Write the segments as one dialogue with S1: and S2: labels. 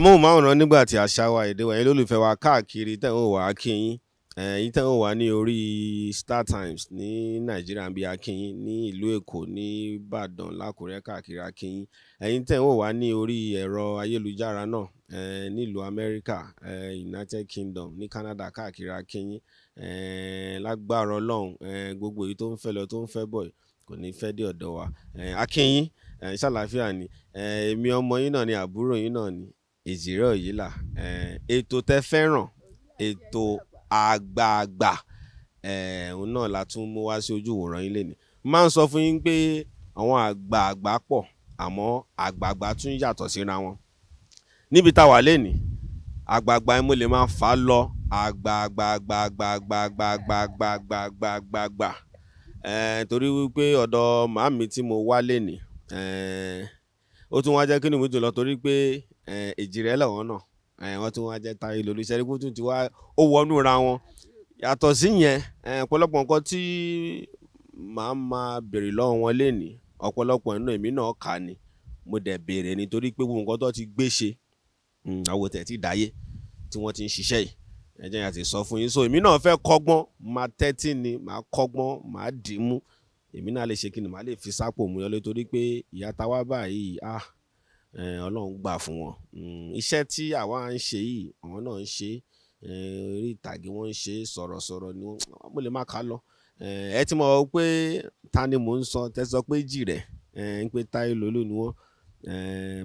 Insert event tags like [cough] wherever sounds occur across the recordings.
S1: amóhùnmáwòrán nígbà tí àṣà wa èdè wa yẹn lólùfẹ́ wa káàkiri tẹ̀wọ̀n wà á kí yín ẹ̀yin Star Times ní Nàìjíríà ń bí ní ìlú Èkó ní Ìbàdàn l'Ákúrẹ́ káàkiri akínyín ẹ̀yin tẹ̀wọ̀n wà ní orí ẹ̀rọ ayélujára náà nílùú Amẹ́ríkà United Kingdom ní Canada káàkiri akínyín lágbára Ọlọ́run gbogbo èyí tó ń fẹ́ lọ tó ń fẹ́ bọ̀ kò ní fẹ́ dé ọ̀dọ̀ wa ṣàlàáfíà ọmọ yín náà ni àbúrò yín náà ni Èjìrẹ́ Òyìnlá eh, ètò tẹ fẹ́ràn ètò àgbààgbà eh, òun náà la tún mú wá sí ojú ìwòran yín lẹ́nu máa ń sọ fún yín pé àwọn àgbààgbà pọ̀ àmọ́ àgbààgbà tún yàtọ̀ síra wọn níbi tá a wà lẹ́nìí àgbààgbà yẹn mo lè máa fà á lọ àgbààgbààgbààgbààgbààgbààgbààgbààgbà torí wípé ọ̀dọ̀ màámi tí mo wá lẹ́nìí ó tún wá jẹ́ kí ni mo jùlọ torí pé Eh, èjìrẹ́ làwọn náà eh, wọ́n tún wá jẹ́ Táyé Olúṣẹ́rí kó tún ti wá ó wọnú ra wọn yàtọ̀ sí yẹn eh, ọ̀pọ̀lọpọ̀ nǹkan tí màá máa béèrè lọ́wọ́ wọn lénìí ọ̀pọ̀lọpọ̀ nínú èmi náà kà ni mo dẹ̀ béèrè nítorí pé gbogbo nǹkan tó ti gbé ṣe hmm, àwòtẹ́ ti dáyé tí wọ́n ti ń ṣiṣẹ́ yìí ẹ jẹ́ yàtì sọ fún yín so èmi náà fẹ́ kọ́gbọ́n máa tẹ́tí ni máa kọ́gbọ́n máa dì í mú èmi náà lè ṣe kí ni màá lè fi sápò mú yọ lé torí pé ìyá táwa báyìí ah Eh, ọlọ́run gbà fún wọn hmm, iṣẹ́ tí àwa ń ṣe yìí àwọn náà ń ṣe eh, orí ìtàgé wọn ń ṣe sọ̀rọ̀sọ̀rọ̀ ni wọ́n mo lè má kà á lọ eh, ẹ ti mọ̀ ọ́ pé ta ni mò ń sọ tẹ́ sọ pé jì ń pé táyé lolú ni wọ́n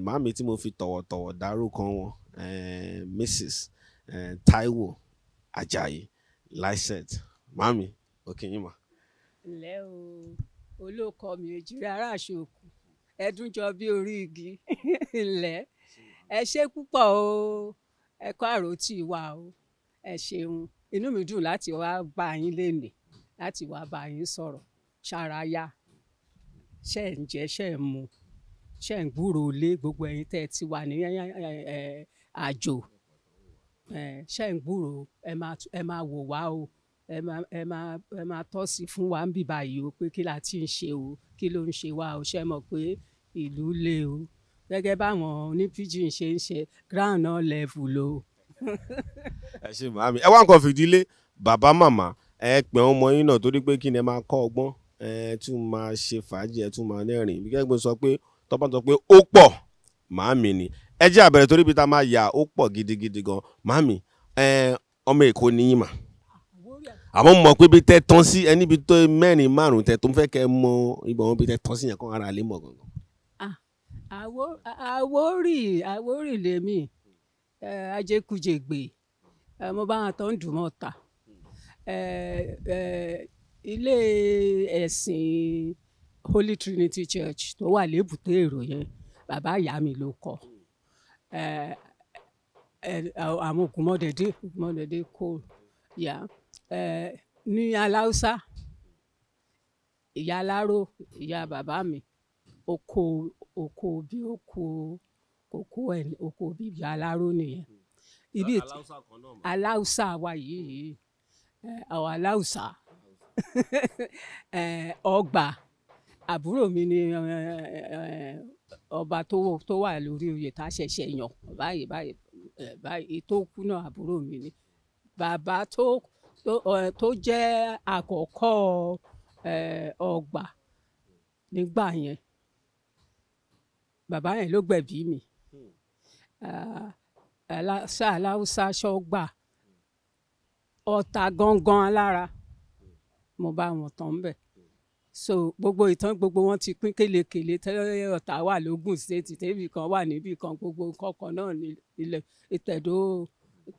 S1: màámi tí mo fi tọ̀wọ̀tọ̀wọ̀ dárúkọ wọn Mrs Táíwò Ajayi Lycett màámi òkè yín mà.
S2: ǹlẹ́ o olóòkọ mi ò jíra aráàṣọ òkú ẹdún jọ bí orí igi [laughs] ilẹ̀ ẹ ṣe púpọ̀ o ẹ kọ́ àròtì wa o ẹ ṣeun inú mi dùn láti wá bá yín lénìí láti wá bá yín sọ̀rọ̀ ṣàráyà ṣe ń jẹ ṣe ń mu ṣe ń gbúrò ilé gbogbo ẹ̀yin tẹ́ ẹ ti wà ní àjò ṣe ń gbúrò ẹ máa wò wá o ẹ máa ẹ máa ẹ máa tọ́sí fún wa ń bì báyìí o pé kí la ti ń ṣe o kí ló ń ṣe wa o ṣe mọ̀ pé ìlú le o gẹ́gẹ́ báwọn onípíjìn ṣe ń ṣe ground náà level o.
S1: ẹ ṣe màmí ẹ wá nǹkan fìdílé bàbá màmá ẹ pẹ̀ ọmọ yín náà torí pé kí ni ẹ máa kọ́ ọgbọ́n ẹ tún máa ṣe fàájì ẹ tún máa nẹ́rìn bí kẹ́gbẹ́ sọ pé tọ́pọ̀ sọ pé ó pọ̀ màmí ni ẹ jẹ́ àbẹ̀rẹ̀ torí ibi tá a máa yà ó pọ̀ gidigidi gan màmí ọmọ èkó ni yín mà àmọ́ mọ̀ pé bí tẹ́ tán sí ẹni bí tó mẹ́rin márùn tẹ́ tó ń fẹ́ kẹ́ mọ ibọ̀ wọn bí tẹ́ tán sí yẹn kọ́ ara lè mọ̀ gangan.
S2: Ah, àwórì àwórì lèmi ajékujègbè mo bá wọn tó ń dùn mọ́ ta ilé ẹ̀sìn Holy Trinity Church tó wà lébùté èrò yẹn bàbá ìyá mi ló kọ́ àwọn ògùnmọ̀dẹ̀dẹ̀ ògùnmọ̀dẹ̀dẹ̀ kò yá. Yeah Eh, ní aláùsá ìyá aláró ìyá bàbá mi oko oko bí oko oko ẹ oko bí ìyá aláró nìyẹn ibi aláùsá wa yìí eh, àwọn aláùsá [laughs] eh, ọgbà àbúrò mi ni ọba tó wà lórí oyè tá a ṣẹ̀ṣẹ̀ yàn báyìí báyìí tó kú náà àbúrò mi ni bàbá tó kú tó jẹ́ àkọ́kọ́ ọgbà nígbà yẹn bàbá yẹn ló gbẹ̀bí mi
S1: hmm.
S2: ṣá aláwùsá ṣọgbà ọ̀tà gangan alára hmm. mo bá wọn tán bẹ̀ hmm. so gbogbo ìtàn gbogbo wọn ti pín kélekèle tẹ́lẹ̀ ọ̀tà wà lógùn state tẹ́bì kan wà níbì kan gbogbo kọ̀ọ̀kan náà nílẹ̀ ìtẹ̀dó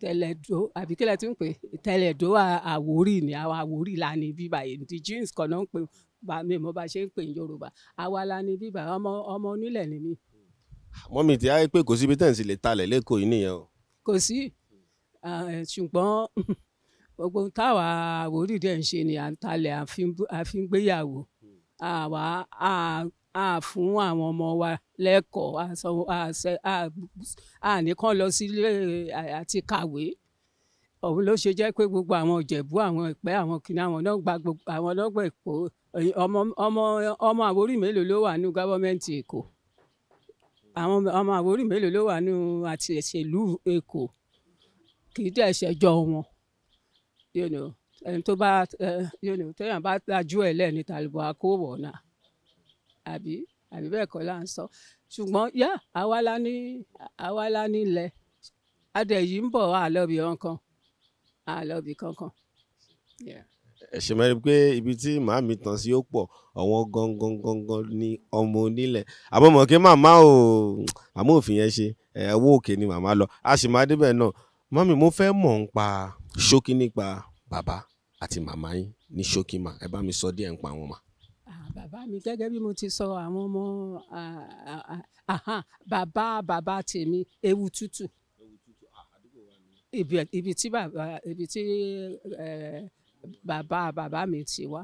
S2: tẹlẹdo àbí kílẹ̀ tí ń pè tẹlẹdo àwórì ni àwọn àwórì la ní bíbá indigenes kan náà ń pè bá mi mo bá ṣe ń pè ní yorùbá àwa la ní bíbá ọmọ ọmọ onílẹ̀ ni mí.
S1: mọ́mì tí a yẹ pé kò síbi tẹ̀sí lè talẹ̀ lẹ́kọ̀ọ́ yìí nìyẹn o.
S2: kò sí ṣùgbọ́n gbogbo táwa àwórì dẹ̀ ń ṣe ni à ń talẹ̀ àfi ń gbéyàwó hmm. àwa à fún àwọn ọmọ wa lẹ́kọ̀ọ́ a nìkan lọ sílé àti kàwé òun ló ṣe jẹ́ pé gbogbo àwọn ìjẹ̀bú àwọn ìpẹ́ àwọn kìnìún àwọn náà gba gbogbo àwọn lọ́gbọ̀ èkó ọmọ ọmọ ọmọ àwórí mélòó ló wà ní gọ́fọ́mẹ́ǹtì èkó àwọn ọmọ àwórí mélòó ló wà ní àti ìṣèlú èkó kì í dẹ̀ ṣẹjọ́ wọn ẹni tó bá téèyàn bá dájú ẹ̀ lẹ́ni tàlùbọ̀ àkówọ̀ náà àbí àbí bẹ́ẹ̀ kọ́ là ń sọ ṣùgbọ́n yá àwa la ní àwa la ní ilẹ̀ adẹ yìí ń bọ̀ àlọ́bì kankan àlọ́bì kankan.
S1: ẹ ṣe mẹ́rin pé ibi tí màá mi tàn sí ó pọ̀ àwọn gangan gangan ni ọmọ onílẹ̀ àmọ́ mọ̀ kí màmá ò àmọ́ òfin yẹn ṣe owó òkè ni màmá lọ a sì máa débẹ̀ náà mọ́mí mo fẹ́ mọ̀ ń pa ṣókí nípa bàbá àti màmá yín ní ṣókí mà ẹ bá mi sọ díẹ̀ ń pa wọn mà
S2: bàbá mi gẹ́gẹ́ bí mo ti sọ àwọn ọmọ bàbá bàbá tèmi ewu tútù ibi tí bàbá ibi tí bàbá bàbá mi ti wá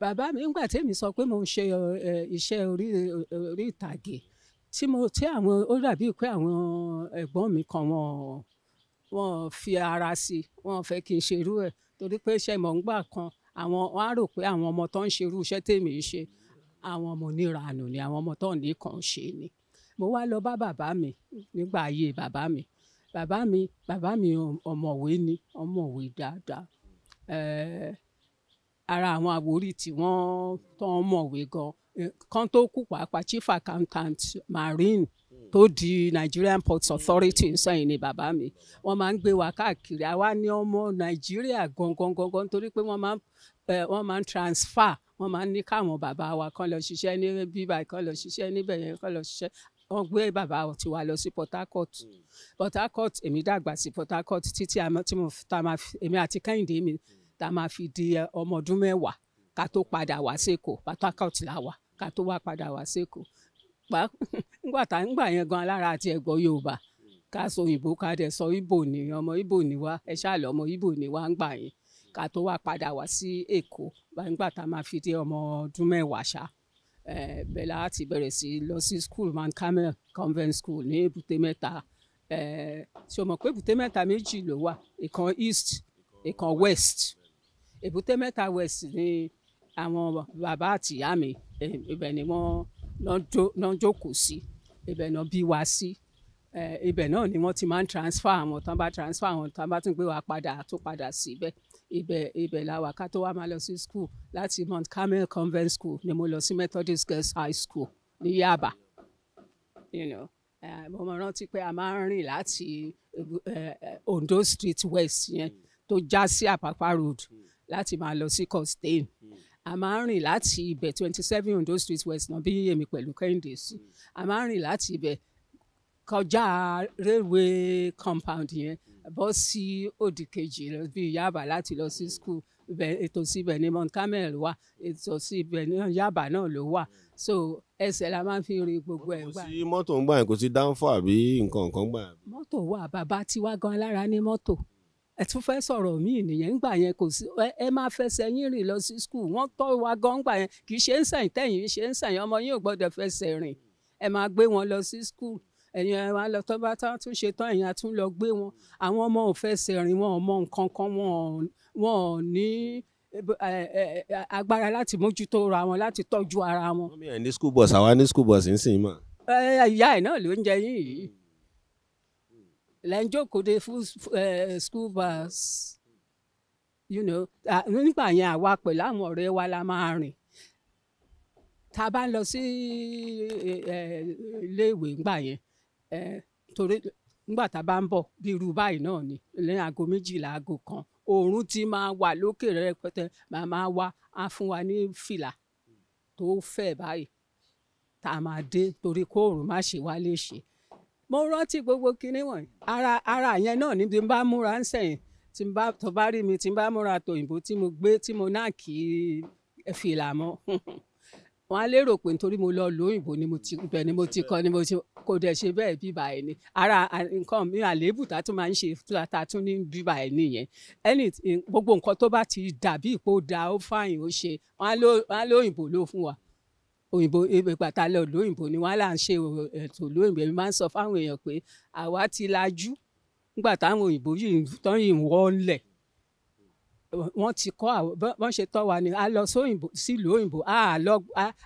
S2: bàbá mi ńgbà tèmi sọ pé mo ń ṣe iṣẹ́ orí ìtàgé tí mo tí àwọn ó dàbí pé àwọn ẹ̀gbọ́n mi kan wọn wọn fi ara sí wọn fẹ́ kí n ṣerú ẹ̀ torí pé ṣe mọ̀ ń kan àwọn wọn á rò pé àwọn ọmọ tó ń ṣerú iṣẹ́ tèmi ń ṣe àwọn ọmọ oníranù ni àwọn ọmọ tó ní kàn ṣe ni mo wá lọ bá bàbá mi nígbà ayé bàbá mi bàbá mi bàbá mi ọ̀mọ̀wé ni ọ̀mọ̀wé dáadáa ẹẹ eh, ara àwọn àwòrí tí wọ́n tó ń mọ̀wé gan eh, kan tó kú pàápàá chief accountant marine tó di Nigerian Ports Authority ń sẹ́yìn ni bàbá mi wọ́n máa ń gbé wa káàkiri àwa ni ọmọ Nàìjíríà gangan gangan torí pé wọ́n máa ń wọ́n máa ń transfer wọ́n máa ń ní káwọn bàbá wa kán lọ ṣiṣẹ́ ní bíbá kán lọ ṣiṣẹ́ níbẹ̀ yẹn kán lọ ṣiṣẹ́ wọ́n gbé bàbá tiwa lọ sí Port Harcourt Port Harcourt èmi dàgbà sí Port Harcourt títí èmi àti Kẹ́hìndé mi tá a máa fi di ọmọ ọdún mẹ́wàá ká tó padà wá sékòó Port Harcourt là wà ká tó wá padà wá sékòó ńgbà tá ńgbà yẹn gan lára àti ẹ̀gbọ́ Yorùbá ká sọ òyìnbó ká dẹ̀ sọ Ìgbò ni ọmọ Ìgbò ni wá ẹ ṣáàlì ọmọ Ìgbò ni wá ńgbà yẹn ká tó wá padà wá sí Èkó ńgbà tá máa fi dé ọmọ ọdún mẹ́wàá ṣá bẹ́ẹ̀ láti bẹ̀rẹ̀ sí lọ sí school Mount Carmel Convent School ní Èbúté Mẹ́ta ṣe mọ̀ pé Èbúté Mẹ́ta méjì ló wà ìkan east ìkan west Èbúté Mẹ́ta west ni àwọn bàbá àtìyá mi ibẹ̀ ni wọ́n lọ́n jókòó sí ibẹ̀ náà bí wá sí ibẹ̀ náà ni wọ́n ti máa ń transfer àwọn tán bá transfer àwọn tán bá tún gbé wa padà tó padà síbẹ̀ ibẹ̀ ibẹ̀ la wà ká tó wá máa lọ sí school láti Mount Carmel Convent School ni mo lọ sí Methodist Girls High School ní Yaba you know, uh, mo mọ rántí pé a máa ń rìn láti Ondo Street West yẹn tó já sí Apapa Road láti máa lọ sí Costain a máa ń rìn láti ibẹ̀ twenty seven Ondo street west náà bí èmi pẹ̀lú Kẹ́hìndé sí a máa ń rìn láti ibẹ̀ kọjá railway compound yẹn bọ́ sí òdì kejì bí Yaba láti lọ sí school ètò síbẹ̀ ní Mount Carmel wà ètò síbẹ̀ ní Yaba náà ló wà so ẹsẹ̀ la máa fi rin gbogbo ẹ̀ gbà. kò sí
S1: mọ́tò ń gbà yẹn kò sí dáńfọ́ àbí nǹkan kan gbà.
S2: mọ́tò wà bàbá tiwa gan alára ní mọ́tò. Mm ẹ tún fẹ́ sọ̀rọ̀ míì nìyẹn ńgbà yẹn kò sí ẹ máa fẹsẹ̀ yín rìn lọ sí skul wọ́n tọ́ wa gan ńgbà yẹn kì í ṣe ń sàn tẹ̀yìn ṣe ń sàn ọmọ yín ò gbọ́dọ̀ fẹsẹ̀ rìn ẹ máa gbé wọn lọ sí skul ẹ̀yin ẹ wá lọ tọ́ba tá tún ṣe tán ẹ̀yin àtún lọ gbé wọn àwọn ọmọ ò fẹsẹ̀ rìn wọn ò mọ nǹkan kan wọn ò ní agbára láti mójútó ra wọn láti tọ́jú ara wọn. wọ́n mi ẹ̀
S1: ní skul bus àwa ní skul bus ń sìn mọ́.
S2: ìyá ẹ̀ náà ló ń jẹ yín yìí lẹ́ ń jókòó school bus you know nígbà yẹn àwa pẹ̀lú àwọn ọ̀rẹ́ wa la máa rìn tá a bá ń lọ sí iléèwé ńgbà yẹn torí ńgbà bá ń bọ̀ bí báyìí náà ni lẹ́yìn aago méjìlá kan oòrùn ti máa wà lókè rẹpẹtẹ máa wá á fún wa ní fìlà tó fẹ̀ báyìí tá a máa dé torí kóòrùn má ṣe wá mo rántí gbogbo kinní wọ̀nyí ara ara yẹn náà ni bí n bá múra ń sẹ̀yìn tí n bá tó bá rí mi tí n bá múra tó òyìnbó tí mo gbé tí mo náà kì í fìlà mọ́ [laughs] wọn á lérò pé nítorí mo lọ lo òyìnbó ni mo ti bẹ ni mo ti kọ ni mo ti kò dẹ̀ ṣe bẹ́ẹ̀ bíbà ẹ̀ ni ara nǹkan mi àléébù tá tún máa ń ṣe tá tún ní bíbà ẹ̀ nìyẹn ẹni gbogbo nǹkan tó bá ti dàbí ìpò da ó fáyìn ó ṣe wọn á lo òyìnbó ló fún wa òyìnbó ìgbàta lọ lóyìnbó ni wọn là ń ṣe ètò lóyìnbó èmi máa ń sọ fáwọn èèyàn pé àwa ti lajú nígbà táwọn òyìnbó yìí tán yìí ń wọ́ ńlẹ̀ wọ́n ti kọ́ àwọn bọ́n ṣe tọ́ wa ni a lọ sílùú òyìnbó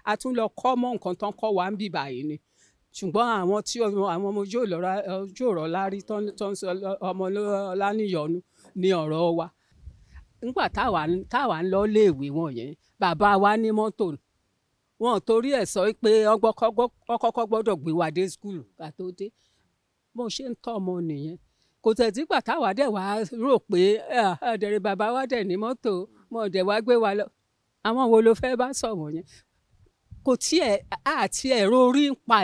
S2: a tún lọ kọ́ mọ́ nǹkan tán kọ́ wa ń bì báyìí ni ṣùgbọ́n àwọn tí àwọn ọmọ ojú ọ̀rọ̀ lárí tó ń sọ ọmọ lánìyọnu ni ọ̀rọ̀ wa nígbà táwa ń lọ léèwé wọn bàbá wa ní mọ́tò wọn torí ẹ̀ sọ pé ọkọ̀ọ̀kọ̀ gbọ́dọ̀ gbé wa dé skul ká tó dé bó ṣe ń tọ́ ọmọ nìyẹn kò tẹ̀sí pàtà wá dẹ̀ wá rò pé ẹ̀ẹ́dẹ̀rẹ̀ bàbá wa dẹ̀ ní mọ́tò mọ́ dẹ̀ wá gbé wa lọ àwọn wo ló fẹ́ bá sọ̀rọ̀ yẹn kò tiẹ̀ àti ẹ̀rọ orí ń pa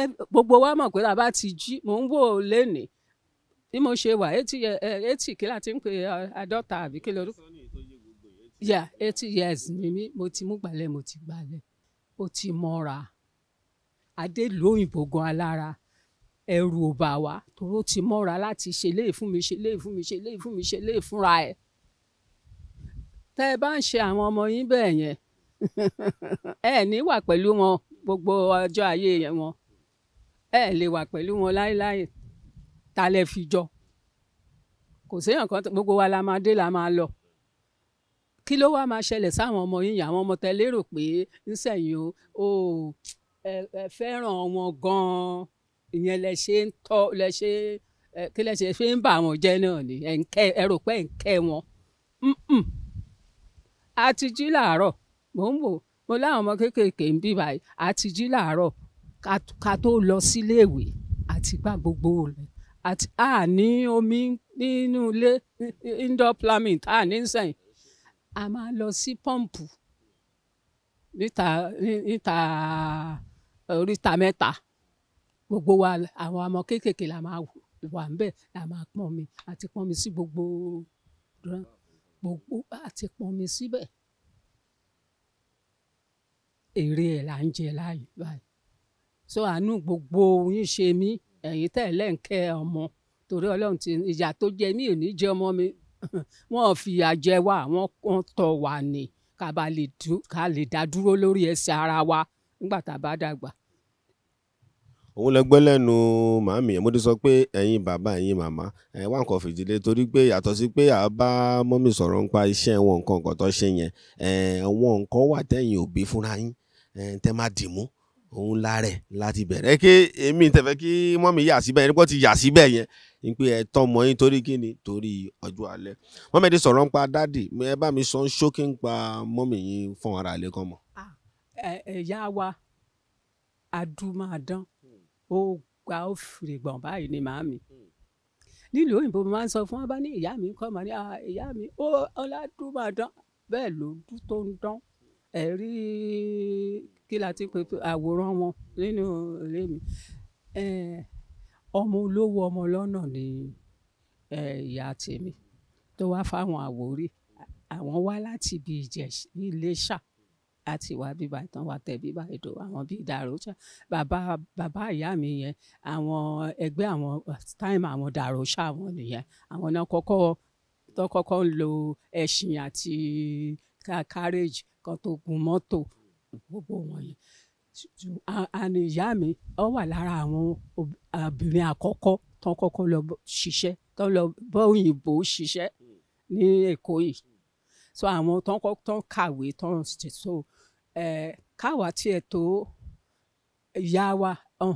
S2: ẹ̀ gbogbo wa mọ̀ pé bàbá ti jí mò ń wò ó lénìí bí mo ṣe wà eighty kí láti ń pè eh, àádọ́ta àbí kí lóru yeah eighty years ni mí mo ti mú gbalẹ̀ mo ti gbalẹ̀ ó ti mọ́ra adélùú òyìnbó gan alára ẹrù ò bà wá tòró ti mọ́ra láti ṣe léè fún mi ṣe léè fún mi ṣe léè fún mi ṣe léè fúnra ẹ̀ tẹ́ ẹ bá ń ṣe àwọn ọmọ yín bẹ́ẹ̀ yẹn [laughs] ẹ ní wà pẹ̀lú wọn gbogbo ọjọ́ ayé yẹn wọn ẹ lè wà pẹ̀lú wọn láéláé ta lẹ fi jọ kò séèyàn kan gbogbo wa la máa dé la máa lọ kí ló wàá máa ṣẹlẹ̀ sáwọn ọmọ yín àwọn ọmọ tẹ lérò pé ńsẹ̀yìn o ẹ fẹ́ràn wọn gan-an ìyẹn lẹ ṣe ń tọ́ lẹ ṣe kí lẹ ṣe fi ń bà wọn jẹ́ náà ni ẹ̀ ń kẹ́ ẹ rò pé ẹ̀ ń kẹ́ wọn. a ti jí làárọ̀ mò ń wò mo láwọn ọmọ kéékèèké ń bí báyìí a ti jí làárọ̀ ká tó lọ síléèwé àti gbá gbogbo rẹ̀ àti a ní omi nínú ilé indoor plumbing tá a ní sẹ́yìn a máa lọ sí pọ́ǹpù níta níta eh, oríta mẹ́ta gbogbo wa àwọn ọmọ kéékèèké la máa wà ńbẹ̀ la máa pọnmi àti pọnmi sí gbogbo gbogbo àti pọnmi síbẹ̀ èrè ẹ̀ là ń jẹ láàyè báyìí so àánú gbogbo yín ṣe mí ẹ̀yin tẹ̀lé ń kẹ́ ọmọ torí ọlọ́run ti ìyà tó jẹ mí ò ní jẹ ọmọ mi [laughs] wọ́n fi àjẹ wá wọ́n tọ́ wa ni ká bá lè ká lè dá dúró lórí ẹsẹ̀ ara wa nígbà tá a bá dàgbà.
S1: òun lè gbọ́ lẹ́nu màmí ẹ̀ mo ti sọ pé ẹ̀yin bàbá ẹ̀yin màmá ẹ̀ wá nǹkan fìdílé torí pé yàtọ̀ sí pé a bá mọ́mì sọ̀rọ̀ nípa iṣẹ́ wọn nǹkan nǹkan ṣe yẹn ẹ̀ wọn nǹkan wà tẹ̀yìn òbí fúnra yín tẹ́ má dì mú òun lárẹ̀ láti bẹ̀rẹ̀ kí èmi tẹ̀fẹ́ kí mọ́mí yà síbẹ̀ yẹn nígbà tí yà síbẹ̀ yẹn ni pé ẹ tọmọ yín torí kí ni torí ọjọ́ alẹ́ mọ́mẹ́dé sọ̀rọ̀ ń pa dáàdì ẹ bá mi sọ ń ṣókí ń pa mọ́mí yín fún ara ilé kan mọ́.
S2: ẹ̀yà wa adúmáadán ó gba ó fìrè gbọ̀n báyìí ni màámi nílùú òyìnbó mo máa ń sọ fún wọn bá ní ìyá mi kọ́ màá ní ìyá mi ó ọlá adúmáadán bẹ́ẹ̀ ló dún tó ń dán ẹ̀ rí kí la ti pè àwòrán wọn nínú ilé mi ọmọ olówó ọmọ lọ́nà ni ìyá tèmi tó wá fáwọn àwòrí àwọn wá láti ibi ìjẹ̀ṣà ní iléṣà àti wá bíbá ìtàn wa tẹ̀ bíbá ìdò àwọn bíi dàrọ́ṣà bàbá bàbá ìyá mi yẹn àwọn ẹgbẹ́ àwọn time àwọn dàrọ́ṣà wọn nìyẹn àwọn náà kọ́kọ́ tó kọ́kọ́ ń lo ẹṣin àti carriage kan tó gun mọ́tò gbogbo wọn yẹn àní ìyá mi ó wà lára àwọn obìnrin àkọ́kọ́ tó kọ́kọ́ lọ ṣiṣẹ́ tó lọ bọ́ òyìnbó ṣiṣẹ́ ní Èkó yìí so àwọn tó kọ́ tó kàwé tó ṣe so káwa tiẹ̀ tó ìyá wa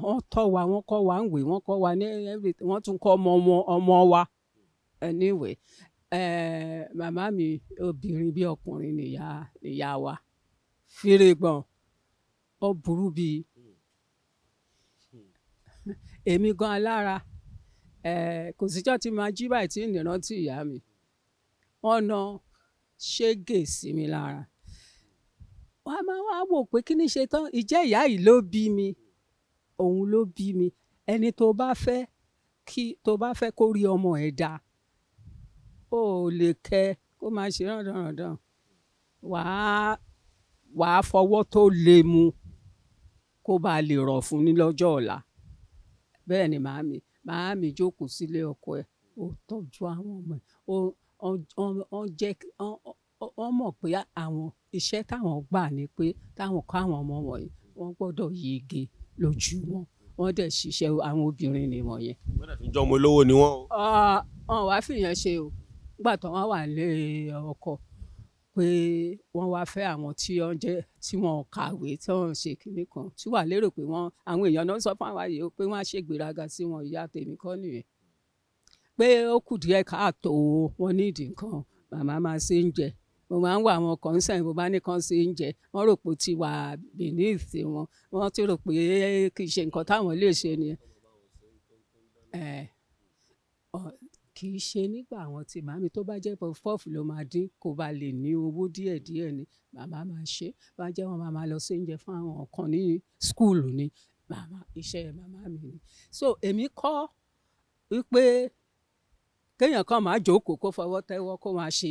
S2: wọ́n tọ́ wa wọ́n kọ́ wa ń wè wọ́n kọ́ wa ní everything wọ́n tún kọ́ ọmọ wọn ọmọ wa anyway Eh, màmá mi obìnrin bí ọkùnrin nìyá nìyá wa fìrègbọ̀n ó burú bíi hmm. èmi gan alára eh, kò síjọ́ tí máa jí báyìí tí ìrántí ìyá mi wọ́n na ṣége sí mi lára wọ́n á máa wá wò pé kí ni ṣe tán ìjẹ́ ìyá yìí ló bí mi òun ló bí mi ẹni tó bá fẹ́ kí tó bá fẹ́ kó rí ọmọ ẹ̀ dáa o ò lè kẹ kó máa ṣe ràndànràndàn wàá wàá fọwọ́ tó le mu kó ba lè rọ̀ fún ní lọ́jọ́ ọ̀la bẹ́ẹ̀ ni màámi màámi jókòó sílé ọkọ ẹ̀ ó tọ́jú àwọn ọmọ ẹ̀ wọ́n mọ̀ pé àwọn iṣẹ́ táwọn gbà ni pé táwọn kọ́ àwọn ọmọ wọ̀nyí wọ́n gbọ́dọ̀ yege lójú wọn wọ́n dẹ̀ ṣiṣẹ́ àwọn obìnrin nìwọ̀nyẹn.
S1: wọ́n dẹ̀ fi jọ ọmọ olówó ni wọ́n.
S2: ọ̀ ọ̀ wá fìyàn ṣe o nígbà tó wọ́n wà nílé ọkọ pé wọ́n wá fẹ́ àwọn tí wọ́n jẹ́ tí wọ́n kàwé tí wọ́n ṣe kinní kan tí wà lérò pé wọ́n àwọn èèyàn náà sọ fún àwọn àyè pé wọ́n á ṣègbéraga sí wọn ìyá tèmi kọ́ nìyẹn pé ó kù díẹ̀ káàtó wọn nídìí nǹkan màmá máa ṣe ń jẹ mo máa ń wà àwọn kọ́nsẹ̀n bó bá ní ṣe ń jẹ wọ́n rò pé ti wà beneath wọn wọ́n ti rò pé kì í ṣe nǹkan táwọn lè ṣe nìyẹn kì í ṣe nígbà àwọn ti màmí tó bá jẹ́ pọfọ́ọ̀fù ló máa dín kó ba lè ní owó díẹ̀ díẹ̀ ni màmá máa ṣe bá jẹ́ wọn máa lọ sí oúnjẹ fún àwọn kan ní skúlù ni màmá iṣẹ́ màmá mi ni so èmi kọ́ wípé kéèyàn kan máa jókòó kó fọwọ́ tẹ́wọ́ kó máa ṣe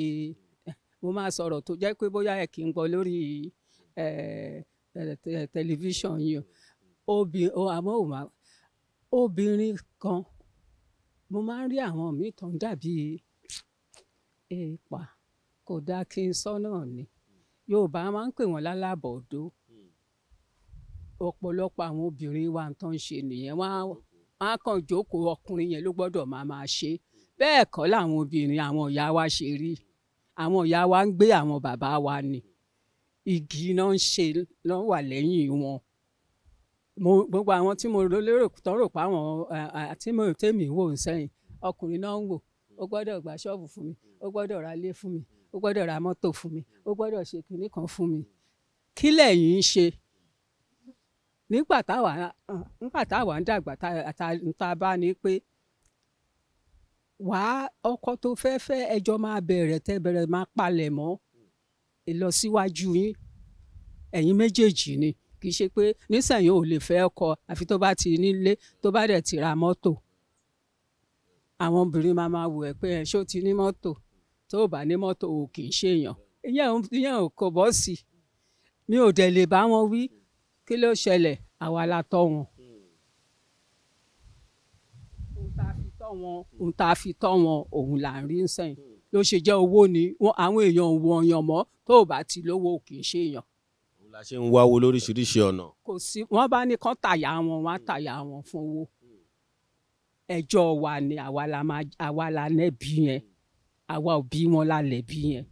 S2: mo máa sọ̀rọ̀ tó jẹ́ pé bóyá ẹ̀ kì í gbọ́ lórí tẹlifíṣàn yìí o àmọ́ obìnrin kan mo máa ń rí àwọn míì tó ń dàbí èèpà kò dáa kí n sọ náà ni Yorùbá máa ń pè wọ́n lálàbọ̀ odó ọ̀pọ̀lọpọ̀ àwọn obìnrin wa tó ń ṣe nìyẹn wọ́n á kàn jókòó ọkùnrin yẹn ló gbọ́dọ̀ máa máa ṣe bẹ́ẹ̀ kọ́ làwọn obìnrin àwọn ìyá wa ṣe rí àwọn ìyá wa ń gbé àwọn bàbá wa ni igi náà ń ṣe lọ́wà lẹ́yìn wọn mo gbogbo àwọn tí mo lérò tọrọ pa àwọn àti mo tèmi wò ń sẹ́yìn ọkùnrin náà ń wò ó gbọ́dọ̀ gba ṣọ́ọ̀bù fún mi ó gbọ́dọ̀ ra ilé fún mi ó gbọ́dọ̀ ra mọ́tò fún mi ó gbọ́dọ̀ ṣe kinní kan fún mi kí lẹ̀yin ń ṣe nígbà táwa nígbà táwa ń dàgbà tá a bá ní pé wàá ọkọ tó fẹ́ fẹ́ ẹjọ́ máa bẹ̀rẹ̀ tẹ́ bẹ̀rẹ̀ máa palẹ̀ mọ́ ìlọsíwájú yín ẹ̀yin méjèèjì ni. Mm kì í ṣe pé nísànyí ò lè fẹ́ ọkọ àfi tó bá ti nílé tó bá dẹ̀ ti ra mọ́tò àwọn obìnrin máa máa wù ẹ́ pé ẹ̀ ṣó ti ní mọ́tò tó bá ní mọ́tò ò kì í ṣèyàn ìyẹn ò kò bọ́ sí i mi ò dẹ̀ lè bá wọn wí kí ló ṣẹlẹ̀ àwa la tọ́ wọn. ohun tá a fi tọ́ wọn òun là ń rí sẹ́yìn ló ṣe jẹ́ owó ni àwọn èèyàn wọ̀nyàn mọ́ tó bá ti lówó kì í ṣèyàn la ṣe ń wáwó
S1: lóríṣiríṣi ọ̀nà.
S2: kò sí wọ́n bá ní kán tàyà wọn wọ́n á tàyà wọn fún owó ẹjọ́ wa ni àwa la nẹ́bi yẹn àwa òbí wọn la lẹ́bi yẹn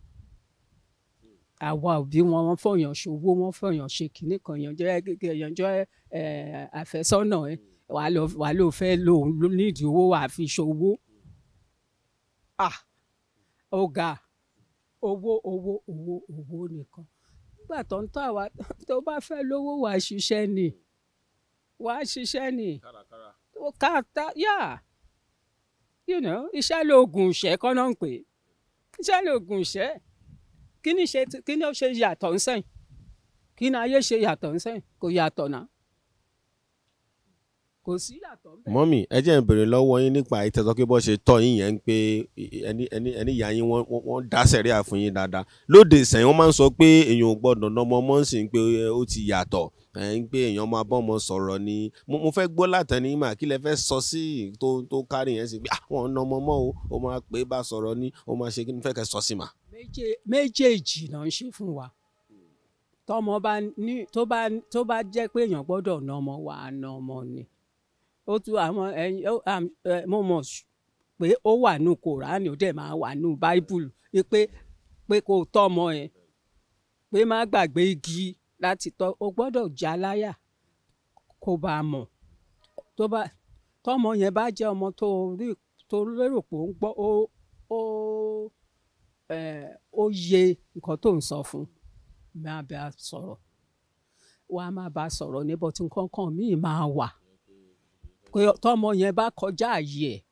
S2: àwa òbí wọn wọ́n fọyàn ṣòwò wọ́n fọyàn ṣe kínní kan yànjọ yànjọ àfẹ́sọ́nà ẹ wàá ló fẹ́ lòun nídìí owó wàá fi ṣòwò ah ọ̀gá owó owó owó owó nìkan nígbà tó ń tọ́ àwa tó bá fẹ́ lówó wà á ṣiṣẹ́ ni wà á ṣiṣẹ́ ni káàtá yá you know iṣẹ́ lóògùn ìṣẹ́ kọ́ náà ń pè iṣẹ́ lóògùn ìṣẹ́ kí ni ó ṣe yàtọ̀ ń sẹ́yìn kí ni ayé ṣe yàtọ̀ ń sẹ́yìn kò yàtọ̀ náà kò sí ìyàtọ̀
S1: ńbẹ. mọ́mì ẹ jẹ́ ń bèrè lọ́wọ́ yín nípa ìtẹ́sọ́ pé bọ́ ṣe tọ́ yín yẹn ń pé ẹni ìyá yín wọ́n dá sẹ̀ríà fún yín dáadáa lóde ìsẹ̀yìn wọ́n máa ń sọ pé èèyàn ò gbọ́dọ̀ ná ọmọ ọmọ sì ń pé ó ti yàtọ̀ ń pé èèyàn máa bọ́ ọmọ sọ̀rọ̀ ni mo fẹ́ gbọ́ látẹni mà kí lẹ fẹ́ sọ sí tó tó kárí yẹn sí pé àwọn ah, ọ̀nà ọmọ o ó máa pè é bá sọ̀rọ̀ ni ó máa ṣe kí ni fẹ́ kẹ́ sọ sí mà.
S2: méjèèjì náà ń wa tọmọ bá tó bá jẹ́ pé èèyàn gbọ́dọ̀ ná ọmọ wa ná ọmọ ni ó tu àwọn ẹyin mo mọ̀ pé ó wà nù kòránì ó dẹ̀ máa wà nù báíbùlù pé pé kò tọ́mọ yẹn pé má gbàgbé igi láti tọ́ o gbọ́dọ̀ já láyà kó bá a mọ̀ tó bá tọ́mọ yẹn bá jẹ́ ọmọ tó rí tó lérò pé ó ń gbọ́ ó ó ó yẹ nǹkan tó ń sọ fún máa bá a sọ̀rọ̀ wàá máa bá a sọ̀rọ̀ níbo tí nǹkan kan míì máa wà pé tọ́mọ yẹn bá kọjá àyè ẹ̀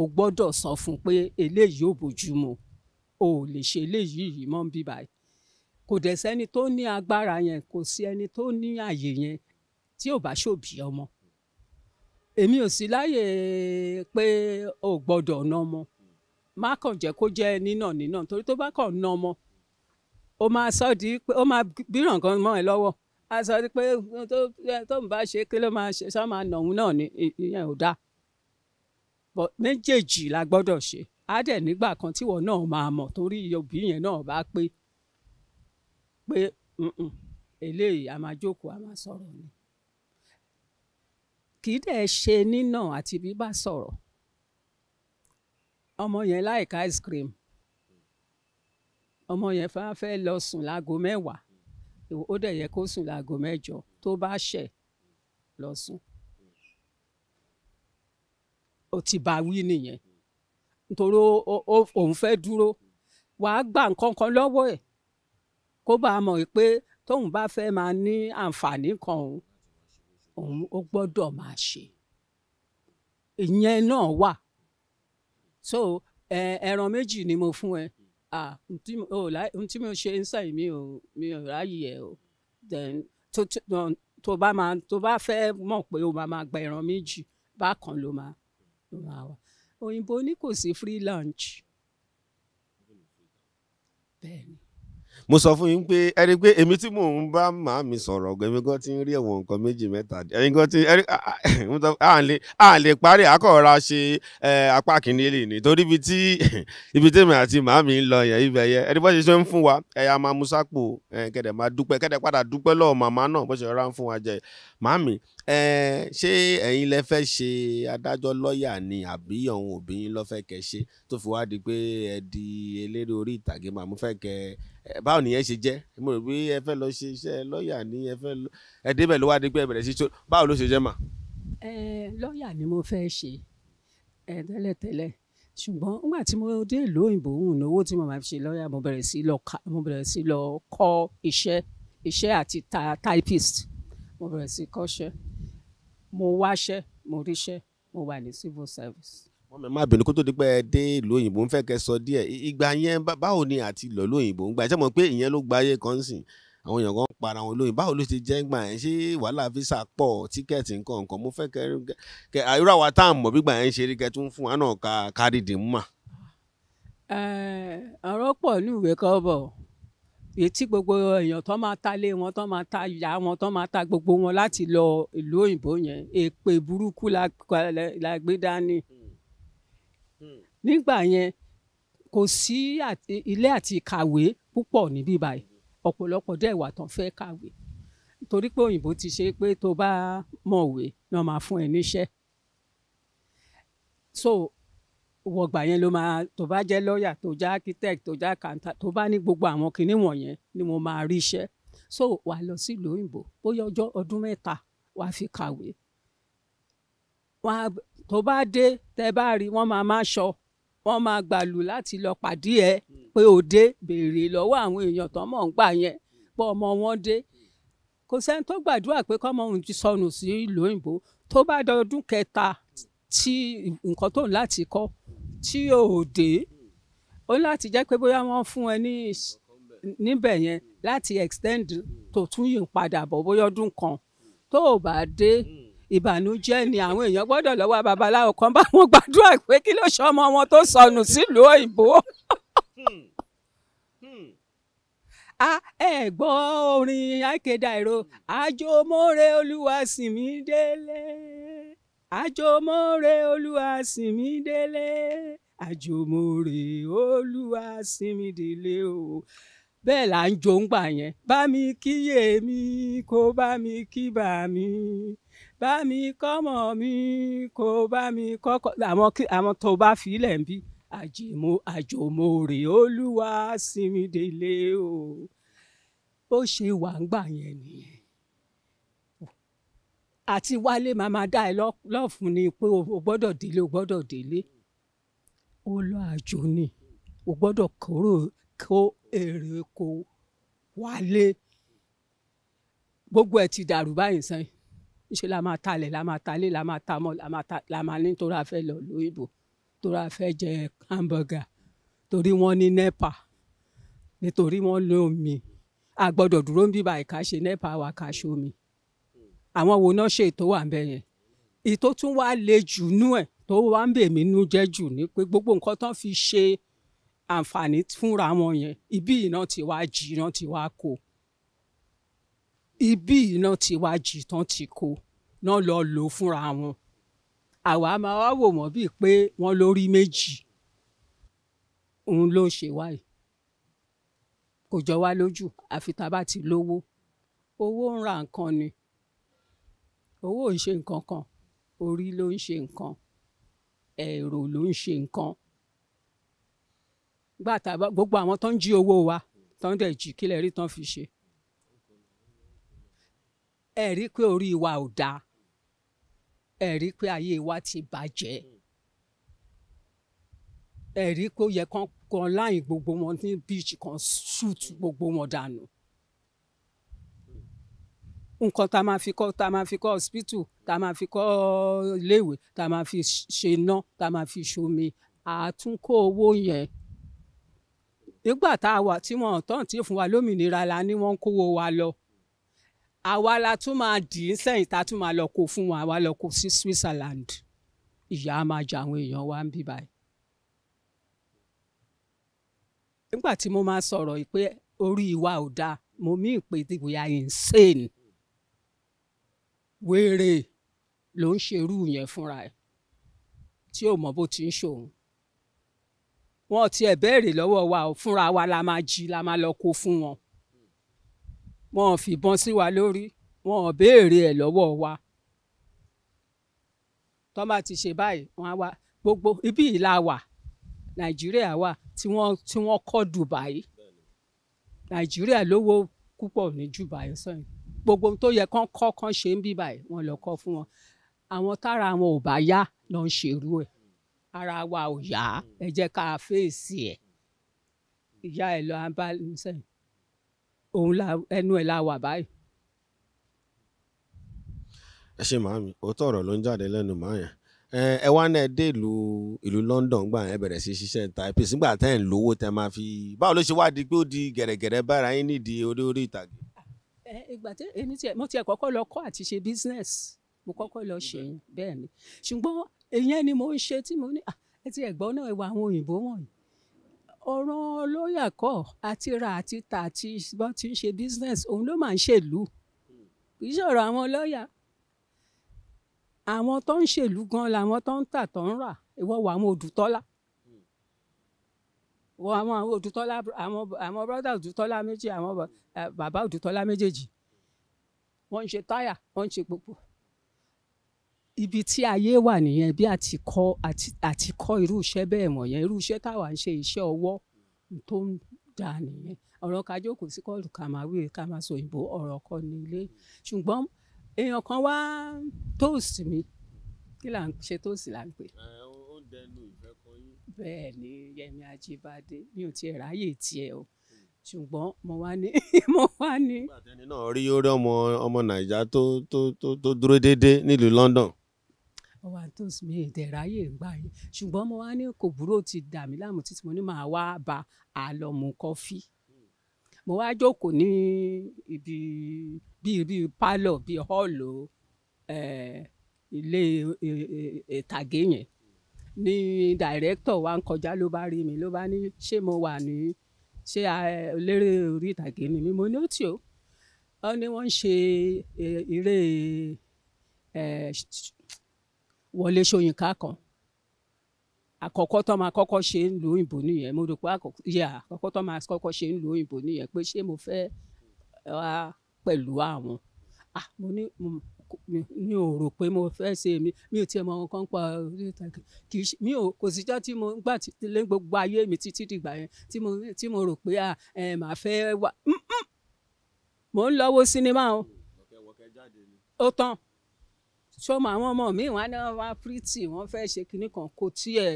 S2: o gbọ́dọ̀ sọ fún un pé eléyìí ò bójú mu o ò lè ṣe eléyìí yìí mọ́ ń bí báyìí kò dẹ̀ sẹ́ni tó ní agbára yẹn kò sí ẹni tó ní àyè yẹn tí ò bá ṣòbí ọmọ èmi ò sí láyè pé o gbọ́dọ̀ ná ọmọ má kàn jẹ́ kó jẹ́ nínà nínà torí tó bá kàn ná ọmọ o máa sọ di pé o máa bíràn gan mọ́ ẹ lọ́wọ́ a sọ pé tó ń bá ṣe kí ló máa ṣe sọ máa nà òun náà ní ìyẹn ò dáa but méjèèjì la gbọ́dọ̀ ṣe á dẹ̀ nígbà kan tíwọ náà máa mọ̀ torí òbí yẹn náà bá pé pé eléyìí a máa jókòó a máa sọ̀rọ̀ ni kì í dẹ̀ ṣe nínà àti bíbá sọ̀rọ̀ ọmọ yẹn láìka ice cream ọmọ yẹn fẹ́ lọ sùn láago mẹ́wàá ó dẹ̀ yẹ kó sùn láago mẹ́jọ tó bá ṣẹ̀ lọ sùn ó ti bá wí nìyẹn nítorí òun fẹ́ dúró wàá gba nǹkan kan lọ́wọ́ ẹ̀ kó bá a mọ̀ pé tóun bá fẹ́ máa ní àǹfààní kan òun òun ó gbọ́dọ̀ máa ṣe ìyẹn náà wà so ẹran méjì ni mo fún ẹ ohun tí mo ṣe ń sẹ́yìn mi ò mi ò ráyè ẹ̀ o then tó tó bá máa tó bá fẹ́ mọ̀ pé o máa máa gba ìran méjì bákan ló máa ló máa wà òyìnbó ní kò sí free lunch
S1: bẹ́ẹ̀ mo sọ fún yín pé ẹni pé èmi tí mò ń bá màá mi sọ̀rọ̀ ọ̀gọ̀ èmi gan ti ń rí ẹ̀wọ̀n nǹkan méjì mẹ́ta ẹni gan ti à lè parí àkọ́ra ṣe apá kìíní lè ní torí ibi tí ibi tèmi àti màá mi ń lọ yẹn ibẹ̀ yẹn ẹni bó ṣe ṣe ń fún wa ẹ̀yà máa mú sápò kẹ̀dẹ̀ máa dúpẹ́ kẹ̀dẹ̀ padà dúpẹ́ lọ́wọ́ màmá náà bó ṣe rọra fún wa jẹ màá mi ṣé ẹ̀yin lẹ fẹ́ ṣe adájọ́ lọ́ọ̀yà ni àbí ọ̀hún òbí yín ló fẹ́ kẹ́ ṣe tó fi wá di pé ẹ di eléré orí ìtàgé màmú fẹ́ kẹ́ ẹ báwo nìyẹn ṣe jẹ́ mo rò pé ẹ fẹ́ lọ ṣe iṣẹ́ lọ́ọ̀yà ni ẹ fẹ́ ẹ débẹ̀ ló wá di pé ẹ bẹ̀rẹ̀ sí báwo ló ṣe jẹ́ mà.
S2: lọ́ọ̀yà ni mo fẹ́ ṣe tẹ́lẹ̀tẹ́lẹ̀ ṣùgbọ́n nígbà tí mo dé ìlú òyìnbó òun lówó tí mo máa fi ṣe lọ́ọ̀yà mo bẹ̀rẹ̀ sí lọ mo bẹ̀rẹ̀ sí lọ kọ́ iṣẹ́ iṣẹ́ àti typist mo bẹ̀rẹ̀ sí kọ́ṣẹ́ mo wáṣẹ́ mo ríṣẹ́ mo wà ní civil service. wọ́n mẹ́ẹ̀ má
S1: bínú kó tó di pé ẹ dé ìlú òyìnbó ń fẹ́ kẹ́ sọ díẹ̀ ìgbà yẹn báwo ni àti lọ lóyìnbó ń gbà ẹ ṣe mọ̀ pé ìyẹn ló gbáyé kan sìn àwọn èèyàn kan para wọn lóyìn báwo ló ti jẹ́ gbà yẹn ṣé wàhálà fisa pọ̀ tíkẹ́ẹ̀tì nǹkan nǹkan mo fẹ́ kẹ irú àwa tá à mọ̀ gbígbà yẹn ṣe rí kẹ tún fún wa náà ká kárìdì mú mà.
S2: ọ̀rọ̀ pọ̀ ní ìwé kọ́ bọ̀ èyí tí gbogbo èèyàn tó máa ta lé wọn tó máa ta ìyá wọn tó máa ta gbogbo wọn láti lọ ìlú òyìnbó yẹn èpè burúkú la la gbé dání nígbà yẹn kò sí ilé àti kàwé púpọ̀ níbí báyìí ọ̀pọ̀lọpọ̀ dẹ̀ wà tán fẹ́ kàwé torí pé òyìnbó ti ṣe pé tó bá mọ̀wé náà máa fún ẹ níṣẹ́ so wọgbà yẹn ló máa tó bá jẹ́ lọ́ọ̀yà tó jẹ́ architect tó jẹ́ accountant tó bá ní gbogbo àwọn kinní wọ̀nyẹn ni mo máa rí iṣẹ́ so wà á lọ sílùú òyìnbó bóyá ọjọ́ ọdún mẹ́ta wà á fi kàwé tó bá dé tẹ bá rí wọ́n máa máa ṣọ wọ́n máa gbàlù láti lọ pàdé ẹ pé ó dé béèrè lọ́wọ́ àwọn èèyàn tó mọ̀ ń gbà yẹn pé ọmọ wọn dé kò sẹ́ni tó gbàdúrà pé kọ́mọ òun ti sọnù sí ìlú òyìnbó tó bá dọdún kẹta tí nǹkan tó ń láti kọ́ tí o ò dé ó láti jẹ́ pé bóyá wọ́n fún ẹ ní níbẹ̀ yẹn láti extend tó tún yìí padà bọ̀ bóyá ọdún kan tó o bá dé ìbànújẹ́ ni àwọn èèyàn gbọ́dọ̀ lọ́wọ́ babaláwo kan bá wọn gbàdúrà pé kí ló ṣe ọmọ wọn tó sọnù sílùú òyìnbó.
S1: [laughs]
S2: a ẹ gbọ́ orin akéda ìró àjò olúwa sì mí délé àjòmọ́re olúwaṣìmídélé àjòmọ́re olúwaṣìmídélé o bẹ́ẹ̀ là ń jó ń gbà yẹn bá mi kíyè mi kó bá mi kí bà mí bá mi kọ́mọ mi kó bá mi kọ́kọ́ àwọn tó bá filẹ̀ ń bí àjèmó àjòmọ́re olúwaṣìmídélé o bó ṣe wà ń gbà yẹn nìyẹn àti wálé máa máa dá ẹ lọ́fun ni pé o gbọ́dọ̀ délé o gbọ́dọ̀ délé ó lọ àjò ni o gbọ́dọ̀ kóró kó èrè kó wálé gbogbo ẹ ti dàrú báyìí sẹ́yìn ṣe la máa talẹ̀ la máa talé la máa tamọ́ la máa ta la máa ní torí a fẹ́ lọ lóyìnbó torí a fẹ́ jẹ hamburger torí wọ́n ní nepa nítorí wọ́n lómi a gbọ́dọ̀ dúró ń bíbá ìka ṣe nepa wa ká ṣomi àwọn wo náà ṣe ètò wà bẹ́ẹ̀ yẹn ìtò tún wá le jù nú ẹ̀ tó wá ń bèmí nú jẹ́ jù ní pé gbogbo nǹkan tán fi ṣe àǹfààní fúnra wọn yẹn ibi iná ti wá jí iná ti wá kó ibi iná ti wá jí tán ti kó náà lọ lò fúnra wọn àwa máa wá wò wọ́n bíi pé wọ́n lórí méjì òun ló ń ṣe wáyé kò jọ wá lójú àfi tá a bá ti lówó owó ń ra nǹkan ni owó ò ń ṣe nǹkan kan orí ló ń ṣe nǹkan ẹ̀rọ ló ń ṣe nǹkan gbàtà gbogbo àwọn tó ń jí owó wa tó ń dẹ̀ jí kílẹ̀ rí tán fi ṣe ẹ rí pé orí wa ò dáa ẹ rí pé ayé wa ti bàjẹ́ ẹ rí pé ó yẹ kán kan láyìn gbogbo wọn ní bíìsì kan ṣùtù gbogbo wọn dànù nǹkan tá a máa fi kọ́ tá a máa fi kọ́ hospital tá a máa fi kọ́ iléèwé tá a máa fi ṣe iná tá a máa fi ṣomi àtúnkó owó yẹn nígbà tá a wà tí wọn ò tán tí fún wa lómìnira la ní wọn ń kówó wa lọ àwa la tún máa dì í sẹ́yìn tá a tún máa lọ kó fún wọn àwa lọ kó sí Switzerland ìyá máa jẹ àwọn èèyàn wa ń bí báyìí. nígbà tí mo máa sọ̀rọ̀ pé orí ìwà ò dáa mo mí ìpè ìdìbò ya insane wéèrè ló ń ṣerú yẹn fúnra ẹ̀ tí ò mọ bó ti ń ṣòun wọn ti ẹ̀ béèrè lọ́wọ́ wa ò fúnra wa la máa jí la máa lọ kó fún wọn wọn ò fìbọn sí wa lórí wọn ò béèrè ẹ̀ lọ́wọ́ wa tó bá ti ṣe báyìí wọn á wá gbogbo ibi ìlà wà nàìjíríà wà tí wọ́n tí wọ́n kọ́ Dubai nàìjíríà lówó púpọ̀ ní Dubai sẹ́yìn gbogbo ohun tó yẹ kán kọ́ kán ṣe ń bí báyìí wọ́n lọ kọ́ fún wọn àwọn tára àwọn ò bá yá ló ń ṣerú ẹ̀ ara wa ò yá ẹ jẹ́ ká fèsì ẹ̀ ìyá ẹ̀ lọ bá sẹ́yìn òun ẹnu ẹ̀ la báyìí.
S1: ẹ ṣe màámi òótọ́ ọ̀rọ̀ ló ń jáde lẹ́nu màá yẹn ẹ wá náà dé ìlú ìlú London gbà ẹ bẹ̀rẹ̀ sí ṣiṣẹ́ typist nígbà tẹ́ ń lówó tẹ́ máa fi báwo ló ṣe wá di pé ó di gẹ̀rẹ́gẹ̀rẹ́ bára yín nídìí orí orí ìtàgé
S2: ìgbà tí èmi tiẹ̀ mo tiẹ̀ kọ́kọ́ lọ kọ́ àti ṣe business mo kọ́kọ́ lọ ṣe bẹ́ẹ̀ ni ṣùgbọ́n ìyẹn ni mo ń ṣe tí mo ní ẹ ti ẹ̀gbọ́n náà ìwà àwọn òyìnbó wọ̀nyí ọ̀rọ̀ lóyà kọ́ àti rà àti tà àti bọ́n ti ń ṣe business òun ló máa ń ṣèlú kì í ṣọ̀rọ̀ àwọn lọ́yà àwọn tó ń ṣèlú gan làwọn tó ń tà tó ń rà ìwọ wà àwọn òdùtọ́lá wọ àwọn Odùtọ́lá àwọn àwọn brọ́dà Odùtọ́lá méjì àwọn bàbá Odùtọ́lá méjèèjì wọ́n ń ṣe táyà wọ́n ń ṣe gbogbo ibi tí ayé wà nìyẹn bí àti kọ́ àti kọ́ irú iṣẹ́ bẹ́ẹ̀ mọ̀ yẹn irú iṣẹ́ táwa ń ṣe iṣẹ́ ọwọ́ tó ń dà nìyẹn ọ̀rọ̀ ká jókòó sí kọ́ọ̀lù ká máa wíre ká máa sọ òyìnbó ọ̀rọ̀ kọ́ ní ilé ṣùgbọ́n èèyàn kan wá tóòsì mi kí là ń ṣe tóòsì là ń pè bẹ́ẹ̀ ni Yẹmi Ajíbádé mi ò tiẹ̀ ráyè tiẹ̀ o hmm. ṣùgbọ́n mo wá ní [laughs] mo wá ní. àtẹni náà
S1: rí orí ọmọ ọmọ nàìjà tó tó tó tó dúró déédéé nílùú London.
S2: ọwọ́ àtúnṣe mi ìdẹ̀ráyè gbà yín ṣùgbọ́n mo wá ní kò búrò ti dà mí láàmú títí mo ní màá wá ba àlọ́mù kọfí mo wá jókòó ní ibi bíi bíi pálọ̀ bíi họ́ọ̀lù eh, ilé e, e, e, ìtàgé yẹn ni dàrẹ́kítọ̀ wa ń kọjá ló bá rí mi ló bá ní ṣé mo wà ní ṣé eléré orí ìtàgé ni mi mo ní ó tì ó ọ ní wọ́n ń ṣe e, eré Wọlé Ṣóyínká kan àkọ́kọ́ tó máa kọ́kọ́ ṣe ń lo òyìnbó nìyẹn mo rò pé àkọ́kọ́ tó máa kọ́kọ́ ṣe ń lo òyìnbó nìyẹn pé ṣé mo fẹ́ wá pẹ̀lú àwọn ah mo ní mm, mi ò rò pé mo fẹ́ ṣe mi mi ò tiẹ̀ mọ ohun kan pa kì í ṣe mi ò kò síjọ́ tí mo gbà lé gbogbo ayé mi títí dìgbà yẹn tí mo tí mo rò pé à ẹ màá fẹ́ wà mò ń lọ́wọ́ sinimá o ó tán ṣọmọ àwọn ọmọ mi wọn náà wá pírítì wọn fẹ́ ṣe kinní kan kò tiẹ̀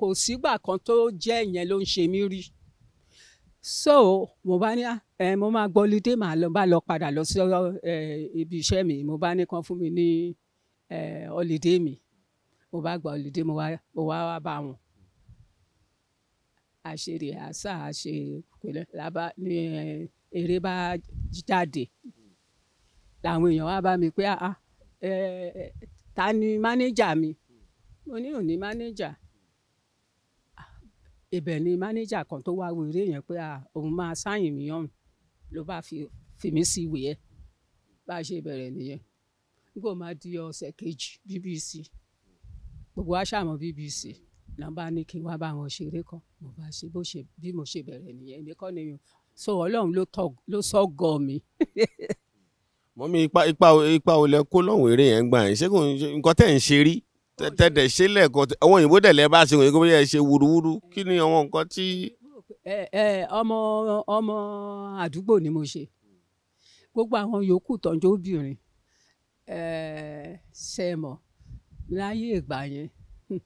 S2: kò sígbà kan tó jẹ́ ìyẹn ló ń ṣe mí rí so mo bá ní ah, ẹ mo máa gbọ́ lídé màá lọ bá lọ padà lọ sí ibi iṣẹ́ mi mo bá ní kàn fún mi ní ọ̀lídé mi mo bá gba ọ̀lídé mo wá wá bá wọn àṣeré àṣà àṣe pẹ̀lẹ́ làbá ní eré bá jáde làwọn èèyàn wá bá mi pé ah, ah, ta ni mánéjà mi mo ní òní mánéjà ibẹ̀ ni mánéjà kan tó wá wo eré yẹn pé ah, òun máa sáyìn mí ọ̀hún ló bá fi mí sí ìwé ẹ̀ bá a ṣe bẹ̀rẹ̀ nìyẹn nígbà máa di ọ̀sẹ̀ kejì BBC gbogbo aṣáàmọ̀ BBC náà bá ní kí n wá bá wọn ṣeré kan mo bá ṣe bó ṣe bí mo ṣe bẹ̀rẹ̀ nìyẹn èmi kọ́ ni so ọlọ́run ló sọ gọ mi.
S1: mọ́mí ipa ipa ipa olè kó lọ́hùn eré yẹn gbà yín ṣé kò nǹkan tẹ̀ ń ṣe rí tẹ̀tẹ̀ ṣe lẹ́ẹ̀kan àwọn òyìnbó dẹ̀ lẹ́ bá ṣe òyìnbó yẹn ṣe wúruwúru kí ni àwọn nǹkan tí.
S2: ọmọ ọmọ àdúgbò ni mo ṣe gbogbo àwọn yòókù tọ́jú obìnrin ṣe mọ̀ láyé ìgbà yẹn hmm,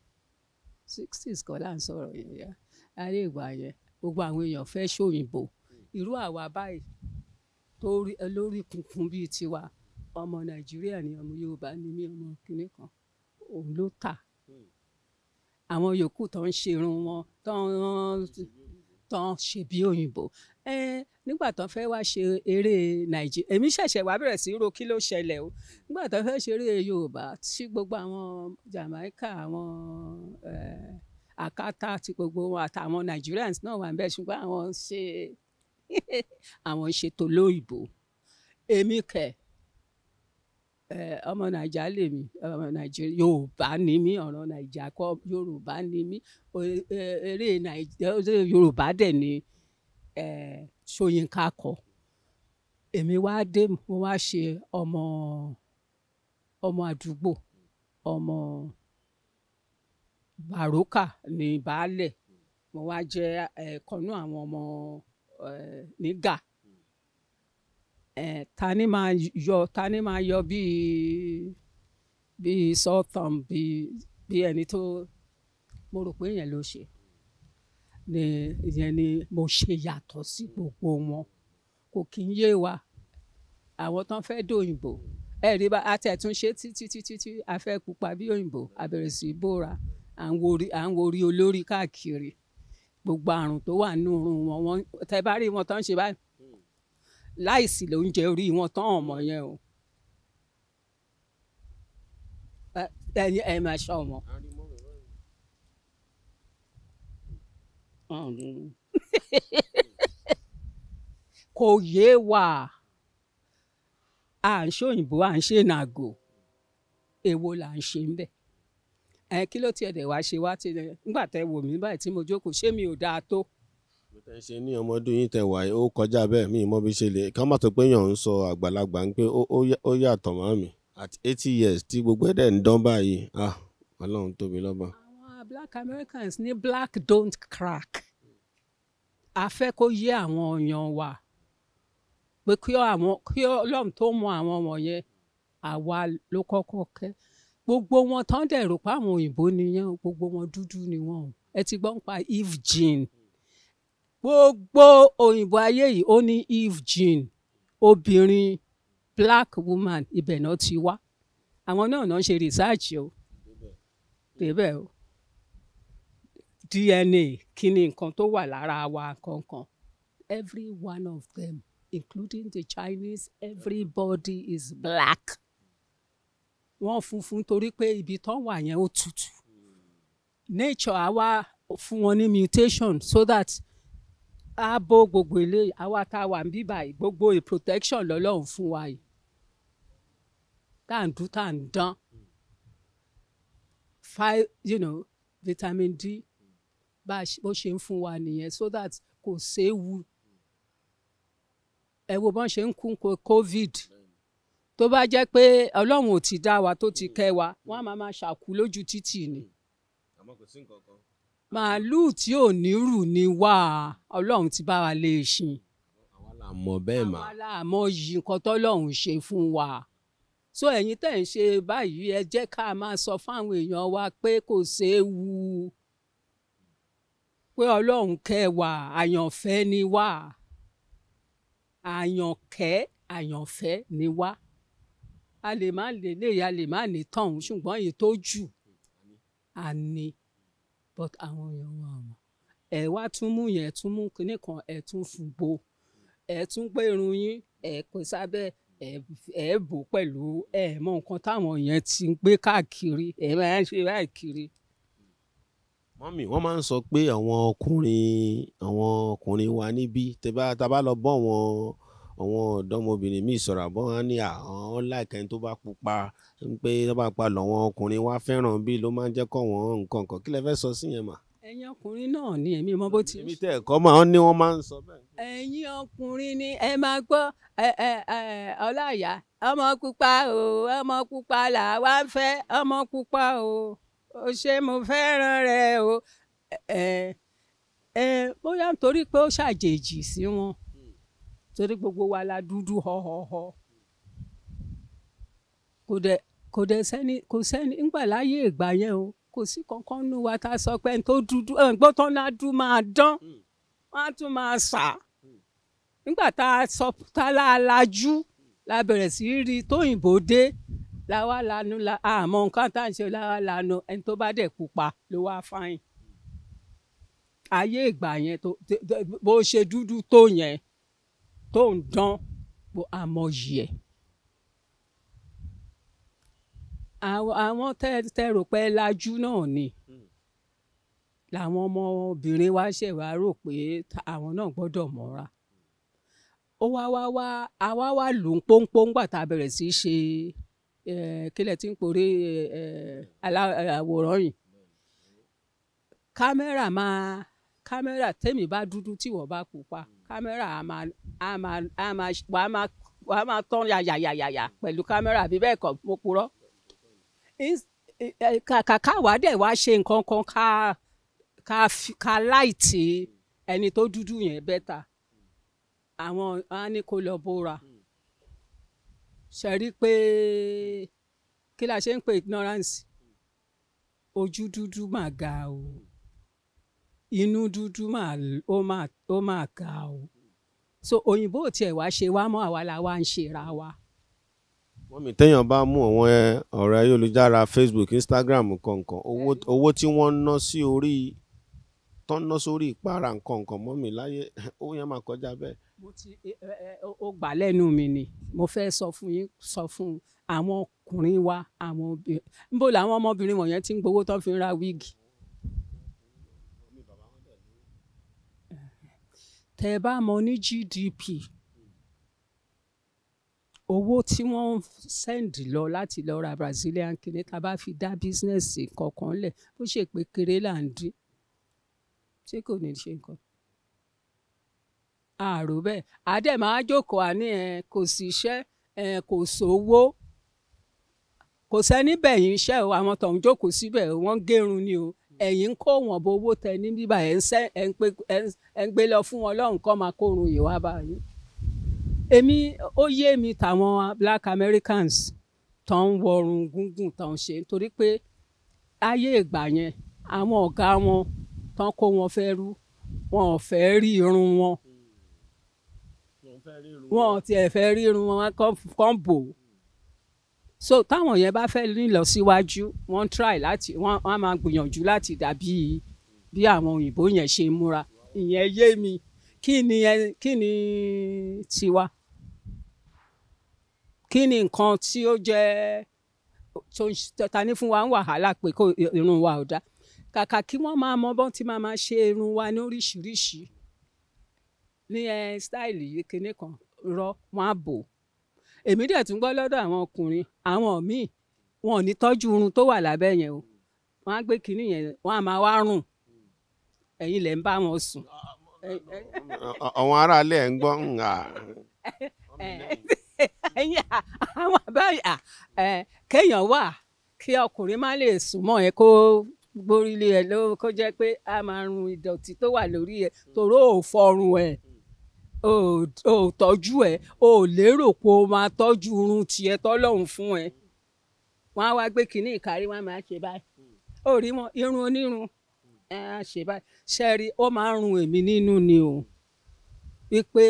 S2: sixties kan là ń sọ̀rọ̀ yẹn yá láyé ìgbà yẹn gbogbo àwọn èèyàn fẹ́ ṣòyìnbó irú àwa báyìí tó lórí kunkun bíi tiwa ọmọ nàìjíríà ni ọmọ yorùbá ni mí ọmọ kìnìkan òun ló tà hmm. àwọn yòókù tó ń ṣerun wọn tó ń tó ń ṣe bí òyìnbó ẹ nígbà tó ń fẹ́ wá ṣe eré nàìjíríà èmi ṣẹ̀ṣẹ̀ wá bẹ̀rẹ̀ sí ro kí ló ṣẹlẹ̀ o nígbà tó ń fẹ́ ṣeré yorùbá tí gbogbo àwọn jamaica àwọn akata ti gbogbo wọn àtàwọn nigerians náà wà níbẹ̀ ṣùgbọ́n àwọn ṣe [laughs] àwọn ṣe tòlóyìnbó èmi kẹ̀ Eh, ọmọ nàìjà lèmi ọmọ nàìjíríà yorùbá ni mí ọ̀ràn nàìjà kọ́ yorùbá ni mí eh, eré nàìjà yorùbá dẹ̀ ni eh, ṣóyínká kọ èmi wá dé mo wá ṣe ọmọ ọmọ àdúgbò ọmọ bàrókà ní baálẹ̀ mo wá jẹ́ ẹ̀ẹ́kanú àwọn ọmọ nígà eh, ta ni máa yọ ta ni máa yọ bíi bíi sọ́ọ̀tàn bíi bíi ẹni tó mo rò pé yẹn ló ṣe ni ìyẹn ni mo ṣe yàtọ̀ sí gbogbo wọn kò kí ń yé wa àwọn tán fẹ́ dòyìnbó ẹ rí bá a tẹ̀ tún ṣe títí títí tí a fẹ́ pupa bí òyìnbó a bẹ̀rẹ̀ sí í bóra à ń worí olórí káàkiri gbogbo àrùn tó wà nínú òórùn wọn tẹ bá rí wọn tán ṣe báyìí láìsí lóúnjẹ orí wọn tán ọmọ yẹn o ẹni ẹ máa ṣọ ọmọ. [laughs] kò yé wa à ń ṣòyìnbó à ń ṣe nàgò èwo là ń ṣe ń bẹ̀ ẹ kí ló tiẹ̀ dẹ̀ wá ṣe wá ti nígbà tẹ́ wò mí báyìí tí mo jókòó ṣé mi ò dáa tó
S1: tẹ̀ ń ṣe ní ọmọdún yìí tẹ̀ wáyé ó kọjá bẹ́ẹ̀ mí mọ́ bí ṣe lè ká má tó pé yàn ń sọ àgbàlagbà ń pé ó yàtọ̀ mọ́ mi at eighty years tí gbogbo ẹ̀dẹ̀ ń dán báyìí ah ọlọ́run tóbi lọ́ba.
S2: àwọn black americans ní black don't crack a fẹ́ kó yé àwọn èèyàn wa pé kí ọlọ́run tó mọ àwọn wọ̀nyẹn àwa ló kọ́kọ́ kẹ́ gbogbo wọn tán dẹ̀ rò pé àwọn òyìnbó nìyẹn gbogbo wọn dúdú ni wọn ẹ ti gbọ́ ń pa eve jean. Mm -hmm gbogbo òyìnbó ayé yìí ó ní eve jean obìnrin black woman ibẹ̀ náà ti wá àwọn náà náà ṣe rìsáàjì o débẹ̀ o DNA kí ni nǹkan tó wà lára wa kankan every one of them including the Chinese everybody is black wọ́n funfun torí pé ibi tán wà yẹn ó tutù nature á wá fún wọn ní mutation so that á bo gbogbo ilé àwa tá a wà ń bíbà yìí gbogbo protection lọ́lọ́run fún wa yìí tá à ń dún tá à ń dán five you know vitamin D bá bó ṣe ń fún wa nìyẹn so that kò séwu ẹ wo bọ́n ṣe ń kún covid tó bá jẹ́ pé ọlọ́run ò ti dá wa tó ti kẹ́ wa wọ́n á máa ṣàkú lójú títì ni.
S1: àmọ́ kò sí nǹkan kan
S2: màálùú tí ò ní rù ni wá ọlọ́run ti bá wa lè e ṣin.
S1: àwa là mọ̀ bẹ́ẹ̀ mà. àwa
S2: là mọ̀ yìí nǹkan tọ́lọ́run ṣe fún wa so ẹ̀yin tẹ́ ń ṣe báyìí ẹ jẹ́ ká máa sọ fáwọn èèyàn wa pé kò ṣeé wu pé ọlọ́run kẹ́ wa àyànfẹ́ ni wá àyànkẹ́ àyànfẹ́ ni wá a lè má lè léyà a lè má ní tọ̀hún ṣùgbọ́n èyí tó jù àní but àwọn èèyàn wọn mọ̀ ẹ wá tún mú yẹn tún mú kinní kan ẹ tún fùgbó ẹ tún pé irun yín ẹ pè sábẹ́ ẹ bò pẹ̀lú ẹ mọ nǹkan táwọn yẹn ti ń gbé káàkiri ẹ máa ń ṣe báyìí kiri.
S1: mọ́mì wọ́n máa ń sọ pé àwọn ọkùnrin àwọn ọkùnrin wa níbí tẹ́ bá tá a bá lọ bọ́ wọn. Àwọn àwọn ọ̀dọ́mọbìnrin míì sọ̀rọ̀ àbọ̀ wọn ní àwọn láìkẹ́ tó bá pupa pé tó bá pa lọ́wọ́ ọkùnrin wá fẹ́ràn bí ló máa ń jẹ́ kọ́ wọn nǹkan kan kí lẹ fẹ́ sọ sí yẹn mà. ẹ̀yin ọkùnrin náà ni èmi mọ bó ti. èmi tẹ ẹ̀kọ́ máa ń ní wọ́n máa ń sọ bẹ́ẹ̀.
S2: ẹ̀yin ọkùnrin ni ẹ máa gbọ́ ọláyà ọmọ pupa o ọmọ pupa là wá ń fẹ́ ọmọ pupa o o ṣe mo fẹ́ràn rẹ o ẹ ẹ bóyá nítorí pé ó ṣàjèjì sí wọn torí gbogbo wa la dúdú họhọhọ kò dẹ kò dẹ sẹ́ni kò sẹ́ni ńgbà láyé ìgbà yẹn o kò sí kankan nu wa tá a sọ pé ẹni tó dúdú ẹ̀ ń gbọ́ tán náà dún máa dán hmm. wọ́n á tún máa sà nígbà hmm. tá a sọ tá a lajú la bẹ̀rẹ̀ sí í rí tóyìnbó dé láwa lanu la àmọ́ nǹkan tá à ń ṣe láwa lanu ẹni tó bá dẹ̀ pupa ló wá fáyìn ayé ìgbà yẹn tó bó ṣe dúdú tó yẹn tó ń dán bó a mọyì ẹ̀. àwọn tẹ rò pé lajú náà ni làwọn ọmọbìnrin wa ṣẹ̀ wá rò pé àwọn náà gbọ́dọ̀ mọ́ra ó wá wá wá àwa wá lù ń pọ́npọ́n gbà tá a bẹ̀rẹ̀ sí í ṣe kílẹ̀ tí ń porí àwòrán yìí kámẹ́rà máa kámẹ́rà tèmi bá dúdú tíwọ́ bá pupa. Mm kámẹ́rà á máa á máa á máa wàá máa wàá máa tán yàyàyàyà pẹ̀lú kámẹ́rà bí bẹ́ẹ̀ kọ́ mo purọ́ eh, kàkà wàá dẹ̀ wá ṣe nǹkan kan ká ká ká láìtì ẹni tó dúdú yẹn bẹ́tà àwọn á ní kó lọ bóra ṣe rí pé kí la ṣe ń pè ignorance ojú dúdú mà ga o. Mm inú dúdú ó máa ó máa ga o so òyìnbó ò tiẹ̀ wá ṣe wá mọ́ àwa la wá ń ṣera wa.
S1: wọ́n mi téèyàn bá mú àwọn eh, ọ̀rọ̀ ayélujára Facebook Instagram kọ̀ọ̀kan owó tí wọ́n ń ná sí orí tó ń ná sórí ìpara nǹkankan mọ́ mi láyé [laughs] ó yẹn máa kọjá bẹ́ẹ̀. mo ti
S2: ó eh, eh, gbà
S1: lẹ́nu mi ni mo fẹ́ sọ fún yín sọ fún àwọn ọkùnrin
S2: wa àwọn obìnrin níbo làwọn ọmọbìnrin wọ̀nyẹn ti ń gbowó tó fi ń ra wíìgì tẹ́ ẹ bá mọ ní GDP owó tí wọ́n ń sẹ́ǹdì lọ láti lọ ra Brazilian kìíní tá a bá fi dá bísínẹ́sì kankan lẹ̀ bó ṣe pé kéré là ń dín ṣé kò ní ṣe nǹkan àrò bẹ́ẹ̀ àdẹ̀ máa jókòó àní ẹ̀ kò sí iṣẹ́ ẹ̀ kò sówó kò sẹ́ni bẹ̀yìn iṣẹ́ o àwọn tó ń jókòó síbẹ̀ wọ́n gérun ni o ẹ̀yin ń kó wọn bo owó tẹ ní bíbá ẹ̀ ń sẹ́ ẹ̀ ń pé ẹ̀ ń gbé lọ fún wọn lọ́hùn kọ́ máa kórun yìí wá báyìí èmi ó yé mi tàwọn black Americans tó ń wọrun gúngùn tó ń ṣe nítorí pé ayé ìgbà yẹn àwọn ọ̀gá wọn tán kó wọn fẹ́ rú wọn ò fẹ́ rí irun wọn hmm. wọn ò tiẹ̀ fẹ́ rí irun wọn kàn bò ó so táwọn yẹn bá fẹ́ nílọsíwájú wọ́n try láti wọ́n á máa gbìyànjú láti dàbí bí àwọn òyìnbó yẹn ṣe múra ìyẹn yé mi kí ni kí ni tiwa kí ni nǹkan tí ó jẹ́ ta ní fún wa ń wàhálà pé kó irun wa ò dá kàkà kí wọ́n máa mọ bọ́n tí máa máa ṣe irun wa ní oríṣiríṣi ní ẹ stáìlì yìí kinní kan rọ wọn á bò ó èmi dẹ̀ tún gbọ́ lọ́dọ̀ àwọn ọkùnrin àwọn míì wọn ò ní tọ́jú irun tó wà lábẹ́ yẹn o wọn á gbé kinní yẹn wọn á máa wá rùn
S1: ẹ̀yin lẹ̀ ń bá wọn sùn. àwọn aráalé ẹ̀ ń gbọ́ ǹgà.
S2: ẹ̀yin àwọn àbáyà kéèyàn wà kí ọkùnrin má lè sùn mọ́ ẹ kó gbórílé ẹ ló kó jẹ́ pé a máa rùn ìdọ̀tí tó wà lórí ẹ toró ò fọrùn ẹ. ò tọ́jú ẹ̀ ò lérò pé o máa tọ́jú irun tiẹ̀ tọ́lọ́hún fún ẹ wọ́n á wá gbé kínní ìkárí wọ́n á máa ṣe báyìí ó rí wọn irun onírun ẹ á ṣe báyìí ṣẹ́ẹ̀rí ó máa ń run èmi nínú ni o wípé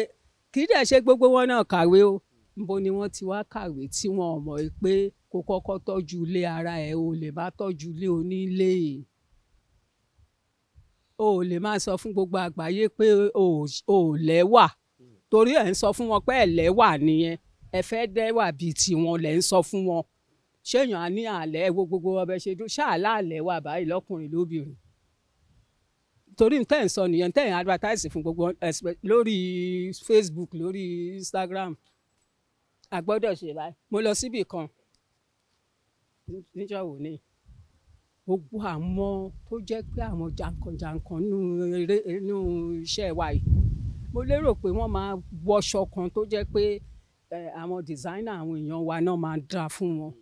S2: kì í dẹ̀ ṣe gbogbo wọn náà kàwé o níbo ni wọ́n ti wá kàwé tí wọn mọ̀ pé kó kọ́kọ́ tọ́jú ilé ara ẹ̀ o lè má tọ́jú ilé onílé o lè má sọ fún gbogbo àgbáyé pé o ò lẹ́wà torí ẹ̀ ń sọ fún wọn pé ẹ̀lẹ́wà nìyẹn ẹ fẹ́ dẹ́wà bíi tiwọn lẹ̀ ń sọ fún wọn ṣéèyàn á ní àlẹ́ wo gbogbo ọbẹ̀ ṣe dún ṣáàlà àlẹ́ wà báyìí lọ́kùnrin lóbìnrin torí n tẹ́yìn sọ nìyẹn n tẹ́yìn advertise fún gbogbo lórí Facebook lórí Instagram a gbọ́dọ̀ ṣe báyìí mo lọ síbì kan níjọ́ wò ni gbogbo àwọn tó jẹ́ pé àwọn jàǹkànjàǹkàn nínú iṣẹ́ wa yìí mo lérò pé wọ́n máa wọṣọ kan tó jẹ́ pé àwọn designer àwọn èèyàn wa náà máa dáa fún wọn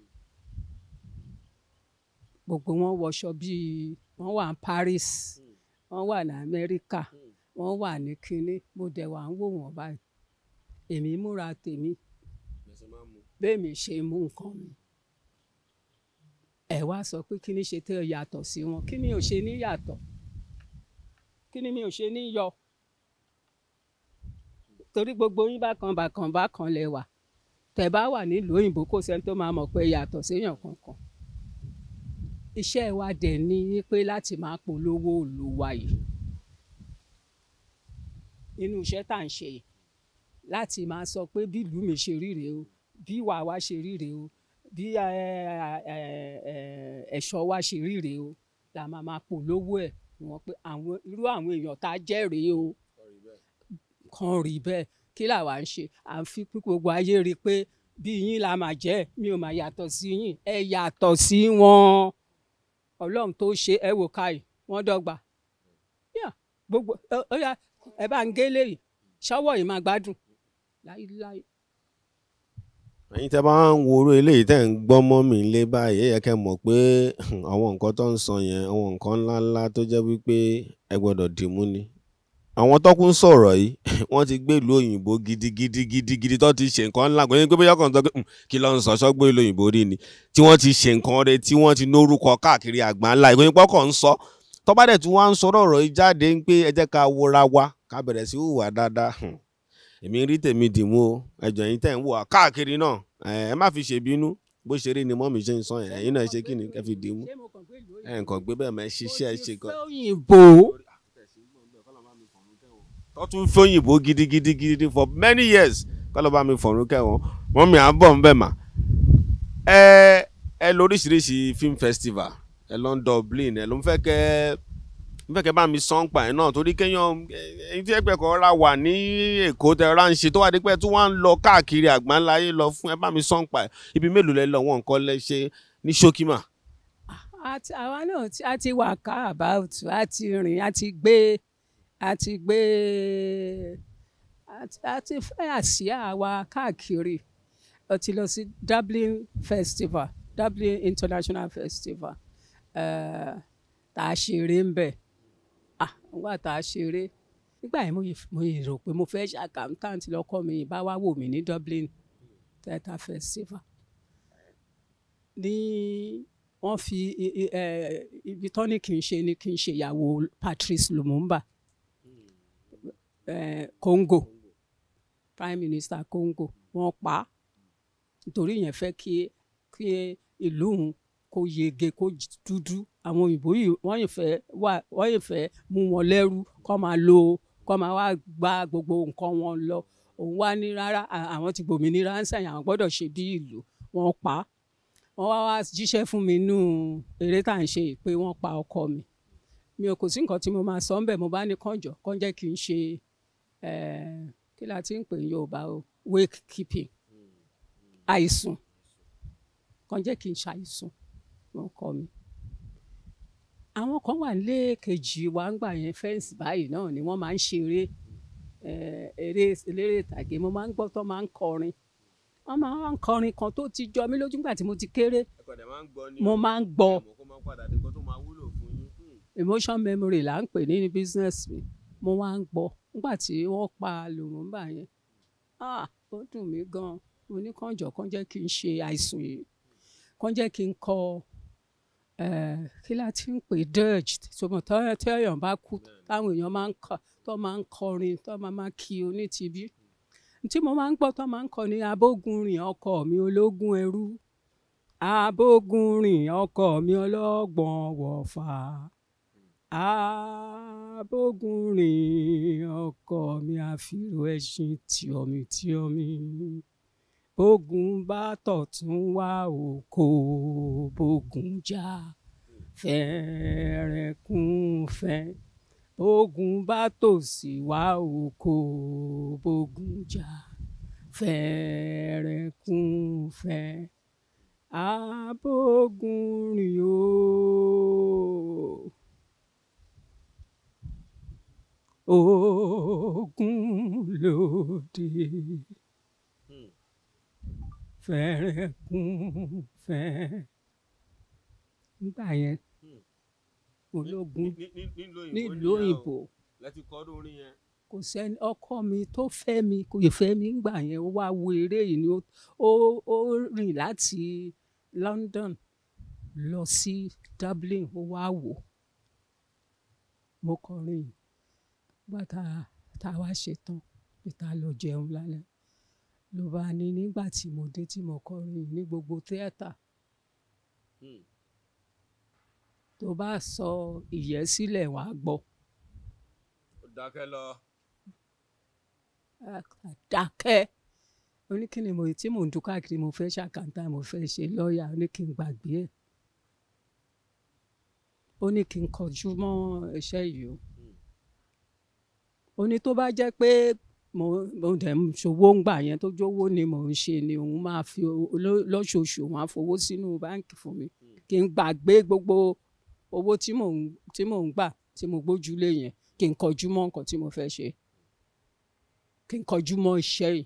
S2: gbogbo wọn wọṣọ bíi wọ́n wà Paris wọ́n wà ní Amẹ́ríkà wọ́n wà ní kínní mo dẹ̀ wà ń wò wọ́n báyìí èmi múra tèmi bẹ́ẹ̀mi ṣe mú nǹkan mi ẹ wá sọ pé kí ni ṣe tẹ́ yàtọ̀ sí wọn kí ni ò ṣe ní yàtọ̀ kí mi ò ṣe ní yọ torí gbogbo yín bákan bákan bákan lẹ wà tẹ bá wà nílùú òyìnbó kò sẹ́ni tó máa mọ̀ pé yàtọ̀ séèyàn kankan iṣẹ́ wa dẹ̀ ni pé láti máa polówó ìlú wa yìí inú iṣẹ́ tá à ń ṣe yìí láti máa sọ pé bí ìlú mi ṣe rí o bí ìwà wa ṣe rí o bí ẹ̀ṣọ́ wa ṣe rí o la máa máa polówó ẹ̀ wọ́n pé irú àwọn èèyàn tá a jẹ́ rèé o kan rí bẹ́ẹ̀ kí làwa ń ṣe à ń fi gbogbo ayé rí i pé bí yín la máa jẹ́ mi ò máa yàtọ̀ sí yín ẹ yàtọ̀ sí wọn ọlọ́run tó ṣe ẹ wò káyì wọ́n dọ́gba gbogbo ẹ bá ń gé léyìí ṣọ́wọ́ yìí máa gbádùn láíláí.
S1: ẹ̀yin tẹ́ bá ń woró eléyìí tẹ́ ń gbọ́ mọ́ mi lé báyìí ẹ̀yẹ kẹ́ mọ̀ pé àwọn nǹkan tó ń sọ yẹn àwọn nǹkan ńláńlá tó jẹ́ wípé ẹ gbọ́dọ̀ dìmú ni àwọn tọ́kù ń sọ̀rọ̀ yìí [laughs] wọ́n ti gbé ìlú òyìnbó gidigidi gidigidi tó ti ṣe nǹkan ńlá gbẹ́yìn pé bóyá kan tó kí ló ń sọ sọ́gbó ìlú òyìnbó rí ni tí wọ́n ti ṣe nǹkan rẹ̀ tí wọ́n ti nórúkọ káàkiri àgbà ńlá ìgbẹ́yìn pọ́kọ̀ ń sọ tọ́ba dẹ̀ tí wọ́n á ń sọ̀rọ̀ ọ̀rọ̀ yìí jáde ń pé ẹ jẹ́ ká wora wa ká bẹ̀rẹ̀ sí hùwà dáadáa hmm. èmi rí tèmi dìmú o ẹjọ́ yín tẹ̀ ń wò káàkiri náà ẹ má fi ṣèbínú bó ṣe rí ni mọ́mí ṣe ń sọ yẹn ẹ̀yin náà ṣe kí ni ẹ fi dìmú ẹ̀ ń kàn gbé bẹ́ẹ̀ mọ́ ẹ ṣiṣẹ́ ẹ ṣe kan tó tún fóyìnbó gidigidi gidi for many years kọ́lọ́ bá mi fọ̀rún kẹ́wọ̀n wọ́n mi à ń bọ̀ ń bẹ̀ mà. ẹ ẹ lóríṣiríṣi film festival ẹ lọ ń Dublin ẹ ló ń fẹ́ kẹ́ ń fẹ́ kẹ́ bá mi sàn pa ẹ̀ náà torí kéèyàn ẹni tí ẹgbẹ́ kan ra wà ní Èkó tẹ ra ń ṣe tó wà dípẹ́ tí wọ́n á ń lọ káàkiri àgbáńláyé lọ fún ẹ bá mi sàn pa ẹ̀ ibi mélòó lẹ lọ wọn nǹkan lẹ ṣe ní ṣókímà
S2: àwa náà a ti wà ká about a ti rìn a ti gbé a ti gbé a ti fẹ́ àsíá wa káàkiri a lọ sí Dublin Festival Dublin International Festival eh, tá a ṣeré ń bẹ̀ nígbà tá a ṣeré nígbà yẹn mo rò pé mo fẹ́ ṣe accountant lọ́kọ́ mi ìbá wá wò mí ní Dublin Theatre Festival ní wọ́n fi eh, ibi tọ́ni kì í ṣe ni kì í ṣe ìyàwó Patrice Lumumba Eh, Congo prime minister Congo wọ́n pa á nítorí yẹn fẹ́ kí kí ìlú òun kó yege kó dúdú àwọn òyìnbó yìí wọ́n yìí fẹ́ wà wọ́n yìí fẹ́ mú wọn lẹ́rú kó máa lo kó máa wá gba gbogbo nǹkan wọn lọ òun wá ní rárá àwọn ti gbòmìnira ń sẹ́yìn àwọn gbọ́dọ̀ ṣe bí ìlú wọ́n pa á wọ́n wá wá jíṣẹ́ fún mi nínú eré tá à ń ṣe pé wọ́n pa ọkọ mi mi ò kò sí nǹkan tí mo máa sọ ń bẹ̀ mo bá ní kànjọ́ kàn jẹ́ kí ṣe kí la ti ń pè ní yorùbá o wake keeping àìsùn kàn jẹ́ kí n ṣàìsùn wọn kọ mi àwọn kan wà nílé kejì wa ń gbà yẹn fẹ́ǹsì báyìí náà ni wọ́n máa ń ṣe eré eh, eré eléré ìtàgé mo máa ń gbọ́ tó máa ń kọrin wọ́n máa ń kọrin kan tó ti jọ mí lójú nígbà tí mo ti kéré
S1: mo máa ń gbọ́
S2: emotion memory là ń pè ní business mi. Me mo wá ń gbọ́ nígbà tí wọ́n pa lòrùngbà yẹn ah ó dùn mí gan mo ní kànjọ kàn jẹ́ kí n ṣe àìsàn yìí kàn jẹ́ kí n kọ eh, kí la ti ń pè dirge tòmọ̀ tẹ́yàn bá kú táwọn èèyàn máa ń kọ tó máa ń kọrin tó máa máa kí onítìbí tí mo máa ń gbọ́ tó máa ń kọ ní abógunrin ọkọ mi ológun ẹrú abógunrin ọkọ mi ọlọ́gbọ́n wọ̀fà abógun rìn ọkọ mi àfìrò ẹṣin tìọmì tìọmì bógun bá tọ̀tún wá òkò bógun já fẹ́rẹ̀kún fẹ́ bógun bá tòsì wá òkò bógun já fẹ́rẹ̀kún fẹ́ abógun rìn Ògúnlódé hmm. fẹ́rẹ̀gúnfẹ́. Nígbà yẹn,
S1: hmm. ológun
S2: nílùú òyìnbó. Kò sẹ́ni ọkọ mi tó fẹ́ mi kò fẹ́ mi nígbà yẹn ó wá wo eré yìí ni ó rìn láti London lọ sí Dublin ó wá wò. Mo kọrin yìí. Nígbà tá, tá wá ṣetán pé tá lọ jẹun lálẹ́, ló bá ní nígbà tí mo dé tí mo kọrin ní gbogbo theatre, hmm. tó bá sọ ìyẹ́ sílẹ̀ wà á gbọ́. Ó dákẹ́ lọ. A dákẹ́. Ó mo, tí mò ń dù káàkiri, mo fẹ́ ṣàkántà, mo fẹ́ ṣe lọ́ọ̀yà, ó gbàgbé ẹ̀. Ó kọjú mọ́ iṣẹ́ yìí o ó ní tó bá jẹ́ pé mo mo dẹ̀ ń ṣòwò ń gbà yẹn tó jówó ni mo ń ṣe ni òun máa fi lóṣooṣù wọn á fowó sínú báǹkì fún mi hmm. kí n gbàgbé gbogbo owó tí mò ń tí mò ń gbà tí mo gbójúlé yẹn kí n kọjú mọ́ nǹkan tí mo fẹ́ ṣe kí n kọjú mọ́ iṣẹ́ yìí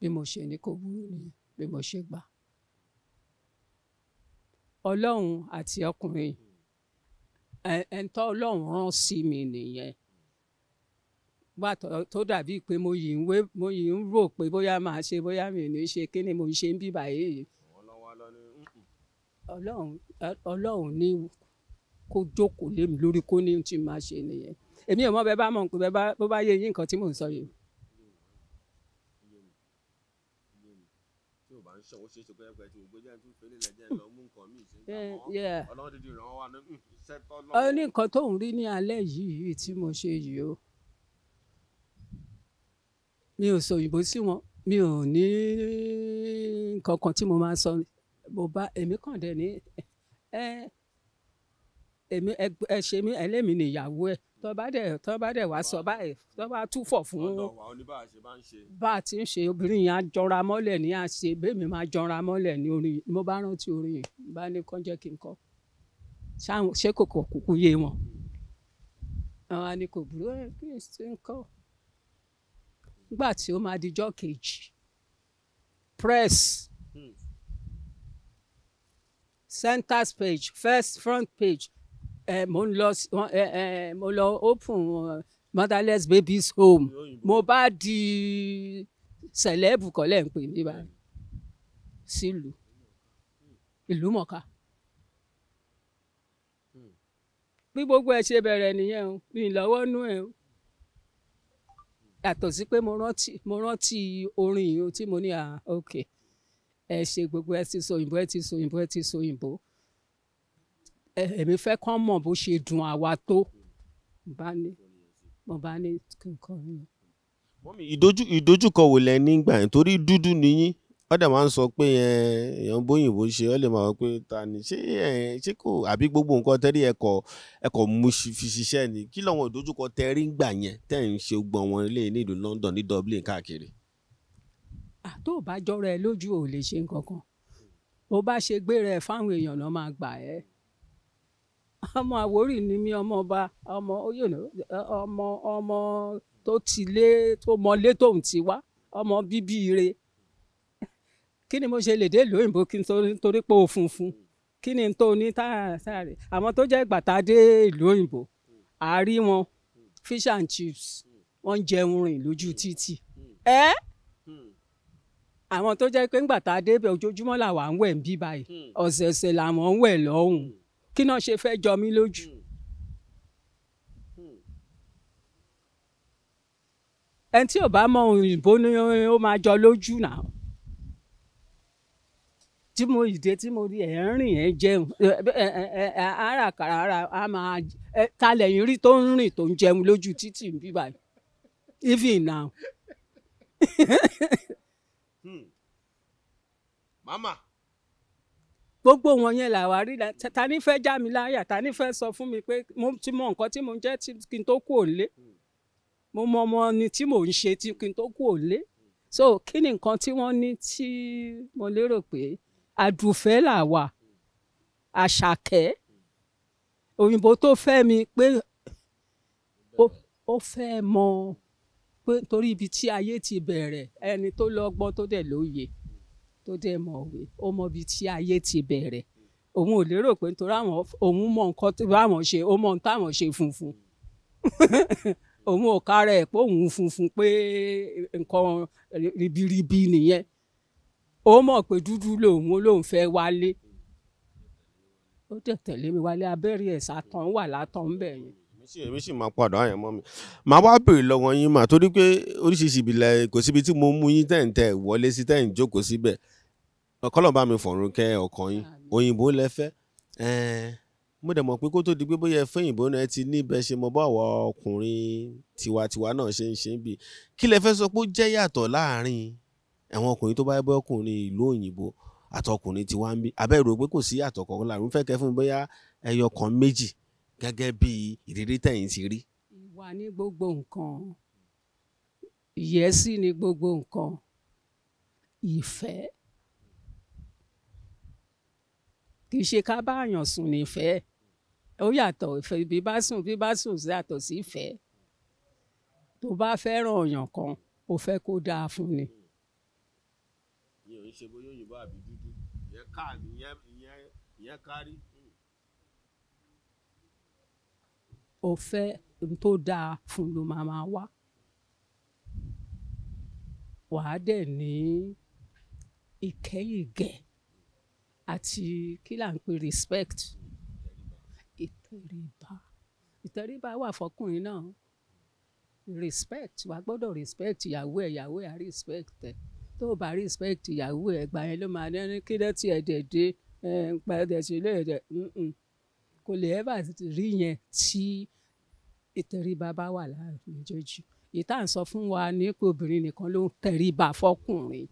S2: bí mo ṣe ní kò burú ni bí mo ṣe gbà ọlọ́run àti ọkùnrin ẹ̀ńtọ́ ọlọ́run rán sí mi nìyẹn wà tó dàbí pé mo yìí ń wé mo yìí ń rò pé bóyá màá ṣe bóyá mi ò ní ṣe kí ni mo ṣe ń bíbà yìí. ọlọ́run ọlọ́run ní kó jókòó lé mi lórí kó ní tí màá ṣe nìyẹn èmi ò mọ bẹ bá mọ nǹkan bẹ bá bó bá yé yín nǹkan tí mò ń sọ yìí.
S1: Eh, ọlọ́run ní nǹkan
S2: tóun rí ní alẹ́ yìí tí mo ṣe yìí o mi ò sọ òyìnbó sí wọn mi ò ní nǹkan kan tí mo máa sọ mo bá èmi kàn dé ní ẹ èmi ẹ ṣe mí ẹlẹ́mìí nìyàwó ẹ tó bá dẹ̀ tó bá dẹ̀ wá sọ báyìí tó bá túfọ̀ fún bá a ti ń ṣe obìnrin yẹn á jọra mọ́lẹ̀ ní àṣẹ bẹ́ẹ̀mi máa jọra mọ́lẹ̀ ní orin mo bá rántí orin yìí bá ní kán jẹ́ kí n kọ́ ṣé kòkò kúkú yé wọn àwọn àníkò burú ẹ kí n kọ́ nígbà tí ó máa dijọ́ kejì press hmm. Center's page first front page eh, mo lọ mo lọ open uh, motherless babies home mo bá di sẹ̀lẹ́bù kọ́lẹ̀ ń pè mí báyìí hmm. sílùú ìlú mọ̀ká. Hmm. bí gbogbo ẹ̀ ṣe bẹ̀rẹ̀ nìyẹn o mi lọ́wọ́ nú ẹ̀ o yàtọ̀ sí pé mo rántí mo rántí orin yìí tí mo ní à ok ẹ ṣe gbogbo ẹ ti sọ òyìnbó ẹ ti sọ òyìnbó ẹ ti sọ òyìnbó èmi fẹ́ kán mọ̀ bó ṣe dùn àwa tó bá ní mo bá ní kí n kọrin.
S1: mọ́mí ìdójú ìdójúkọ wò lẹ nígbà yẹn torí dúdú nìyí ó dẹ̀ máa ń sọ pé èèyàn bóyìnbó ṣe ó lè máa wọ pé ta ni ṣé ṣé kò àbí gbogbo nǹkan tẹ́rí ẹ̀kọ́ ẹ̀kọ́ mú fi ṣiṣẹ́ ni kí lọ́wọ́ ìdojúkọ tẹ́rí ń gbà yẹn tẹ́ ń ṣe gbọ́n wọn lé nílùú London ní Dublin káàkiri.
S2: àtó bá jọrọ ẹ lójú ò lè ṣe nǹkan kan bá ṣe gbéra ẹ fáwọn èèyàn náà máa gbà ẹ ọmọ Àwórì ni mí ọmọ ọba ọmọ ọmọ ọmọ tó ti lé tó mọ lé tóun ti wá ọmọ bíbí ire kí ni mo ṣe lè dé ìlú òyìnbó kí n torí pé o funfun kí ni n tó ní táàrí àwọn tó jẹ́ gbàtà dé ìlú òyìnbó àárí wọn fish and chips wọ́n ń jẹun rìn lójú títì ẹ́ àwọn tó jẹ́ pé ńgbà tá a débẹ̀ ojoojúmọ́ làwa ń wẹ̀ ń bí báyìí ọ̀sẹ̀ọ̀sẹ̀ làwọn ń wẹ̀ lọ́hùn kí náà ṣe fẹ́ jọ mí lójú. ẹni tí ò bá mọ òyìnbó ni ó máa jọ lójú náà tí mo dìde tí mo di ẹ̀ ń rìn ẹ̀ jẹun ara kàrà ara a máa ta lẹ́yìn rí tó ń rìn tó ń jẹun lójú títì ń bí báyìí even now. mama. gbogbo wọn yẹn làwa rí ta ni fẹ́ já mi láyà ta ni fẹ́ sọ fún mi pé mo ti mọ nǹkan tí mo ń jẹ́ kí n tó kú òǹlé hmm. mo mọ ọmọ ni tí mò ń ṣe kí n tó kú òǹlé so kí ni nǹkan tí wọ́n ní tí mo lérò pé àdùfẹ́ là wà àṣàkẹ́ òyìnbó tó fẹ́ mi pé ó fẹ́ mọ pé torí ibi tí ayé ti bẹ̀rẹ̀ ẹni tó lọ́gbọ́n tó dẹ̀ lóye tó dẹ̀ mọ̀wé ó mọ ibi tí ayé ti bẹ̀rẹ̀ òun ò lérò pé nítorí àwọn òun mọ nǹkan tí báwọn ṣe ó mọ ohun táwọn ṣe funfun [laughs] òun ò kárẹ̀ pé òun funfun pé nǹkan ribiribi nìyẹn ó mọ̀ pé dúdú lòun lòun fẹ́ wálé ó dẹ̀ tẹ̀lé mi wálé abẹ́rẹ́ ẹ̀sà tán wà látàn ń bẹ̀ yẹn.
S1: èmi sì máa padà àyàn mọ́ mi màá wá béèrè lọ́wọ́ yín mà torí pé oríṣiríṣi ìbílẹ̀ kò síbi tí mo mú yín tẹ̀ǹtẹ̀ wọlé sí tẹ̀ǹ jókòó síbẹ̀ kọ́lọ̀ bá mi fọ̀rùn kẹ́ ọkàn yín òyìnbó lẹ fẹ́ mo dẹ̀ mọ̀ pé kó tó di pé bóyá ẹ̀fọ́ náà ti ní ṣe mọ bá àwọn ọkùnrin tiwantiwa náà ṣe ń ṣe ń kí lẹ fẹ́ sọ pé ó jẹ́ yàtọ̀ láàrin àwọn ọkùnrin tó bá yẹ bọ́ ọkùnrin ìlú òyìnbó àtọkùnrin tiwa ń bí abẹ́rò pé kò sí àtọkọ làrún fẹ́ kẹ́ fún mi bóyá ẹyọ kan méjì gẹ́gẹ́ bí ìrírí tẹ̀yìn ti rí.
S2: ìwà ní gbogbo nǹkan ìyẹ́sí ní gbogbo nǹkan ìfẹ́ kì í ṣe ká bá àyàn sùn nífẹ̀ẹ́ ó yàtọ̀ ìfẹ́ bí bá sùn bí bá sùn yàtọ̀ sí ìfẹ́ tó bá fẹ́ràn ọ̀yàn kan ó fẹ́ kó dáa fún ni. Mm
S1: ń ṣe bóyá òyìnbó àbí dúdú ìyẹn ká ìyẹn ìyẹn kárí.
S2: ọ̀fẹ́ tó dáa fún ló máa máa wá wàá dẹ̀ ní ìkẹ́yìgẹ̀ àti kí là ń pè respect ìtẹríba ìtẹríba wà fọkùnrin náà respect wàá gbọ́dọ̀ respect ìyàwó ẹ̀ ìyàwó ẹ̀ respect ẹ̀. Eh tó o bá respect ìyàwó ẹ̀ gbà yẹn ló máa ní kí ló tiẹ̀ dẹ̀ dé nípa ẹ̀dẹ̀ sí ilé ẹ̀dẹ̀ kò lè ever rí yẹn tí ìtẹríba bá wà láàrin méjèèjì ìta ń sọ fún wa ní pé obìnrin nìkan ló ń tẹríba fọkùnrin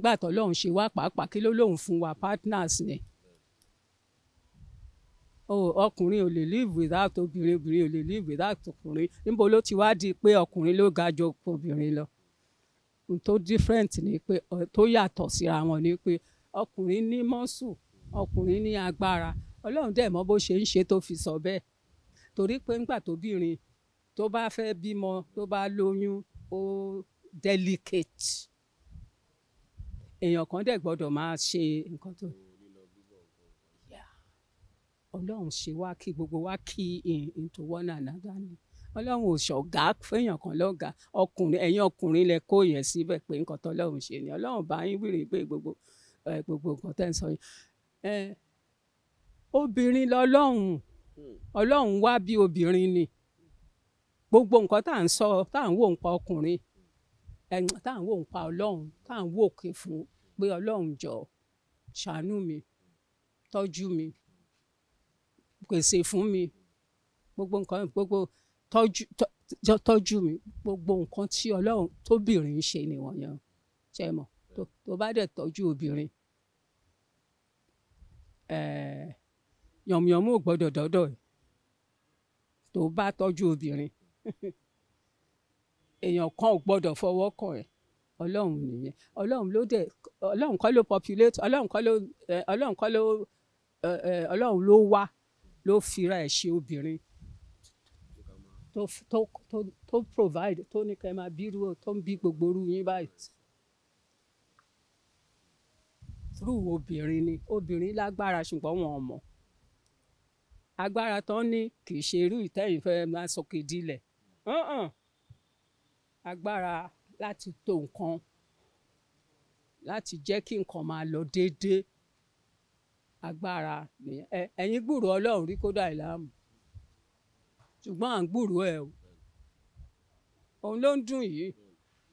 S2: gbà tó lóun ṣe wá pàápàá kí ló lóun fún wa partners ni ọkùnrin ò lè live without obìnrin obìnrin ò lè live without ọkùnrin níbo ló ti wá di pé ọkùnrin ló ga ju obìnrin lọ tó different ni pé tó yàtọ̀ síra wọn ni pé ọkùnrin ní mọ́sù ọkùnrin ní agbára ọlọ́run dẹ̀ mọ́ bó ṣe ń ṣe tó fi sọ bẹ́ẹ̀ torí pé ńgbà tóbìnrin tó bá fẹ́ bímọ tó bá lóyún ó delicate èèyàn kan dẹ̀ gbọ́dọ̀ máa ṣe nǹkan tó ọlọ́run ṣe wá kí gbogbo wá kí in into one another ni ọlọ́run ò ṣọ̀gá fẹ́yàn kan lọ́gàá ọkùnrin ẹ̀yin ọkùnrin lẹ kó yẹn síbẹ̀ pé nǹkan tọ́lọ́run ṣe ni ọlọ́run bá yín wíìrì pé gbogbo gbogbo nǹkan tẹ́ ń sọ yẹn obìnrin lọ́lọ́run hmm. ọlọ́run wá bí obìnrin ni gbogbo nǹkan tá à ń sọ tá à ń wò nǹkan ọkùnrin tá à ń wò nǹkan ọlọ́run tá à ń wò òkè fún pé ọlọ́run jọ ṣàánú mi tọ́jú mi pèsè fún mi gbogbo nǹkan gbogbo tọ́jú mi gbogbo nǹkan tí ọlọ́run tóbìnrin ṣe ni wọ̀nyẹn ṣe mọ̀ tó bá dẹ̀ tọ́jú obìnrin eh, yànmùyànmù ò gbọ́dọ̀ dọ́dọ̀ ẹ̀ tó bá tọ́jú obìnrin [laughs] èèyàn kan ò gbọ́dọ̀ fọwọ́ kàn ẹ̀ ọlọ́run nìyẹn ọlọ́run ló dẹ̀ ọlọ́run kọ́ ló populate ọlọ́run kọ́ ló eh, ọlọ́run kọ́ ló eh, ọlọ́run ló wá ló fira ẹ̀ ṣe obìnrin tó provide tó ní kẹ́ máa bí irú tó ń bí gbogbo irú yín báyìí through obìnrin ni obìnrin lágbára ṣùgbọ́n wọn ò mọ̀ agbára tán ní kì í ṣe irú ìtẹ́yìn fẹ́ máa sọkè dilẹ̀ agbára láti tó nǹkan láti jẹ́ kí nǹkan máa lọ déédéé agbára nìyẹn ẹ̀yin gbúròó ọlọ́run rí kódà ìlàmù ṣùgbọ́n à ń gbúròó ẹ̀ o òun ló ń dùn yìí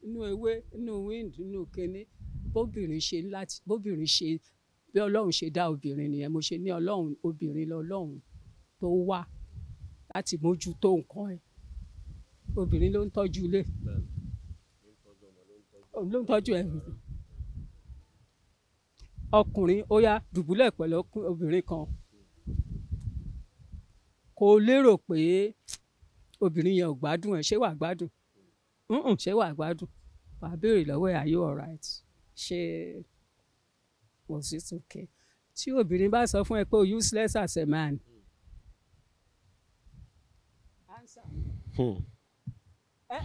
S2: inú ewé inú wind inú kinní bóbìnrin ṣe láti bóbìnrin ṣe bí ọlọ́run ṣe dá obìnrin nìyẹn mo ṣe ní ọlọ́run obìnrin lọ́lọ́run tó wá láti mójútó nǹkan ẹ̀ obìnrin ló ń tọ́jú ilé òun ló ń tọ́jú ẹ̀ ọkùnrin ó yá dùbúlẹ̀ pẹ̀lú obìnrin kan kó o lérò pé obìnrin yẹn ò gbádùn ẹ ṣé wàá gbádùn nùn ṣé wàá gbádùn wàá béèrè lọ́wọ́ ẹ̀ are you alright ṣé was it okay tí obìnrin bá sọ fún ẹ pé o useless as a man.
S1: Hmm.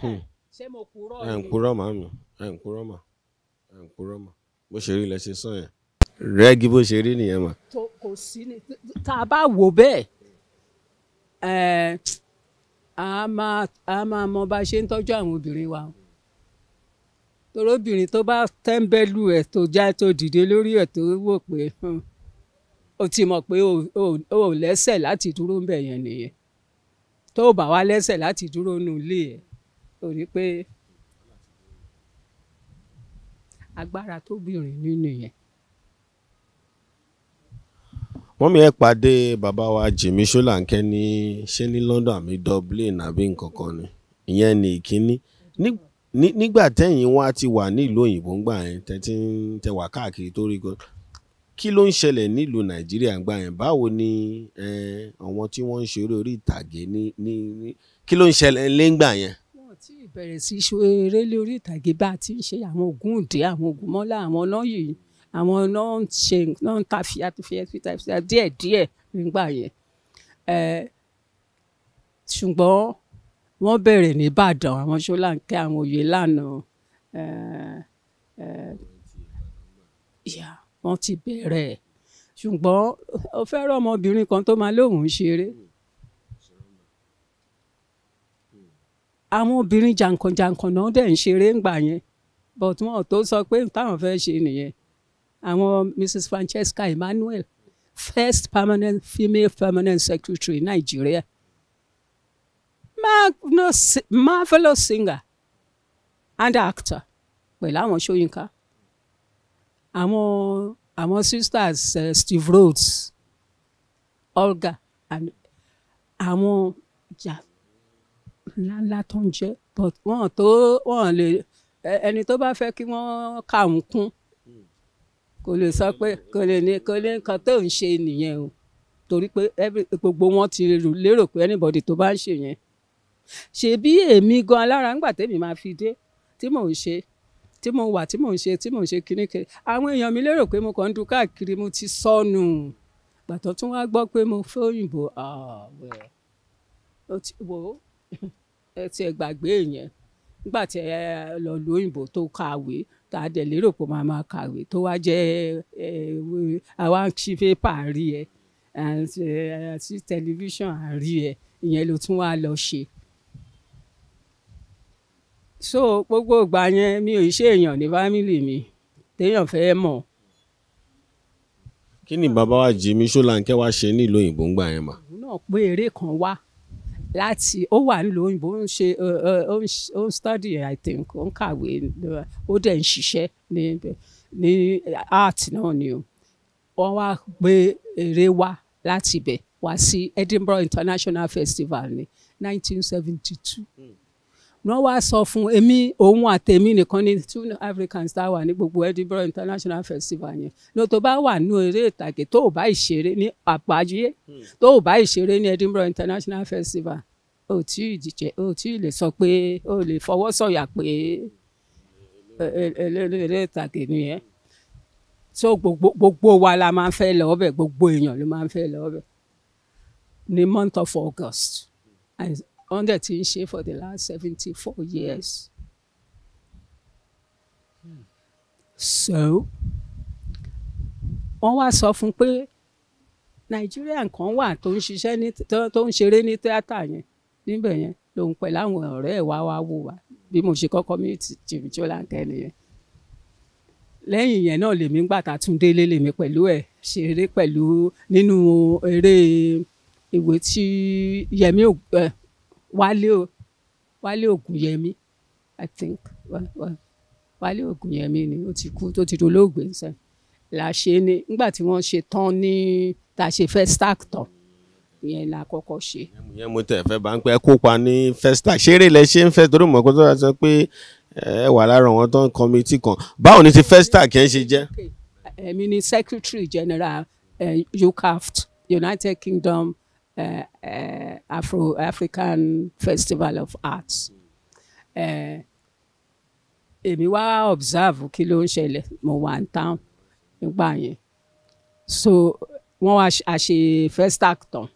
S1: Hmm.
S2: ṣé mo kúrọ́ ni. ẹ̀ ń kúrọ́
S1: màá mi ẹ̀ ń kúrọ́ mà ẹ̀ ń kúrọ́ mà bó ṣe rí ilẹ̀ ṣe sàn yẹn rẹ́gí bó ṣe rí nìyẹn mà.
S2: kò sí ni tá a bá wò bẹ́ẹ̀ a máa a máa mọ bá a ṣe ń tọ́jú àwọn obìnrin wa torí obìnrin tó bá tẹ́ńbẹ́lú ẹ̀ tó já tó dìde lórí ẹ̀ tó wò pé o ti mọ̀ pé o ò lẹ́sẹ̀ láti dúró ń bẹ̀ yẹn nìyẹn tó o bá wá lẹ́sẹ̀ láti dúró nù ilé ẹ̀ torí pé agbára tóbìnrin nínú yẹn
S1: wọ́n mi ẹ̀ pàdé bàbá wa Jimmy Ṣóláńkẹ́ ní ṣé ní London àbí Dublin àbí nǹkan ni ìyẹn ni ìkíní nígbà tẹ́yìn wá ti wà nílùú òyìnbó ńgbà yẹn tẹ́tí ń tẹwà káàkiri tó rí gan kí ló ń ṣẹlẹ̀ nílùú Nàìjíríà ńgbà yẹn báwo ni àwọn tí wọ́n ń ṣeré orí ìtàgé ní ní kí ló ń ṣẹlẹ̀ lẹ́ngbà yẹn. wọn
S2: ti bẹ̀rẹ̀ sí í ṣeré lórí ìtàgé bá a ti ń ṣe àwọn Ògúndé àwọn Ògúnmọ́lá àwọn náà yìí àwọn náà ń ṣe náà ń ta fìyà fìyà fìyà fìyà díẹ̀ díẹ̀ nígbà yẹn ṣùgbọ́n wọ́n bẹ̀rẹ̀ ní Ìbàdàn àwọn Ṣólánkẹ́ àwọn òye lánàá wọ́n ti bẹ̀rẹ̀ ṣùgbọ́n ó fẹ́ràn ọmọbìnrin kan tó máa lóun ṣeré. àwọn obìnrin jàǹkànjàǹkàn náà dẹ̀ ń ṣeré ńgbà yẹn but wọn ò tó sọ pé táwọn fẹ́ ṣe nìyẹn àwọn Mrs Francesca Emmanuel first permanent female permanent secretary Nigeria marvelous, marvelous singer and actor pẹ̀lú àwọn Ṣóyínká àwọn àwọn sisters uh, Steve Rhodes Olga and àwọn ìjà ńláńlá tó ń jẹ́ but wọ́n tó wọ́n lè ẹni tó bá fẹ́ kí wọ́n kà ń kún kò lè sọ pé kò lè ní kò lè nǹkan tó ń ṣe nìyẹn o torí pé gbogbo wọn ti lérò pé anybody tó bá ń ṣe yẹn ṣebí èmi gan alára ńgbà tèmi máa fi dé tí mò ń ṣe tí mo wà tí mò ń ṣe tí mò ń ṣe kíníkiri àwọn èèyàn mi lérò pé mo kàn ń du káàkiri mo ti sọnù gbàtọ́ tún wá gbọ́ pé mo fẹ́ òyìnbó ààwẹ̀ ó ti wò [laughs] ẹ ti ẹ gbàgbé yẹn nígbà tí ẹ lọ lu tó kàwé tá a dẹ̀ lérò pé màá máa kàwé tó wá jẹ́ àwa ń ṣe pépà rí ẹ àti tẹlifíṣàn rí ẹ ìyẹn ló tún wá lọ ṣe. so gbogbo ìgbà yẹn mi ò ṣe èèyàn ní fámìlì mi téèyàn fẹ́ mọ̀.
S1: kí ni bàbá wa Jimi Solanke wá ṣe nílùú òyìnbó ń gbà yẹn mà. òun
S2: náà pé eré kan wá láti ó wà nílùú òyìnbó ó ń ṣe ó ń study I think ó ń kàwé ó dẹ̀ ń ṣiṣẹ́ ní ní art náà ni o wọ́n wá gbé eré wá láti ibẹ̀ wá sí Edinburgh International Festival ní seventy-two. Hmm wọ́n wá sọ fún èmi òun àtẹ̀mí nìkan ní two africans tá a wà ní gbogbo edinburgh international festival yẹn ní o tó bá wà nínú eré ìtàgé tó o bá ìṣeré ní àgbáyé hmm. tó o bá ìṣeré ní edinburgh international festival o tí ì dìjẹ o tí ì lè sọ pé o lè fọwọ́ sọ̀yà pé e, e, e, eré ìtàgé nìyẹn so gbogbo gbogbo wa la máa ń fẹ́ lọ ọbẹ̀ gbogbo èèyàn ló máa ń fẹ́ lọ ọbẹ̀ ní month of august wọ́n dẹ̀ ti ń ṣe for the last seventy four years. so wọ́n wá sọ fún pé Nigerian kan wà tó ń ṣiṣẹ́ ní tó ń ṣeré ní tíátà yẹn níbẹ̀ yẹn lòun pẹ̀lú àwọn ọ̀rẹ́ ẹ̀ wá wá wò wá bí mo ṣe kọ́kọ́ mi ti vigilante nìyẹn lẹ́yìn yẹn náà lèmi gbà tá a tún délé lèmi pẹ̀lú ẹ̀ ṣeré pẹ̀lú nínú eré ìwé tí Yẹmi ẹ Wálé o Wálé Ògùnyẹmí I think Wálé Ògùnyẹmí ni ó ti kú tó ti dolóògbé nsẹ la ṣe ni nígbà tí wọ́n ṣe tán ní tá a ṣe Festac tán ìyẹn
S1: la kọ́kọ́ ṣe. ìyẹn mo tẹ̀ fẹ́ bá ń pẹ́ kópa ní Festac ṣeré lẹ ṣe ń fẹ́ torí mọ̀ kó tó bá sọ pé ẹ wà lára àwọn tó kọmitì kan báwo ni ti Festac kẹ́ ń ṣe jẹ́.
S2: èmi ni secretary general uh, eh, UCAFT United Kingdom uh, Afro African Festival of Arts. Eh, èmi wá observe kí ló ń ṣẹlẹ̀ mo wà ní town nígbà yẹn so wọ́n wá a ṣe Festac tán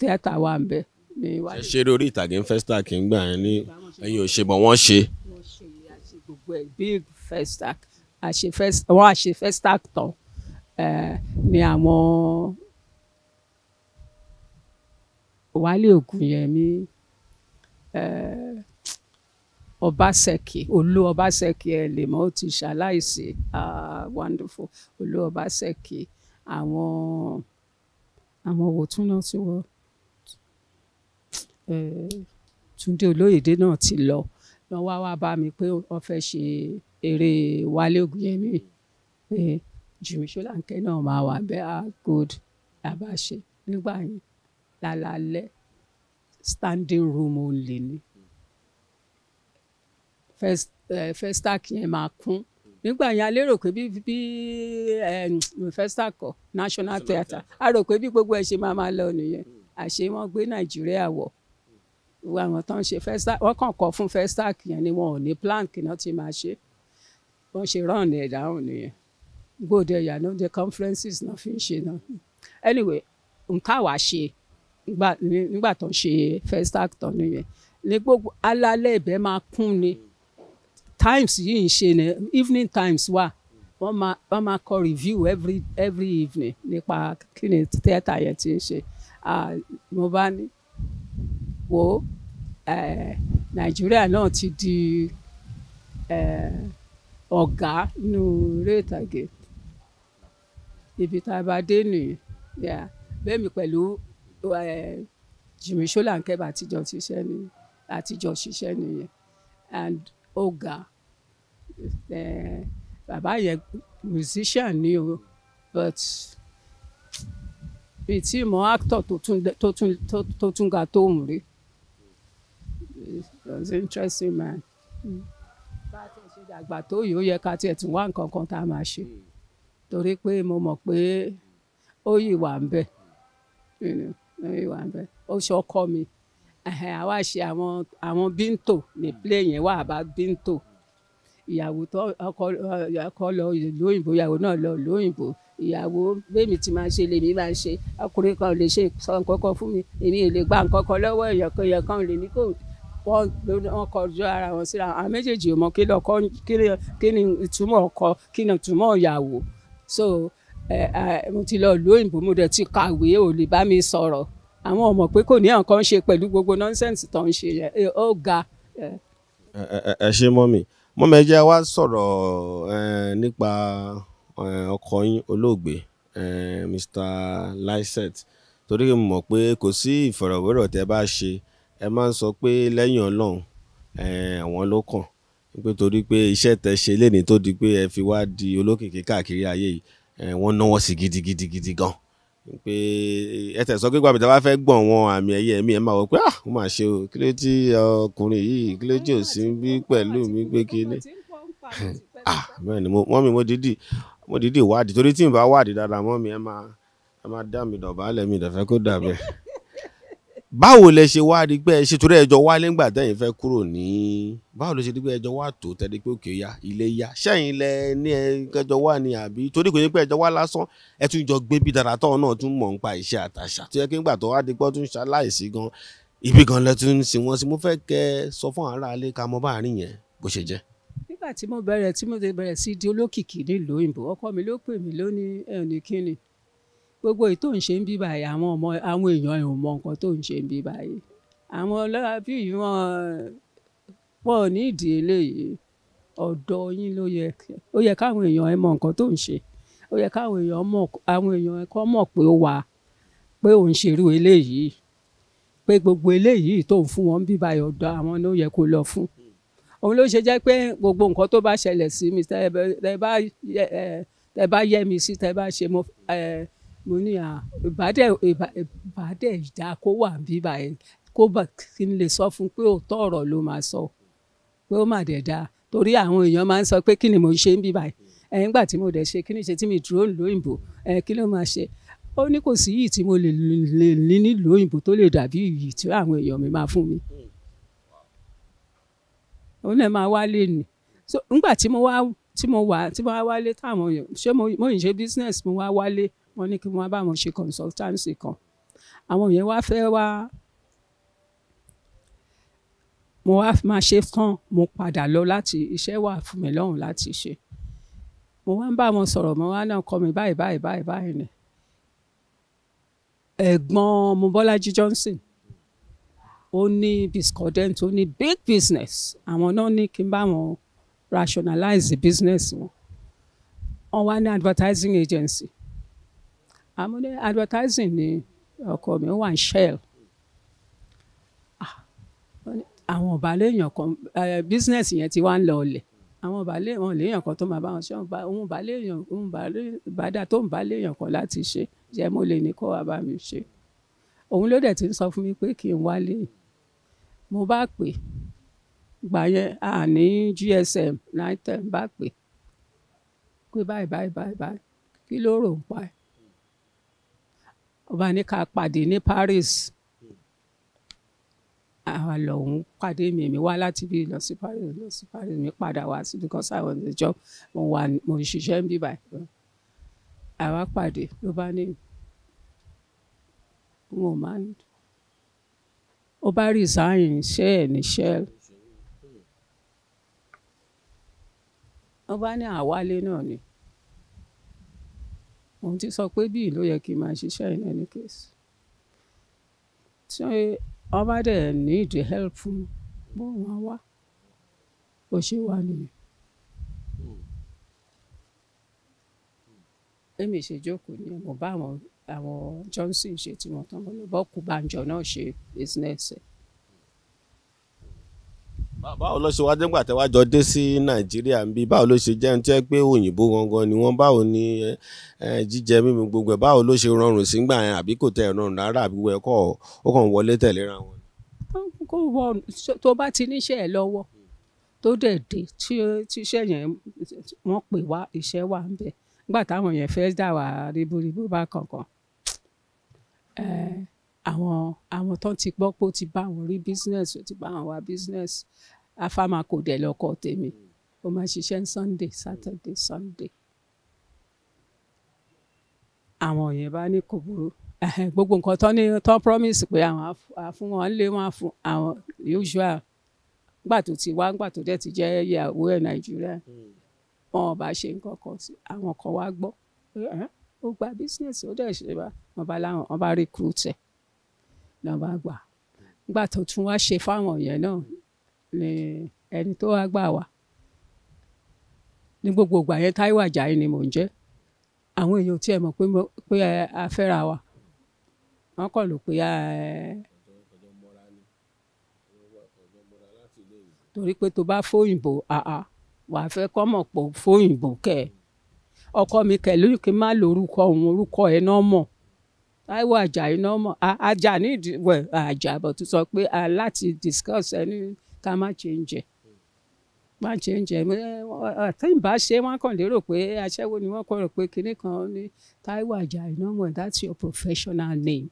S2: tíátà wà ń bẹ̀.
S1: ṣe ṣe lórí ìtàgé Festac ń gbà yẹn ní ẹ̀yin ò wọ́n ṣe. wọ́n ṣe
S2: àṣe gbogbo ẹ̀ big Festac àṣe Festac wọ́n àṣe Festac tán ní àwọn Wálé Ògùnyẹmí Ọbaṣẹ́kì Olú Ọbaṣẹ́kì ẹ lè mọ̀ ó ti ṣaláìsí wonderful Olú Ọbaṣẹ́kì àwọn àwọn wo tún náà ti wọ Túndé Olóyèdé náà ti lọ wọn wá wá bá mi pé wọn fẹ́ ṣe eré Wálé Ògùnyẹmí pé Jùmí Ṣọláńkẹ́ náà máa wà bẹ́ẹ̀ good làbá ṣe nígbà yẹn lálálẹ́ standing room only ni festac eh, yẹn máa kún nígbà yẹn a lérò pé bí bí eh, mm, festac kọ national theatre a rò pé bí gbogbo ẹ ṣe máa máa lọ nìyẹn àṣé wọ́n gbé nàìjíríà wọ̀ àwọn tó ń ṣe festac wọ́n kàn kọ́ fún festac yẹn ni wọn ò ní plan kí náà ti máa ṣe wọ́n ṣe rán ẹ̀ dáhùn nìyẹn gbòdè yàrá ní the conferences náà fi ń ṣe náà anyway nǹkan wàá ṣe nígbà tó ń ṣe first act ọ̀nà yẹn ní gbogbo alálẹ̀ ibẹ̀ máa kún ni times yìí ń ṣe ni evening times wà wọ́n máa wọ́n máa kọ review every every evening nípa kí ni theatre yẹn ti ń ṣe mo bá ní wo nàìjíríà náà ti di ọ̀gá nínú eré ibi tá a bá dé nìyẹn bẹ́ẹ̀ mi pẹ̀lú Eh, Jimmy Ṣólánkẹ́ bá àtijọ́ ṣiṣẹ́ ni àtijọ́ ṣiṣẹ́ nìyẹn and ó ga eh, bàbá yẹn musician ni o but bíi tí mo actor tó tún tó tún tó ga tó ń rí was interesting man bá a ti ṣe dàgbà tó yìí ó yẹ ká tiẹ̀ tún wá nǹkan kan tá a máa ṣe torí pé mo mọ̀ pé ó yìí wà ń bẹ̀. You know lórí wa bẹ́ẹ̀ ó ṣe ọkọ mi àwa ṣe àwọn àwọn bíntò ní play yẹn wà bá bíntò ìyàwó tó ọkọ lọ ìlú òyìnbó ìyàwó náà lọ ìlú òyìnbó ìyàwó bẹ́ẹ̀mi ti máa ṣe lèmi máa ṣe ọkùnrin kan ò lè ṣe sọ nǹkan kan fún mi èmi ò lè gba nǹkan kan lọ́wọ́ èèyàn kan ò lè ní kò wọ́n kọjú ara wọn síra àwọn méjèèjì ò mọ kí ni ìtumọ̀ ọkọ kí ni ìtumọ̀ ìyàwó so mo ti lọ lóyún bó mo dẹ̀ ti kàwé ò lè bá mi sọ̀rọ̀ àwọn ọmọ pé kò ní nǹkan ṣe pẹ̀lú gbogbo nọ́nsẹ̀nsì tó ń ṣe yẹn ó ga.
S1: ẹ ṣe mọ́mì mọ́mì ẹ jẹ́ wá sọ̀rọ̀ nípa ọkọ yín olóògbé Mr. Lycett torí mo mọ̀ pé kò sí ìfọ̀rọ̀wérọ̀ tẹ́ bá ṣe ẹ máa ń sọ pé lẹ́yìn Ọlọ́run àwọn ló kàn nítorí pé iṣẹ́ tẹ́ ṣe lénìí tó di pé ẹ fi wá di olókìkí káàkiri ayé yìí Eh, wọ́n náwó sí gidigidi gidi gan pé ẹ tẹ̀sọ́ pé gbàgbé tá a bá fẹ́ gbọ̀n wọn àmì ẹ̀yẹ mi ẹ̀ máa wọ pé ah ó máa ṣe o kí ló tí ọkùnrin yìí kí ló tí ò sí bí pẹ̀lú mi pé kí ni [laughs] ah bẹ́ẹ̀ ni wọ́n mi mo dídì mo dídì wádìí torí tí n bá wádìí dáadáa mọ́ mi ẹ máa dá mi dọ̀bálẹ̀ mi dẹ̀fẹ́ kó dà bẹ́ẹ̀ báwo lẹ ṣe wá rí pé ẹ ṣe torí ẹjọ wá nígbà tẹ́yin fẹ́ kúrò ní báwo lẹ ṣe rí pé ẹjọ wá tó tẹlẹ pé òkè ya ilé ya ṣẹyìn lẹ ní ẹjọ wá ni àbí torí kò ní pé ẹjọ wá lásán ẹ tún jọ gbé bí dàdà tọ́wọ́ náà tún mọ̀ nípa iṣẹ́ àtàṣà tó yẹ kí nígbà tó wá di pọ́ tún ṣaláìsí gan ibi gan lẹ tún sí wọn sí mo fẹ́ kẹ́ sọ fún ara alẹ́ ká mọ bá àárín yẹn bó ṣe jẹ́.
S2: nígbà tí mo bẹ̀rẹ̀ tí mo bẹ̀rẹ̀ sí di olókìkí nílùú òyìnbó ọkọ mi ló pè mí lónìí ẹ̀ ní kíni gbogbo èyí tó ń ṣe ń bí báyìí àwọn ọmọ àwọn èèyàn ò mọ nǹkan tó ń ṣe ń bí báyìí àwọn ọlọ́àbí yìí wọ́n pọ̀ ní ìdí eléyìí ọ̀dọ̀ yín ló yẹ ó yẹ káwọn èèyàn ẹ mọ nǹkan tó ń ṣe ó yẹ káwọn èèyàn mọ àwọn èèyàn ẹ kọ́ mọ̀ pé ó wà pé òun ṣerú eléyìí pé gbogbo eléyìí tó ń fún wọn bí báyìí ọ̀dọ̀ àwọn ló yẹ kó lọ fún òun ló ṣe jẹ́ pé gbogbo nǹkan tó bá ṣẹlẹ̀ sí mi tẹ́ ẹ bá yẹ mi sí tẹ́ ẹ bá ṣe mo ẹ. Eh, mo ní à ìbádẹ́ ìbádẹ́ ìdá kó wà bí báyìí kó bá kí n lè sọ fún pé òótọ́ ọ̀rọ̀ ló máa sọ pé ó mà dẹ̀ dáa torí àwọn èèyàn máa ń sọ pé kí ni mo ṣe ń bí báyìí ẹ̀ ńgbà tí mo dẹ̀ ṣe kí ni ṣe tí mi dúró nílùú òyìnbó ẹ̀ kí ló máa ṣe ó ní kò sí yìí tí mo lè lè ní nílùú òyìnbó tó lè dàbí yìí tí àwọn èèyàn mi máa fún mi ó lè máa wálé ni so tí mo wá tí mo wà tí mo wá wálé táwọn èèyàn ṣé mo yìí business mo wá wálé wọ́n ní kí wọ́n bá wọn ṣe consultancy kan àwọn yẹn wá fẹ́ wá mo wá máa ṣe tán mo padà lọ láti iṣẹ́ wà fún mi lọ́hùn láti ṣe mo wá ń bá wọn sọ̀rọ̀ mo wá náà kọ́ mi báyìí báyìí báyìí báyìí ni ẹ̀gbọ́n Mobọ́lájí Johnson ó ní biscordent ó ní big business àwọn náà ní kí n bá wọn rationalize the business wọn wọn wá ní advertising agency àmọ́ ah, ní advertising ni ọkọ mi wà ní shell ah, àwọn ọ̀bàlẹ̀ èèyàn kan business yẹn ti wá ń lọ ọlẹ̀ àwọn ọ̀bàlẹ̀ wọn lèèyàn kan tó máa bá wọn ṣe òun bàlẹ̀ èèyàn òun bàdà tó ń bàlẹ̀ èèyàn kan láti ṣe jẹ́ mo lè ní kó wá bá mi ṣe òun ló dẹ̀ ti ń sọ fún mi pé kí n wálé mo bá pè gbà yẹn a ní GSM nitel bá pè pé báyìí báyìí báyìí báyìí kí ló rò ń pa ẹ́ ó bá ní ká pàdé ní Paris àwa hmm. lọ́hún pàdé mi mi wá láti bí lọ sí Paris lọ sí Paris mi padà wá sí because I was the job mo wà mo ń ṣiṣẹ́ ń bí báyìí àwa pàdé ló bá ní mo máa ń ó bá resign iṣẹ́ ẹ̀ ní Shell ó bá ní àwálé náà ni òun ti sọ pé bíi ló yẹ kí n máa ṣiṣẹ́ in any case ṣé ọba dẹ̀ need help fún bó wọn wá bó ṣe wà nìyẹn. èmi ìṣèjókòó ni mo bá àwọn Johnson ṣe tí wọ́n tán mo lọ bọ́ Kúbánjọ náà ṣe business ẹ̀
S1: báwo ló ṣe wá dégbà tẹ wá jọ dé sí nàìjíríà ń bí báwo ló ṣe jẹ́ ń tẹ́ pé òyìnbó gangan ni wọ́n báwo ni jíjẹ mímu gbogbo ẹ̀ báwo ló ṣe rọrùn sígbà yẹn àbí kò tẹ̀ rọrùn rárá àbí wọ́n ẹ̀kọ́ ó kàn wọlé tẹ̀léra wọn.
S2: kò rọrùn tó bá ti níṣẹ́ ẹ̀ lọ́wọ́ tó dẹ̀ dé tí iṣẹ́ yẹn wọ́n pè wá iṣẹ́ wà ń bẹ̀ nígbà táwọn yẹn fẹ́ dà wá ríburíbu bá kankan àwọn àwọn tó ti gbọ́ pé ó ti bá wọn rí business ó ti bá wọn wá business afáàmà kò dẹ̀ lọ́kọ tèmi ó máa ṣiṣẹ́ sunday saturday sunday àwọn yẹn bá ní kò burú gbogbo nǹkan tó ní tó promise pé àwọn àfún wọn lé wọn àfún àwọn usual gbà tó ti wá gbà tó dẹ̀ ti jẹ́ ìyàwó ẹ̀ nàìjíríà wọn ò bá ṣe nǹkan kan sí àwọn kan wá gbọ́ ó gba business ó dẹ̀ ṣe wá wọn bá láwọn wọn bá recruit ẹ̀. náà bá gbà nígbà tó tún wá ṣe fáwọn yẹn náà ni ẹni tó wá gbà wá ní gbogbo ìgbà yẹn Táíwò ni mò ń jẹ́ àwọn èèyàn tí ẹ mọ̀ pé pé wa wọ́n kàn pé torí pé tó bá fóyìnbó àá wàá fẹ́ kọ́ pọ̀ fóyìnbó kẹ́ ọkọ mi lóyún kí n má orúkọ òun orúkọ náà Táíwò Àjàyí náà mọ̀ ajá ní ìdíwẹ̀ ajá bọ̀ tó sọ pé láti discuss ẹni ká má change ẹ̀ má change ẹ̀ àtẹ̀yìnbá ṣe wọ́n kàn lérò pé aṣẹ́wó ni wọ́n kàn rò pé kinní kan ní Táíwò Àjàyí náà mọ̀ that's your professional name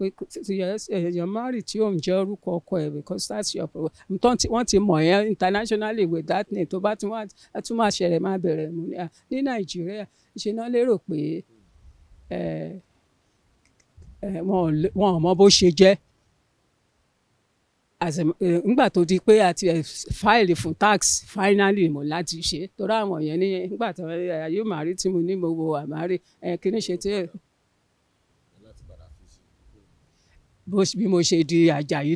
S2: èèyàn márì tí eh, òun jẹ́ orúkọ ọkọ ẹ̀ because that's your problem wọ́n ti mọ̀ yẹn internationally with that name tó bá tún wá tún máa ṣẹlẹ̀ máa bẹ̀rẹ̀ mú ní Nàìjíríà ìṣe náà lérò pé Eh, eh, wọn ò mọ bó ṣe jẹ́ eh, nígbà tó di pé àti fáìlì fún tax finally mo láti ṣe torí àwọn yẹn ní nígbà tó ayé màrí tí mo ní mo wo àmárè kí ṣe tí bí mo ṣe di Àjàyí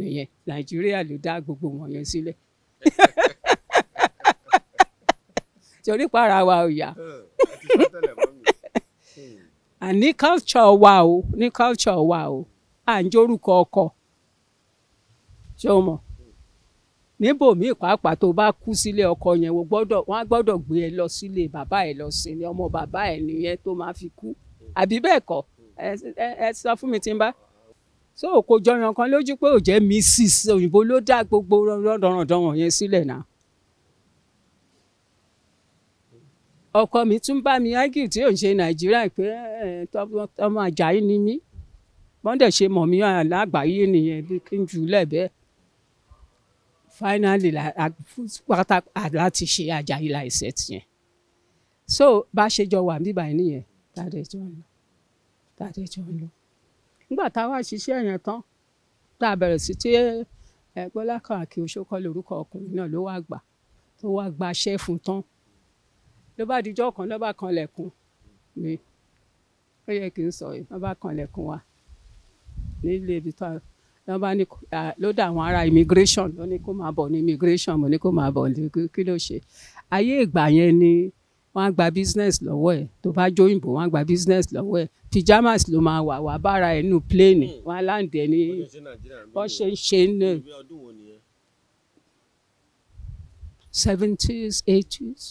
S2: nìyẹn Nàìjíríà ló dá gbogbo [laughs] torí para wa ò ní culture wa o ní culture wa o à ń jórúkọ ọkọ ṣé o mọ̀ níbòmíì pàápàá tó bá kú sílé ọkọ yẹn wọ́n gbọdọ wọ́n á gbé ẹ lọ sílé bàbá ẹ lọ sí ni ọmọ bàbá ẹ nìyẹn tó máa fi kú àbí bẹ́ẹ̀ kọ́ ẹ ẹ sọ fún mi tí n bá so kò jọyàn kan lójú pé ò jẹ́ mrs òyìnbó ló dá gbogbo rọrọrọrọ yẹn sílẹ̀ náà. ọkọ mi tún bá mi ágì tí ò ń ṣe nàìjíríà pé eh, ọmọ àjàyí ni mí wọ́n dẹ̀ ṣe mọ̀ mí lágbàáyé nìyẹn bí kí n jù lẹ́bẹ̀ẹ́ finally pátá láti ṣe àjàyí láìsẹ̀ tiẹ̀ so bá ṣe jọ wà bíbá ẹ̀ nìyẹn tàdé jọ ń lọ tàdé jọ ń lọ nígbà táwa ṣiṣẹ́ yẹn tán tá a bẹ̀rẹ̀ sí tí ẹ̀gbọ́n eh, lákàn àkè òṣókọ́ lórúkọ ọkùnrin náà ló wá gbà tó wá gbaṣẹ́ fún tán ló bá dijọ́ kan ló bá kan lẹ̀kùn mi ó yẹ kí n sọ yìí ló bá kan lẹ̀kùn wa nílé ibi tó ló bá ní ló dá àwọn ará immigration ló ní kó máa bọ̀ ní immigration mo ní kó máa bọ̀ ní kí ló ṣe ayé ìgbà yẹn ni wọ́n á gba business lọ́wọ́ ẹ̀ tó bá jóyìnbó wọ́n á gba business lọ́wọ́ ẹ̀ pyjamas ló máa wà wà bára ẹnu plane hmm. wọ́n á láǹdì ẹ̀ ní wọ́n ṣe ń ṣe ń nà seventies eighties.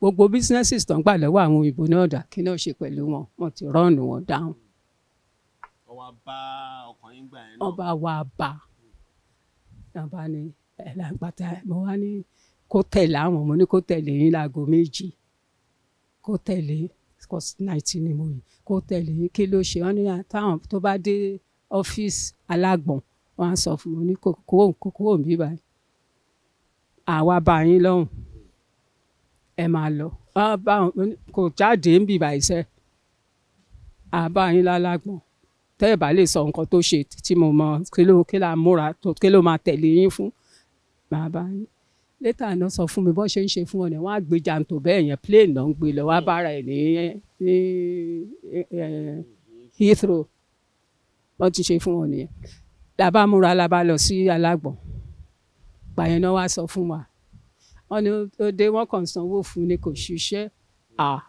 S2: gbogbo businesses tó ń gbà lọ́wọ́ àwọn òyìnbó náà dà kí náà ṣe pẹ̀lú wọn wọn ti rọ́ọ̀nù wọn dáhùn. ọwọ́ bá ọkàn yín gbà yẹn náà. ọba wa bá nàbà ni ẹ̀làǹgbàtà mo wá ní kó tẹ̀lé àwọn mo ní kó tẹ̀lé yín láago méjì kó tẹ̀lé nineteen ni mo yìí kó tẹ̀lé yín kí ló ṣe wọ́n ní táwọn tó bá dé ọ́fíìsì alágbọ̀n wọ́n á sọ fún mi ní kókó òǹkókó òǹbí báyìí àwa bá yín lọ́hùn ẹ máa lọ kò jáde ń bìbà iṣẹ́ àbá yín lálágbọ̀n tẹ́ ẹ̀ bá lè sọ nǹkan tó ṣe tí mo mọ kí ló kí la múra tó kí ló máa tẹ̀lé yín fún bàbá yín létà náà sọ fún mi bọ́ ṣe ń ṣe fún ọ ní wọ́n á gbé jàǹtò bẹ́ẹ̀ yẹn plane náà ń gbé lọ wá bára ẹ̀ ní ní Heathrow wọ́n ti ṣe fún ọ nìyẹn làbá múra làbá lọ sí alágbọ̀n gbàyẹn náà wá sọ fún wa wọ́n ní ó dé wọ́n kàn sanwó fún ni kò ṣiṣẹ́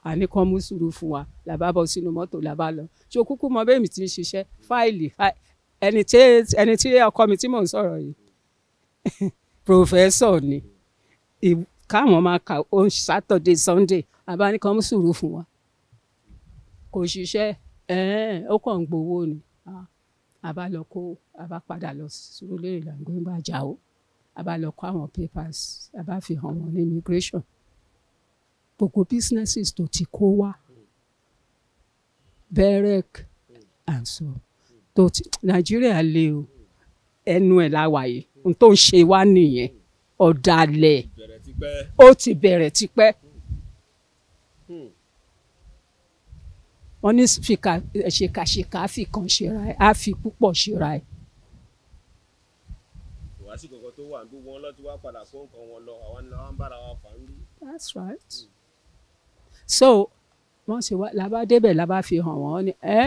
S2: àní kan mú sùúrù fún wa làbá bọ́ sínú mọ́tò làbá lọ ṣó kúkú mọ bẹ́ẹ̀ mi ti ń ṣiṣẹ́ fáìlì ẹni tí ọkọ mi tí mò ń sọ̀rọ̀ yìí [laughs] pòfẹ́sọ̀ ni káwọn máa kà ó sátọ̀dé sọ́ndé àbá ní kan mú sùúrù fún wa kò ṣiṣẹ́ ó kàn ń gbowó ni àbá lọ kó àbá padà lọ sùúrù lérè làǹgbé ń bá jà ó a bá lọ kó àwọn papers a bá fi hàn wọ́n ní immigration gbogbo businesses tó ti kó wá berek and so tó ti nàìjíríà lè o ẹnu ẹ̀ láwàyè n tó ń ṣe wá nìyẹn ọ̀dàlẹ̀ ó ti bẹ̀rẹ̀ tipẹ́ wọ́n ní ṣèkàṣèkà fi kan ṣera ẹ̀ á fi púpọ̀ ṣera ẹ̀
S1: wá sí tó wà gbogbo wọn lọ ti wá padà fún nǹkan wọn lọ àwọn ni wọn bára wa
S2: fà ń lú. that's right hmm. so wọ́n ṣe wá làbá débẹ̀ làbá fi hàn wọ́n ni ẹ́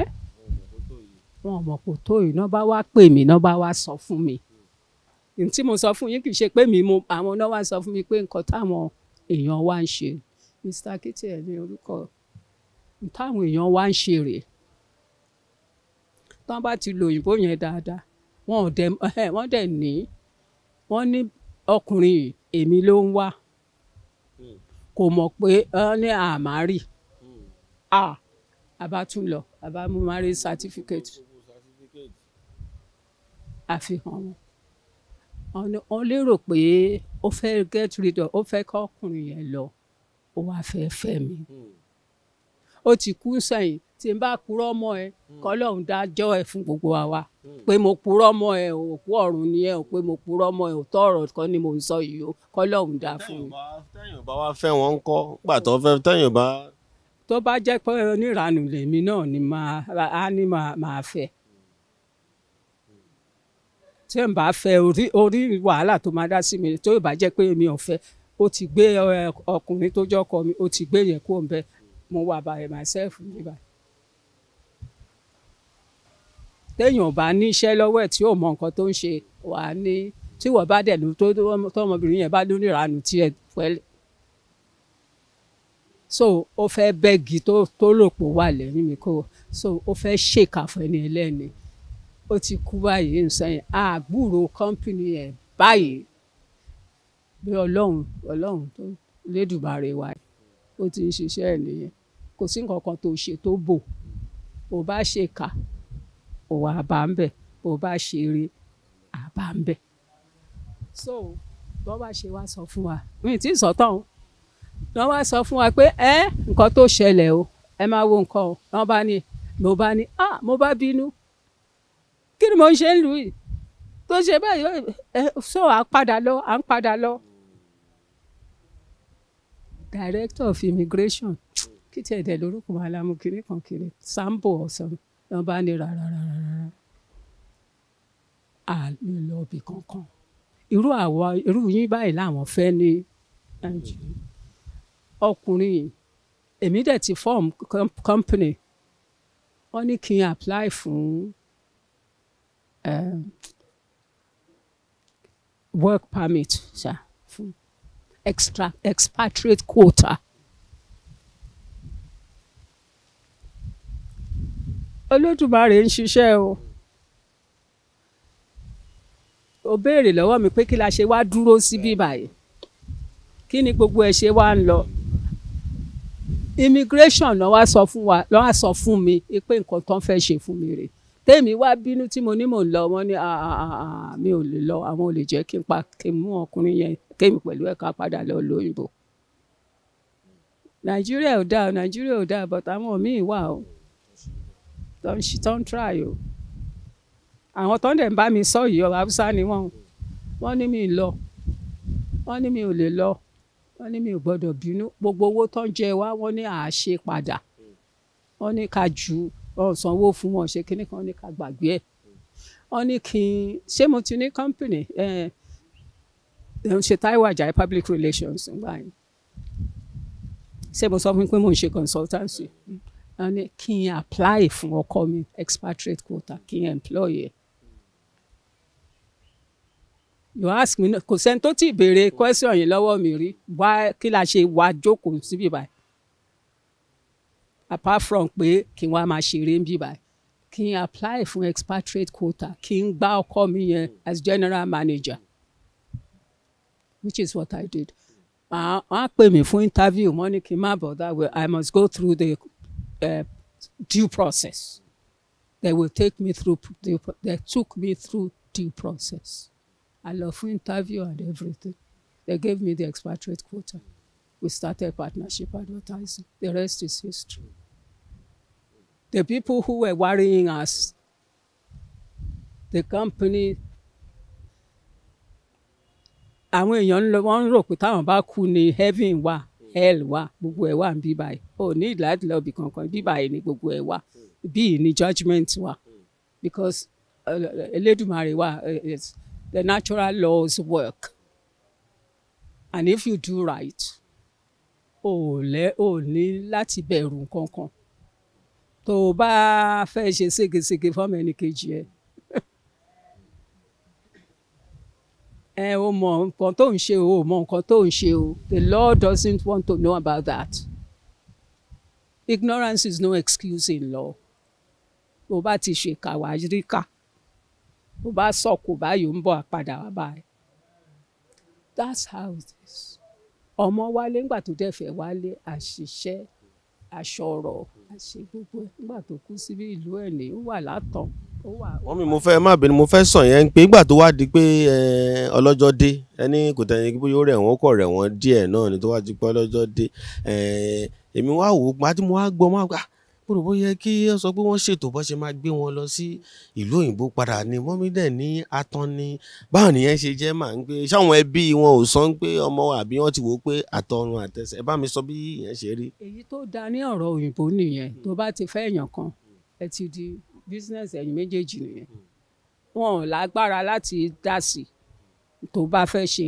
S2: wọn ò mọ̀ kó tó yìí náà bá wá pè mí náà bá wá sọ fún mi n hmm. tí mo sọ fún yín kì í ṣe pé mi mo àwọn náà wá sọ fún mi pé nǹkan táwọn èèyàn wá ń ṣe Mr. Kitty ẹ̀ ní orúkọ táwọn èèyàn wá ń ṣe rèé tán bá ti lo òyìnbó yẹn dáadáa wọn ò dẹ [laughs] ní wọ́n ní ọkùnrin yìí èmi ló ń wá hmm. kò mọ̀ pé wọ́n ní àmárì hmm. a àbá tún lọ àbá mú marriage certificate àfihàn wọn wọn lérò pé ó fẹ́ get rid of ó fẹ́ kọ́kùnrin yẹn lọ ó wàá fẹ́ fẹ́ mi hmm. ó ti kú sẹ́yìn tí n bá purọ́ mọ́ ẹ hmm. kọ́lọ́hún dájọ́ ẹ fún gbogbo àwa hmm. pé mo purọ́ mọ́ ẹ o òkú ọ̀run ni ẹ o pé mo purọ́ mọ́ ẹ òótọ́ ọ̀rọ̀ kan ni mo ń sọ yìí o kọ́lọ́hún dá fún
S1: mi. tẹ́yìn ò bá wá fẹ́ wọn kọ́ gbà tó fẹ́ tẹ́yìn ò bá. tó bá
S2: jẹ́ pé oníranù lèmi náà ni màá ní màá fẹ́ tí n bá fẹ́ orí orí wàhálà tó máa dá sí mi tó bá jẹ́ pé mi ò fẹ́ ó ti gbé ọkùnrin tó jọkọ mi ó ti gbé yẹn kó ń bẹ mo wà by myself níbàyìí téèyàn bá níṣẹ́ lọ́wọ́ ẹ̀ tí ò mọ nǹkan tó ń ṣe wà ní tí wọ́n bá dẹ̀ tó tọmọbìnrin yẹn bá lórí tí ẹ pẹ́lẹ́ so ó fẹ́ bẹ́ẹ̀gì tó tó lòpọ̀ wà lẹ́yìn mi kó so ó fẹ́ ṣèkà fún ẹni ẹlẹ́ni ó ti kú báyìí nsẹ́yìn àbúrò kọ́ńpìnì yẹn báyìí bí ọlọ́run ọlọ́run tó lédùbàrè wa ó ti ń ṣiṣẹ́ ẹ̀ nìyẹn kò sí nǹkan kan tó ṣe tó bò ò bá ṣèkà kò àbá ń bẹ̀ bó bá ṣe eré àbá ń bẹ̀ so bọ́ bá ṣe wá sọ fún wa mi ti sọ tán o wọ́n wá sọ fún wa pé ẹ nǹkan tó ṣẹlẹ̀ o ẹ máa wo nǹkan o wọ́n bá ní mo bá ní ah mo bá bínú kí ni mo ń ṣe ń lù yìí tó ṣe báyìí ẹ sọ à ń padà lọ à ń padà lọ. director of immigration kí tiẹ̀ dẹ̀ lórúkọ alámú kiri kan kiri sambo ọ̀sán wọ́n bá ní rárá rárá rárá à lè lọ ibì kankan irú àwa irú yín báyìí làwọn fẹ́ ní nàìjíríà ọkùnrin èmi dẹ̀ ti form company wọ́n ní kí n apply fún um, work permit ṣá fún extra expatriate quota. olódùmarè ń ṣiṣẹ́ o ò béèrè lọ́wọ́ mi pé kí la ṣe wá dúró síbí báyìí kí ni gbogbo ẹ̀ ṣe wá ń lọ immigration ló wá sọ fún wa ló wá sọ fún mi pé nǹkan tó ń fẹ́ ṣe fún mi rè tèmi wá bínú tí mo ní mò ń lọ wọ́n ní ah, ah, ah, mi ò lè lọ àwọn ò lè jẹ́ kí n pa kí n mú ọkùnrin yẹn kémi pẹ̀lú ẹ̀ka padà lọ lóyìnbó nàìjíríà ò dáa nàìjíríà ò dáa bọ̀tà àwọn míì wà o tó ń ṣe try o àwọn tó ń dẹ̀ ń bá mi sọ yìí ọ̀rọ̀ haúsá ni wọ́n wọ́n ní mi lọ wọ́n ní mi ò lè lọ wọ́n ní mi ò gbọ́dọ̀ bínú gbogbo owó tó ń jẹ wá wọ́n ní àṣe padà wọ́n ní ká ju ọ̀sánwó fún wọn ṣe kíní kan ní ká gbàgbé ẹ̀ wọ́n ní kí n ṣé mo ti ní company ẹ̀ ẹ̀ ń ṣe Táíwò Àjàyí public relations ńgbà yẹn ṣé mo sọ fún pé mo ń ṣe consultancy wọn ní kí n apply fún ọkọ mi expatriate quota kí n employ ẹ you ask me kò sẹ́ni tó ti béèrè question yìí lọ́wọ́ mi rí wá kí la ṣe wá jókòó síbí báyìí apart from pé kí wọ́n á máa ṣeré ń bí báyìí kí n apply fún expatriate quota kí n gba ọkọ mi yẹn as general manager which is what I did wọ́n á pè mí fún interview wọ́n ní kí n má bọ̀ that way I must go through the uh, due process. They will take me through, due, they took me through due process. I love for interview and everything. They gave me the expatriate quota. We started partnership advertising. The rest is history. The people who were worrying us, the company, àwọn èèyàn ń ń rò pé táwọn bá kú ni heaven wà. Wow. Hell, wà gbogbo ẹ̀ wà ń bí báyìí ò ní ìlàdí lọ́ọ̀bì kankan bí báyìí ni gbogbo ẹ̀ wà bí ni judgement wà because eh, Elédùmarè wà eh, the natural laws work and if you do right ò lẹ́ ò ní láti bẹ̀rù kankan tó o bá fẹ́ ṣe ségesège fọ́ọ̀mù ẹnì kejì ẹ̀ ẹ o mọ nǹkan tó ń ṣe o mọ nǹkan tó ń ṣe o the Lord doesn't want to know about that ignorance is no excuse in law bó bá ti ṣèkà wá rí kà bó bá sọkò báyìí ń bọ̀ àpadà wá báyìí that's how it is ọmọ wálé ńgbà tó dẹ̀ fẹ́ wálé àṣìṣe àṣọrọ̀ àṣe gbogbo ẹ̀ ńgbà tó kú síbi ìlú ẹ̀ ní wà látàn wọ́n
S1: mi mo fẹ́ má bínú mo fẹ́ sàn yẹn pé nígbà tó wá di pé ọlọ́jọ́ dé ẹni kò tẹ̀yìn pé yóò rẹ̀ wọ́n kọ̀ rẹ̀ wọ́n díẹ̀ náà ni tó wá di pé ọlọ́jọ́ dé èmi wá wò ó pa tí mo wá gbọ́ máa gbà mo rò bó yẹ kí ẹ sọ pé wọ́n ṣètò bó ṣe máa gbé wọn lọ sí ìlú òyìnbó padà ni mọ́mí dẹ̀ ní atán ni báwo nìyẹn ṣe jẹ́ màá ń pé ṣáwọn ẹbí wọn ò sọ pé ọmọ àbí wọn ti wò ó pé àtọrun àtẹsẹ̀ ẹ bá mi sọ bí ìyẹn ṣe rí. èyí
S2: tó da ní ọ̀rọ̀ òyìnbó nìyẹn tó bá ti fẹ́ èèyàn kan ẹ ti di bísínẹ́sì ẹ̀yìn méjèèjì nìyẹn wọn ò lágbára láti dá sí tó bá fẹ́ ṣe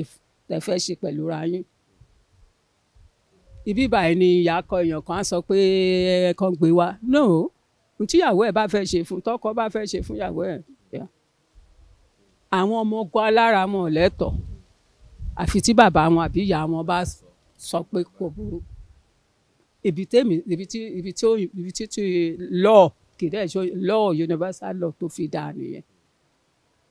S2: tẹ fẹ́ ṣe pẹ̀lú ra yín ibi báyìí ni ìyá akọ èèyàn kan á sọ pé ẹ̀ẹ̀kan gbé wa náà o tíyàwó ẹ̀ bá fẹ́ ṣe fún tọkọ bá fẹ́ ṣe fún ìyàwó ẹ̀ àwọn ọmọ ogun alára wọn ò lẹ́tọ̀ àfi tí bàbá wọn àbí ìyá wọn bá sọ pé kò burú ibi tí ibi tí ibi tí lọ́ọ̀ kì í dẹ̀ universal law tó fi dáa nìyẹn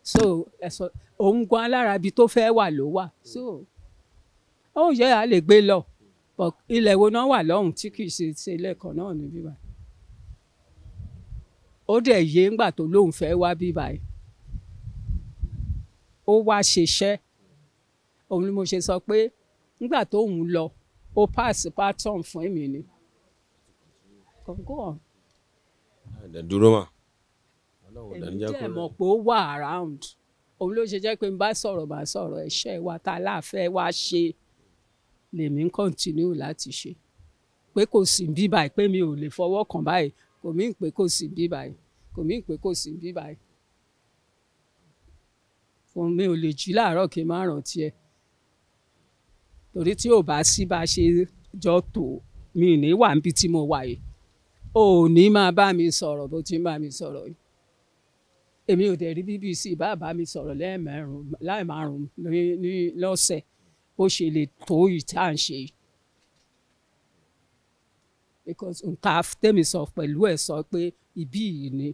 S2: so ẹ̀sọ́ òun gan alára ibi tó fẹ́ wà ló wà so ó yẹ à lè gbé lọ but ilẹ̀ wo náà wà lọ́hùn tí kì í ṣe ṣe lẹ́ẹ̀kan náà níbí báyìí ó dẹ̀ yé ńgbà tó lóun fẹ́ wá bí báyìí ó wá ṣiṣẹ́ òun ni mo ṣe sọ pé ńgbà tóun lọ ó pass pattern fún èmi ni go on
S1: dẹ̀ dúró mà. èmi jẹ́ mọ̀
S2: pé ó wà around òun ló ṣe jẹ́ pé n bá sọ̀rọ̀ bá sọ̀rọ̀ ẹ̀ṣẹ̀ wa ta láàfẹ́ wa ṣe lèmi ń continue láti ṣe pé kò sí bí báyìí pé mi ò lè fọwọ́ kàn báyìí kò mí pé kò sí bí báyìí kò mí pé kò sí bí báyìí fún mi ò lè jí láàárọ̀ kí n má rántí ẹ torí tí ò bá sí bá ṣe jọ tó mi ní wà níbi tí mo wà yìí ò ní máa bá mi sọ̀rọ̀ bó ti ń bá mi sọ̀rọ̀ yìí èmi ò dẹ̀ rí BBC bá bá mi sọ̀rọ̀ lẹ́ẹ̀mẹ́rùn láìmárùn-ún ní lọ́sẹ̀ bó ṣe lè tó ìta ń ṣe yìí because nǹkan tèmi sọ pẹ̀lú ẹ̀ sọ pé ibí yìí ni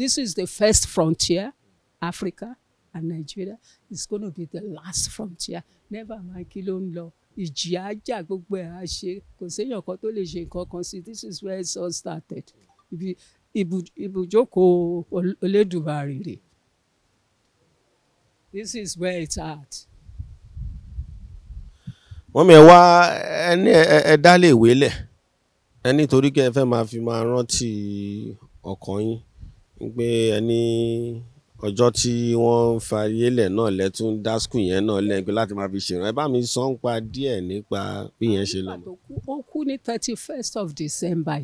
S2: this is the first frontier Africa and Nigeria is gonna be the last frontier never mind kí ló ń lọ ìjì á gbogbo ẹ̀ á ṣe kò séèyàn kan tó lè ṣe nǹkan kan sí this is where it all started ibi ibùjókòó Olódùmarè rèé this is where it's at.
S1: wọ́n mi ẹ̀ wá ẹni ẹ dá lè wé lẹ̀ ẹ kí ẹ fẹ́ máa fi máa rántí ọkàn yín pé ẹni. Any ọjọ́ tí wọ́n ń fa yélẹ̀ náà lẹ́tún dásùkù yẹn náà lẹ́gbẹ́ láti máa fi ṣèrànwọ́ ẹ bá mi sọ ń pa díẹ̀ nípa bí yẹn ṣe lọ.
S2: ó kú ní thirty first of December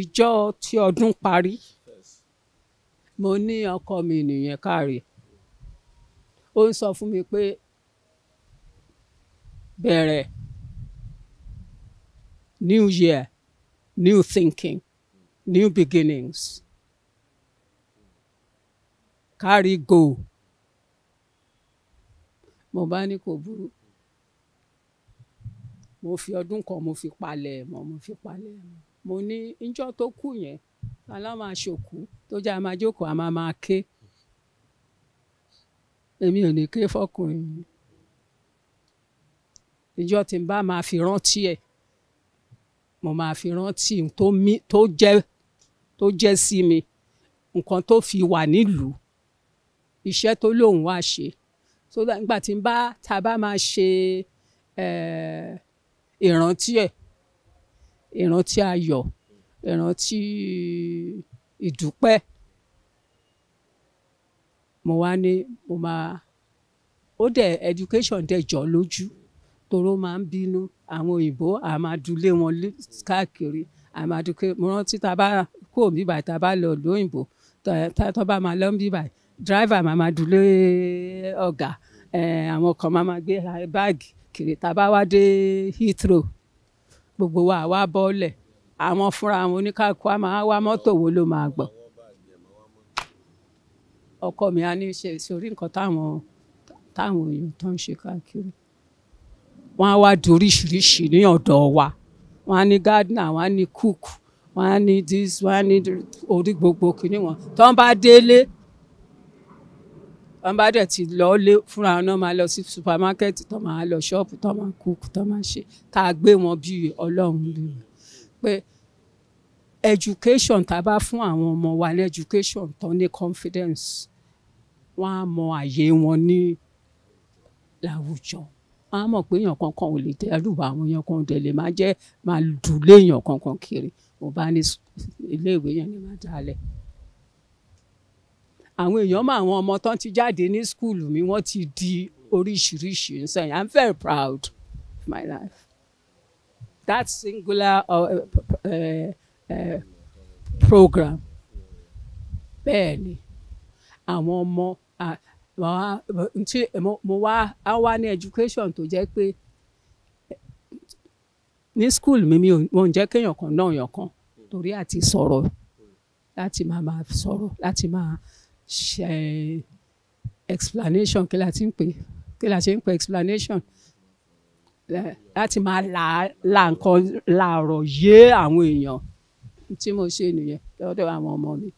S2: ìjọ tí ọdún parí mo ní ọkọ mi nìyẹn káre ó ń sọ fún mi pé bẹ̀rẹ̀ new year new thinking new beginnings carry go mo bá ní kò burú mo fi ọdún kan mo fi palẹ̀ mọ́ mo fi palẹ̀ mọ́ mo ní níjọ́ tó kù yẹn alámàṣòkú tó jẹ́ àmàjókòó àmà máa ké èmi ò ní ké fọkùnrin mi tí n bá máa fi rántí ẹ̀ mo máa fi rántí tó jẹ́ tó jẹ́ sí mi nǹkan tó fi wà nílùú iṣẹ́ tó lóun wá ṣe so nígbà tí n bá ta bá máa ṣe ìrántí ẹ̀ ìrántí ayọ̀ ìrántí ìdúpẹ́ mo wá ní mo máa ó dẹ̀ education dẹ̀ jọ lójú toro máa ń bínú àwọn òyìnbó a máa dulé wọn káàkiri a máa dúpẹ́ mo rántí tá bá kó mi báyìí bá lọ lóyìnbó tá bá máa lọ ń báyìí Driver, mama dule dùn lé ọ̀gà eh, àwọn ọkọ̀ máa máa gbé báàgì kiri tá a bá wá dé Heathrow gbogbo wa àwa bọ́ọ̀lẹ̀ àwọn fúnra àwọn oníkàkú a máa wá mọ́tò wo ló máa gbọ̀ ọkọ mi a ní ṣe sórí nǹkan táwọn táwọn èèyàn tó ń ṣe káàkiri wọn á wá di oríṣiríṣi ní ọ̀dọ̀ wa wọn á ní gardener wọn á ní cook wọn á ní this wọn á ní orí gbogbo kìíní wọn tó ń bá délé wọn bá dẹ̀ ti lọ lé fúnra wọn náà máa lọ sí supamákẹ́ẹ̀tì tó máa lọ ṣọ́ọ̀bù tó máa kúkú tó máa ṣe tá a gbé wọn bí ọlọ́run lù pé education tá a bá fún àwọn ọmọ wa ní education tó ní confidence wọn á mọ àyè wọn ní láwùjọ wọn á mọ̀ pé èèyàn kankan ò lè dẹ́rù àwọn èèyàn kan ò dẹ̀ lè máa jẹ́ máa dùn léèyàn kankan kiri mo bá ní iléèwé yẹn ni máa dálẹ̀ àwọn èèyàn mọ̀ àwọn ọmọ tán ti jáde ní skúlù mi wọ́n ti di oríṣiríṣi ń sẹ́yìn i'm very proud of my life that singular uh, uh, uh, uh program bẹ́ẹ̀ ni àwọn ọmọ tí mo wá á wá ní education tó jẹ́ pé ní skúl mi mi ò ń jẹ́ kéèyàn kan náà yàn kan torí àti sọ̀rọ̀ láti máa máa sọ̀rọ̀ láti máa explanation kí la ti ń pè kí la ṣe ń pè explanation láti máa la la nǹkan làárọ̀ yé àwọn èèyàn tí mo ṣe nìyẹn lọ́dọ̀ àwọn ọmọ mi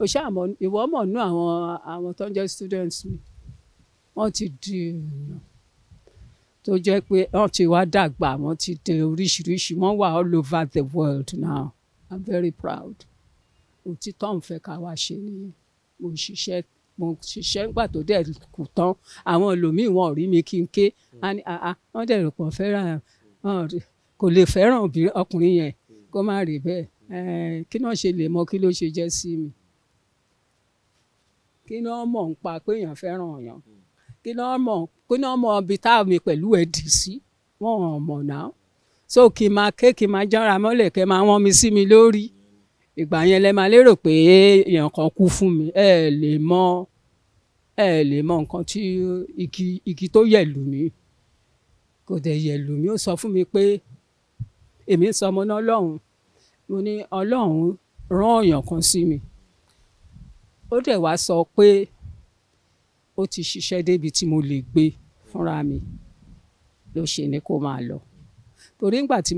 S2: o ṣe àmọ́ ìwọ mọ̀ nú àwọn àwọn tó ń jẹ́ students mi wọ́n ti di èèyàn tó jẹ́ pé wọ́n ti wá dàgbà wọ́n ti dé oríṣiríṣi wọ́n wà all over the world now I'm very proud òtítọ́ ń fẹ́ ká wá ṣe nìyẹn mo ń ṣiṣẹ́ mo ń ṣiṣẹ́ ńgbà tó dẹ̀ kù tán àwọn ẹlòmíì wọn ò rí mi kí n ké hmm. wọ́n dẹ̀ rò pọ̀ fẹ́ràn kò lè fẹ́ràn ọkùnrin yẹn hmm. kó má rí bẹ́ẹ̀ kí náà ṣe lè mọ kí ló ṣe jẹ́ sí mi kí náà mọ̀ ń pa pé èèyàn fẹ́ràn èèyàn hmm. kí náà mọ̀ kí náà mọ̀ ibi tá mi pẹ̀lú ẹ̀ dì sí wọ́n mọ̀ náà so kì í máa ké kì í máa jára mọ́lẹ̀ kẹ́ máa wọ́n mi sí mi lórí ìgbà yẹn lẹ máa lérò pé èèyàn kan kú fún mi ẹ lè mọ ẹ lè mọ nǹkan tí igi igi tó yẹ lù mí kò dẹ̀ yẹ lù mí ó sọ fún mi pé èmi ń sọ ọmọ náà lọ́hùn mo ní ọlọ́hun rán èèyàn kan sí mi ó dẹ̀ wá sọ pé ó ti ṣiṣẹ́ débi tí mo lè gbé fúnra mi ló ṣe ni kó máa lọ torí ńgbà tí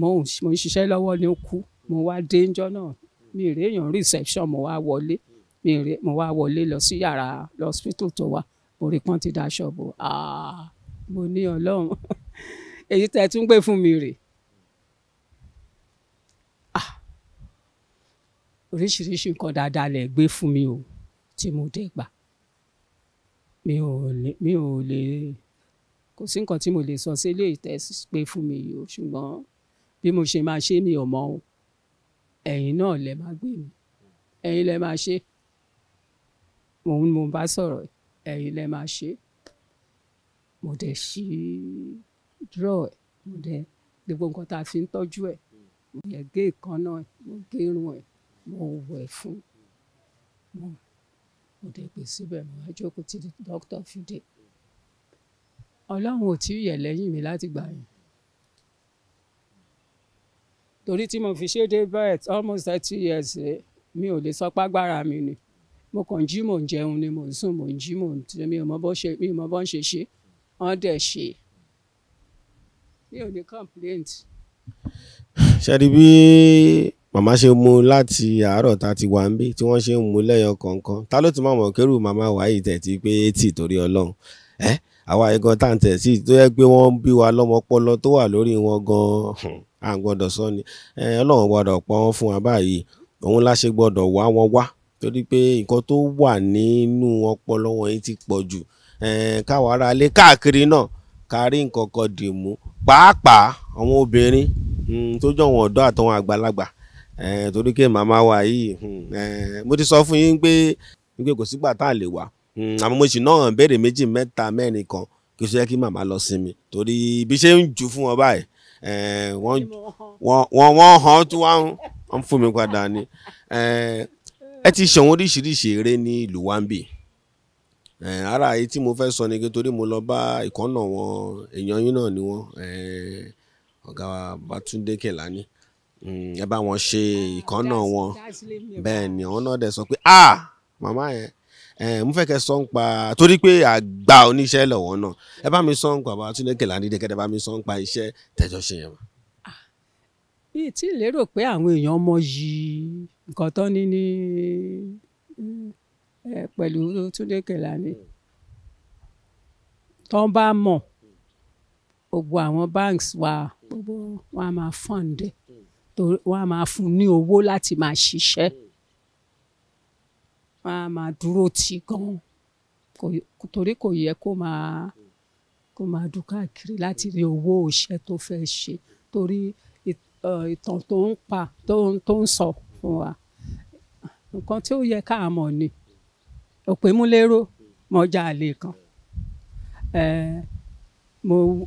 S2: mo ń ṣiṣẹ́ lọ́wọ́ ni ó kú mo wá dé ńjọ́ náà mi ì réèyàn reception mo wá wọlé mi ì ré mo wá wọlé lọ sí yàrá lọ́sítò tó wà mo rí pọ́n ti da ṣọ́ọ̀bù mo ní ọlọ́run [laughs] èyí tẹ́ ẹ tún gbé fún mi rè oríṣiríṣi nǹkan dáadáa lẹ̀ gbé fún mi o tí mo dé gbà mi ò lè mi kò sí nǹkan tí mo lè sọ sí ilé ìtẹ́ pé fún mi yìí o ṣùgbọ́n bí mo ṣe máa ṣe mi ò mọ̀ o ẹ̀yin náà lẹ máa gbé mi ẹ̀yin lẹ máa ṣe òun ni mo bá sọ̀rọ̀ ẹ̀yin lẹ máa ṣe mo dẹ̀ ṣí draw ẹ̀ mo dẹ̀ gbogbo nǹkan tá a fi ń tọ́jú ẹ̀ mo yẹ gé ìkànnà ẹ̀ mo gé irun ẹ̀ mo wẹ̀ fún mo mo dẹ̀ gbé síbẹ̀ mo wá jókòó tí dókítà fi dé ọlọ́run ò tí ì yẹ̀ lẹ́yìn mi láti gbà yẹn torí tí mo fi ṣe dé vet almost thirty years eh, mi ò lè sọpá gbára mi ni mo kàn jí mò ń jẹun ni mò ń sùn mò ń jí mò ń tẹ mi ò mọ bó ṣe mi ò mọ bó ń ṣe ṣe wọ́n dẹ̀ ṣe mi ò ní complaint.
S1: ṣẹ́ni bí màmá ṣe mú láti àárọ̀ tá a ti wà ń bí tí wọ́n ṣe ń mú lẹ́yọ kọ̀ọ̀kan ta ló ti máa mọ̀ kérù màmá wàáyì tẹ̀ ti pé eighty torí ọlọ́run àwa ẹ̀gàn tá à ń tẹ̀ sí tó yẹ pé wọ́n bí wa lọ́mọ pọ́lọ tó wà lórí wọn gan-an à ń gbọ́dọ̀ sọ ni ọlọ́run gbọ́dọ̀ pọ̀ wọ́n fún wa báyìí òun la ṣe gbọ́dọ̀ wá wọn wá torí pé nǹkan tó wà nínú ọpọlọ wọn yìí ti pọ̀ jù káwọn ará ilé káàkiri náà kárí nǹkan kan dì mú pàápàá àwọn obìnrin hmm, tó jọ wọn ọ̀dọ́ àtọwọn àgbàlagbà torí pé màmá wa yìí hmm, mo ti sọ fún yín pé pé kò sígbà tá a lè wà hmm, àmọ́ mo sì náà béèrè méjì mẹ́ta mẹ́rin kan kí o ṣe kí màmá lọ sinmi torí bí ṣe ń jù fún wọn báyìí wọ́n wọ́n hàn tí wọ́n ń fún mi padà ni ẹ ti ṣọ̀wọ́n oríṣiríṣi eré ní ìlú wa eh, ara èyí tí mo fẹ́ sọ ni torí mo lọ bá ìkọ́nà wọn èèyàn yín náà ni wọ́n eh, ọ̀gá Bátúndé Kèlání hmm, ẹ bá wọn ṣe ìkọ́nà wọn bẹ́ẹ̀ ni àwọn náà sọ pé ah màmá yẹn mo fẹ́ kẹ́ sọ ń pa torí pé àgbà oníṣẹ́ lọ́wọ́ náà ẹ bá mi sọ ń pa bàbá Túndé Kèlání dẹ́kẹ́dẹ́ bá mi sọ ń pa iṣẹ́ tẹ́jọ́ ṣe yẹn.
S2: bí ah, tí lérò pé àwọn èèyàn mọ yìí nǹkan tán ní ní pẹ̀lú Túndé Kèlání hmm. tán bá mọ̀ gbogbo àwọn banks wa gbogbo wọn a máa fund hmm. wọn a máa fún ní owó láti máa ṣiṣẹ́. Mm máa máa dúró tì gan torí kò yẹ kó máa kó máa dùn káàkiri láti rí owó iṣẹ́ tó fẹ́ ṣe torí ìtàn tó ń pa tó ń sọ fún wa nǹkan tí ó yẹ ká mọ̀ ni òpémúlérò mọ́jà àlè kan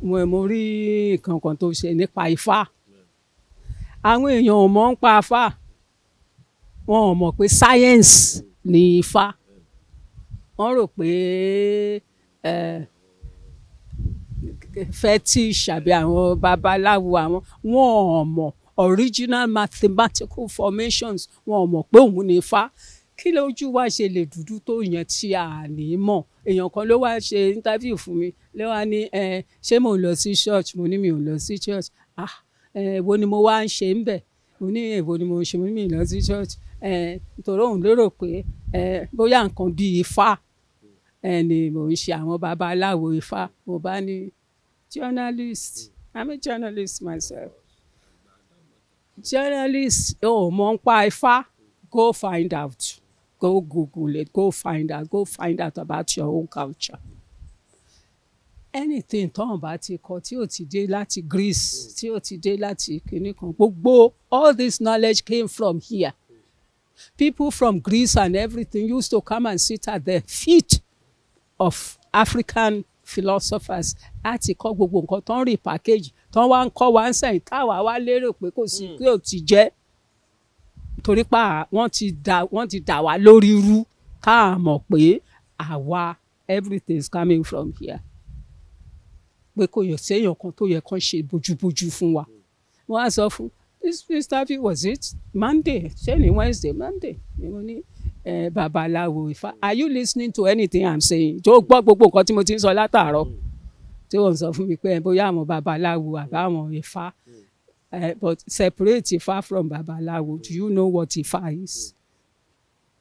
S2: mo mo rí nǹkan kan tó ṣe nípa ifá àwọn èèyàn ò mọ̀ ń pa afá wọn ò mọ̀ pé sáyẹ́ǹsì ní ifá wọ́n rò pé fetish àbí àwọn babaláwo àwọn wọn ò mọ̀ original mathematical formations wọn ò mọ̀ pé òun ní ifá kí lójú wa ṣe lè dúdú tó yẹn tí a ní mọ̀ èèyàn kan ló wá ṣe interview fún mi ló wá ní ṣé mò ń lọ sí church mo ní mi ò lọ sí church ah èwo ni mo wá ń ṣe ń bẹ̀ mo ní èwo ni mo ń ṣe mo ní mi ò lọ sí church nítorí òun lérò pé bóyá nǹkan bíi ifá ni mò ń ṣe àwọn babaláwo ifá mo bá ní journalist i'm a journalist myself journalist ò mọ̀ ń pa ifá go find out go google it go find out go find out about your own culture anything tọ́hún bá ti kọ tí ò ti dé láti Greece tí ò ti dé láti kinní kan gbogbo all this knowledge came from here People from Greece and everything used to come and sit at the feet of African philosophers láti kọ́ gbogbo nǹkan tó ń rí package tó wá ń kọ́ wá ń sẹ́yìn táwa wá lérò pé kò sí hmm. pé ò ti jẹ́ torí pa wọ́n ti dà wá lórí rú ká mọ̀ pé àwa everything is coming from here pé kò yẹ séèyàn kan tó yẹ kán ṣe bójúbójú fún wa wọ́n á sọ fún this interview was it monday ṣẹ́ni wednesday monday ni mo ní babaláwo ifá are you listening to anything i'm saying tó gbọ́ gbogbo nǹkan tí mo ti ń sọ látàárọ̀ tí wọ́n sọ fún mi pé bóyá àwọn babaláwo àbáwọn ifá but separate ifá from babalawo, do you know what ifá is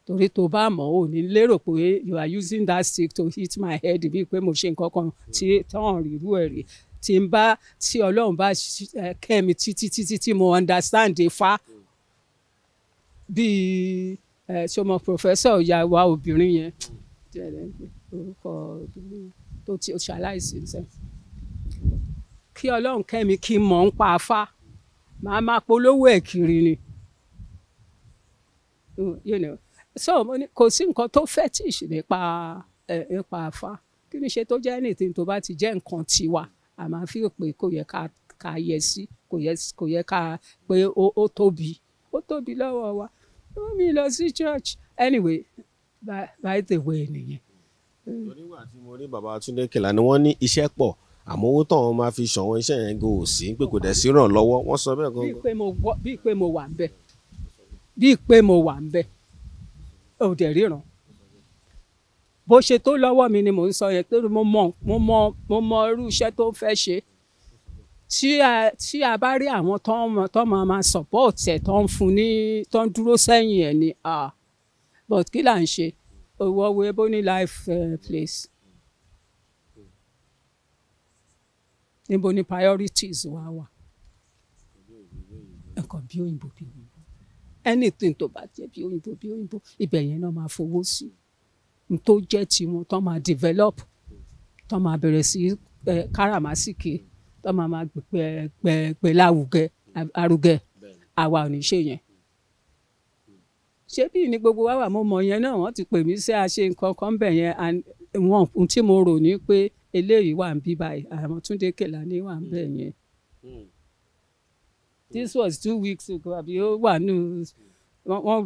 S2: torí tó bá mọ̀ ò ní lérò pé you are using that stick to hit my head bíi pé mo ṣe nǹkan kan tí tán rírú ẹ̀ rí tí n bá tí ọlọ́run bá kẹ́ mi títí títí tí mo understand ifá bíi ṣọmọ professor ìyàwó obìnrin yẹn orúkọ tó ti ṣaláìsí ṣe kí ọlọ́run kẹ́ mi kí n mọ̀ ń pa afá màá máa polówó ẹ̀ kiri ni you know so mo ní kò sí nǹkan tó fetish nípa nípa afá kí ni ṣe tó jẹ́ anything tó bá ti jẹ́ nǹkan tiwa a máa fi pé kò yẹ ká ká yẹ sí kò yẹ kò yẹ ká pé ó ó tóbi ó tóbi lọ́wọ́ wa wọ́n mi lọ sí church anyway by, by the way nìyẹn. onígbà
S1: tí mo rí bàbá Túndé Kèlà ni wọ́n ní iṣẹ́ pọ̀ àmọ́ owó táwọn máa fi ṣọ̀wọ́n iṣẹ́ yẹn gò sí pé kò dẹ̀ sí ràn lọ́wọ́ wọ́n sọ bẹ́ẹ̀ gan-an. bíi
S2: pé mo wà ń bẹ̀ bíi pé mo wà ń bẹ̀ ò dẹ̀ ríran bó ṣe tó lọ́wọ́ mi ni mò ń sọ yẹn torí mo mọ mo mọ mo mọ irú iṣẹ́ tó fẹ́ ṣe tí a tí a bá rí àwọn tó ń tó máa máa support ẹ̀ tó ń fún ní tó ń dúró sẹ́yìn ẹ̀ ni ah but kí là ń ṣe owó wo ebó ní life uh, place níbo ni priorities wa wà ẹ̀kọ́ bí òyìnbó bí òyìnbó anything tó bá jẹ́ bí òyìnbó bí òyìnbó ibẹ̀ yẹn náà máa fowó sí i tó jẹ́ tiwọn tó máa develop tó máa bẹ̀rẹ̀ sí káràmásìkì tó máa máa pè láwùgẹ arugẹ àwa ò ní ṣe yẹn ṣé bí ní gbogbo wa wà mo mọ̀ yẹn náà wọ́n ti pè mí sí àṣe nǹkan kan bẹ̀ yẹn wọn ohun tí mo rò ní pé eléyìí wà ń bí báyìí àwọn Túndé Kèlání wà ń bẹ̀ yẹn this was two weeks ago àbí ó wà nù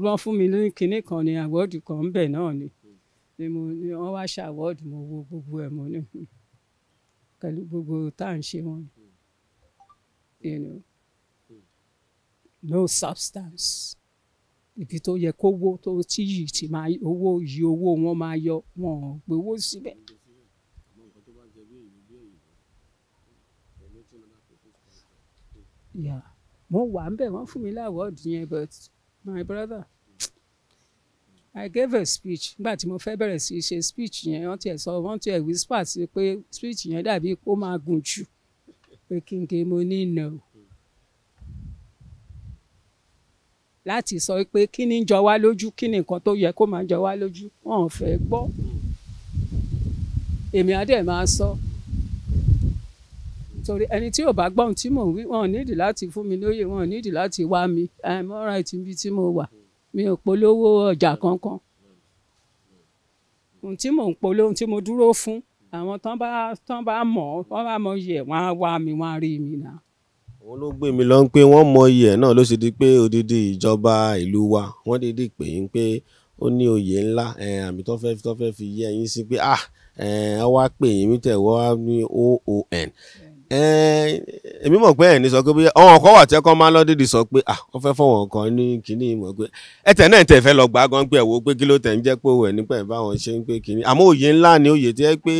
S2: wọ́n fún mi ní kinní kan ní àwọ́dù kan ń bẹ̀ náà ni ni mo ní wọ́n wá ṣàwọ́ọ̀dù mo wo gbogbo ẹ̀ mo ní hmm, pẹ̀lú gbogbo tá à ń ṣe wọn you know no substance ibi tó yẹ kówó tó tí yìí ti máa owó yìí owó wọn máa yọ wọn ò gbowó síbẹ̀. yeah mo wà ń bẹ̀ wọ́n fún mi láwọ́ọ̀dù yẹn but my brother I gave a speech nígbà tí mo fẹ́ bẹ̀rẹ̀ sí ṣe speech yẹn wọ́n tiẹ̀ sọ wọ́n tiẹ̀ whisper sí pé speech yẹn dàbí kó máa gùn jù pé kí n ké mo ní ìnà o. láti sọ pé kí ni jọ wá lójú kí ni nǹkan tó yẹ kó máa jọ wá lójú wọn ò fẹ́ gbọ́ èmi á dẹ̀ máa sọ torí ẹni tí ò bá gbọ́ ohun tí mò ń wí wọn ò nídìí láti fún mi lóye wọn ò nídìí láti wá mi i'm alright níbi tí mo wà mi ò polówó ọjà kankan ohun tí mò ń polówó ohun tí mo dúró fún àwọn tán bá tán bá mọ̀ wọ́n bá mọ iye wọn á wá mi
S1: wọ́n á rí mi náà. òun ló gbé mi lọ pé wọ́n mọ iye ẹ̀ náà ló ṣe di pé odidi ìjọba ìlú wa wọ́n dídì pè yín pé ó ní oyè ńlá àmì tó fẹ́ tó fẹ́ fi yé ẹ̀yin sí pé ah ẹ wá pè yín mí tẹ̀ wọ́n á ní oon Eh, èmi mọ̀ pé ẹ̀ ní sọ pé bí ọ̀hún ọkọ̀ wà tí ẹ̀kọ́ máa lọ dídì sọ pé ah wọ́n fẹ́ fọ̀wọ̀n kan ní kínní mọ̀ pé ẹ tẹ̀ náà tẹ̀ fẹ́ lọ gbà gan pé ẹ̀ wo pé kí ló tẹ̀ ń jẹ́ pé òwò ẹ̀ nípa ẹ̀ báwọn ṣe ń pé kínní àmọ́ òye ńlá ni òye tí ẹ pé.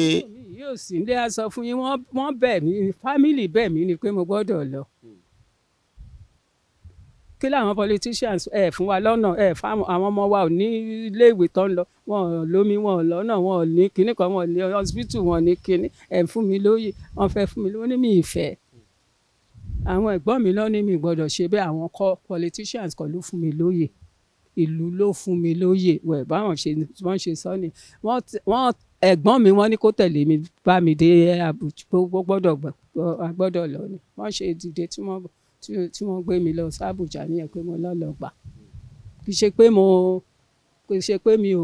S2: yóò sì ń dé aṣọ fún yín wọ́n bẹ̀ mí fámìlì bẹ̀ mí ni pé mo gbọ́dọ̀ lọ kí làwọn politicians ẹ fún wa lọ́nà ẹ fáwọn àwọn ọmọ wa ò ní iléèwé tó ń lọ wọn ò lómi wọn ò lọ́nà wọn ò ní kinní kan wọn ò ní hospital wọn ò ní kinní ẹ fún mi lóyè wọn fẹ́ fún mi lóyè ní mi ìfẹ́ àwọn ẹ̀gbọ́n mi lọ́ní mi gbọ́dọ̀ ṣe bẹ́ẹ̀ àwọn kọ́ politicians kan ló fún mi lóyè ìlú ló fún mi lóyè wẹ̀ báwọn ṣe wọ́n ṣe sọ ni wọ́n ẹ̀gbọ́n mi wọ́n ní kó tẹ̀lé mi bá mi dé àbújá gbọ́dọ̀ lọ ni wọ́n ṣe dìde tí wọ́n bọ̀ tí wọ́n gbé mi lọ sí Àbújá nìyẹn pé mo lọ́lọ́ gbà kì í ṣe pé mo kì í ṣe pé mi ò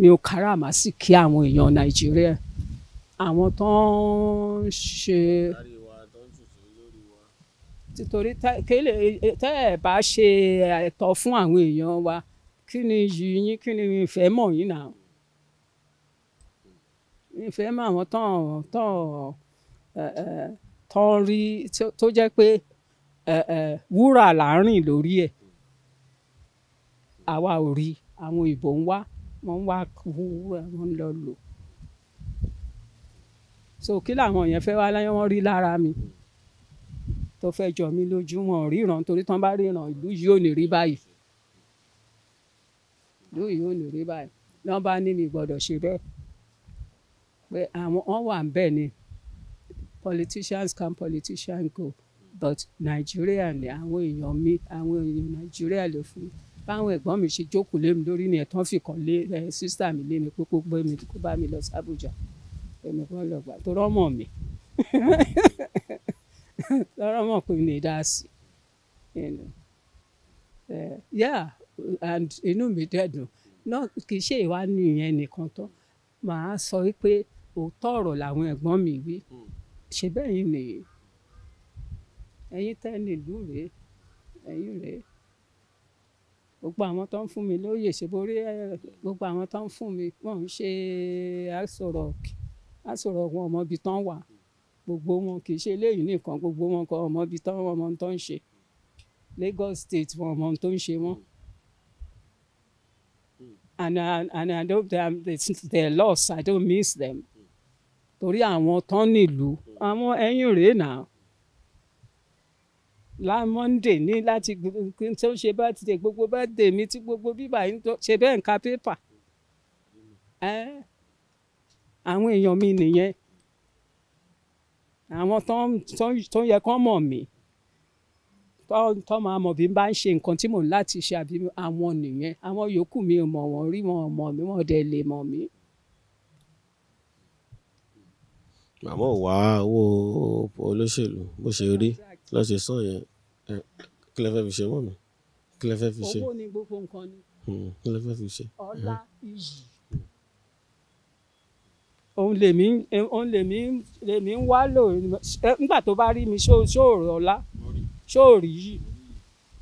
S2: mi ò káràmásìkí àwọn èèyàn Nàìjíríà àwọn tó ń ṣe torí tẹ́ ẹ̀ bá ṣe ẹ̀tọ́ fún àwọn èèyàn wa kí ni yìí yín kí ni ìfẹ́ mọ̀ yín náà ìfẹ́ mọ̀ àwọn tán tán tó rí tó jẹ́ pé wúrà là ń rìn lórí ẹ̀ àwa ò rí àwọn òyìnbó ń wá wọ́n ń wá wúrà wọ́n ń lọ lò so kí làwọn yẹn fẹ́ wá láyé wọ́n rí lára mi tó fẹ́ jọ mí lójú wọn ríran torí tán bá ríran ìlú yìí ò ní rí báyìí ìlú yìí ò ní rí báyìí lọ́n ní mi gbọ́dọ̀ ṣe bẹ́ẹ̀ pé àwọn wà ń bẹ̀ ni politicians come politicians go but nàìjíríà ni àwọn èèyàn mi àwọn èèyàn nàìjíríà lè fún mi báwọn ẹ̀gbọ́n mi ṣe jókòó lé mi lórí ni ẹ̀tàn fìkan lé ẹ̀ sísá mi lé mi pé kó gbé mi kó bá mi lọ sí Àbújá èmi kan lọ gbà tó rọ́mọ̀ mi [laughs] rọ́mọ̀ pé mi dá sí yeah and inú mi dẹ̀dùn náà kì í ṣe ìwà nìyẹn nìkan tán màá sọ wípé òótọ́ ọ̀rọ̀ làwọn ẹ̀gbọ́n mi wí. Mm ṣe bẹ́yìn nìyí ẹ̀yin tẹ́ nílùú rèé ẹ̀yin rèé gbogbo àwọn tó ń fún mi lóyè ṣe gbogbo àwọn tó ń fún mi wọn ń ṣe àsọ̀rọ̀ àsọ̀rọ̀ wọn ọmọbi tán wà gbogbo wọn kì í ṣe eléyìí nìkan gbogbo wọn kọ ọmọbi tán wọn ọmọ tó ń ṣe Lagos State wọn ọmọ tó ń ṣe wọn. And I, and I don't, um, they lost. I don't miss them torí àwọn tán nílùú àwọn ẹ̀yìn rèé nà La monday ní láti tó ṣe bá ti dé gbogbo bá dé mi tí gbogbo bíbà yìí ṣe bẹ́ẹ̀ ń ka pépà àwọn èèyàn mi nìyẹn àwọn tó yẹ kán mọ̀ mí tó máa mọ̀ bí n bá ń ṣe nǹkan tí mò ń láti ṣe àbí àwọn nìyẹn àwọn yòókù mi ò mọ̀ wọ́n rí wọn mọ̀ mí wọ́n dẹ̀ lè mọ̀ mí.
S1: màmá ò wá owó olóṣèlú bó ṣe rí lọ́ ṣe sàn yẹn kí lẹ fẹ́ fi ṣe mọ́ mi kí lẹ fẹ́ fi ṣe owó
S2: ni gbogbo nǹkan ni
S1: hmm, kí lẹ fẹ́ fi ṣe.
S2: ọlá iyì hmm.
S1: òun lèmi òun lèmi
S2: lèmi ń wá lò nígbà tó bá rí mi ṣóòrò ọlá ṣóòrò yìí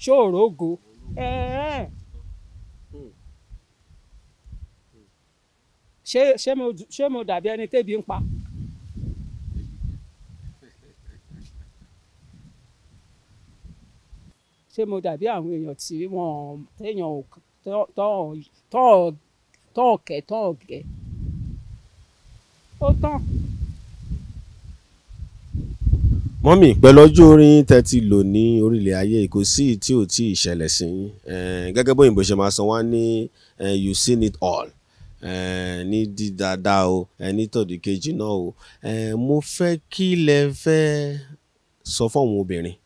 S2: ṣóòrò ògo ṣé mo dàbí ẹni tébi ń pa. Mm. ṣé mo dàbí àwọn èèyàn tí wọ́n téèyàn tọ́ọ̀kẹ́ tọ́ọ̀kẹ́ ó tán.
S1: mọ́mì pẹ̀lú ọjọ́ orin tẹ́ ti lò ní orílẹ̀ ayé kò sí tí ò tí ì ṣẹlẹ̀ sí gẹ́gẹ́ bóyìnbó ṣe máa san wá ní you seen it all ní dídáadá o ní tọ̀dí kejì náà o mo fẹ́ kí lẹ fẹ́ sọ fún àwọn obìnrin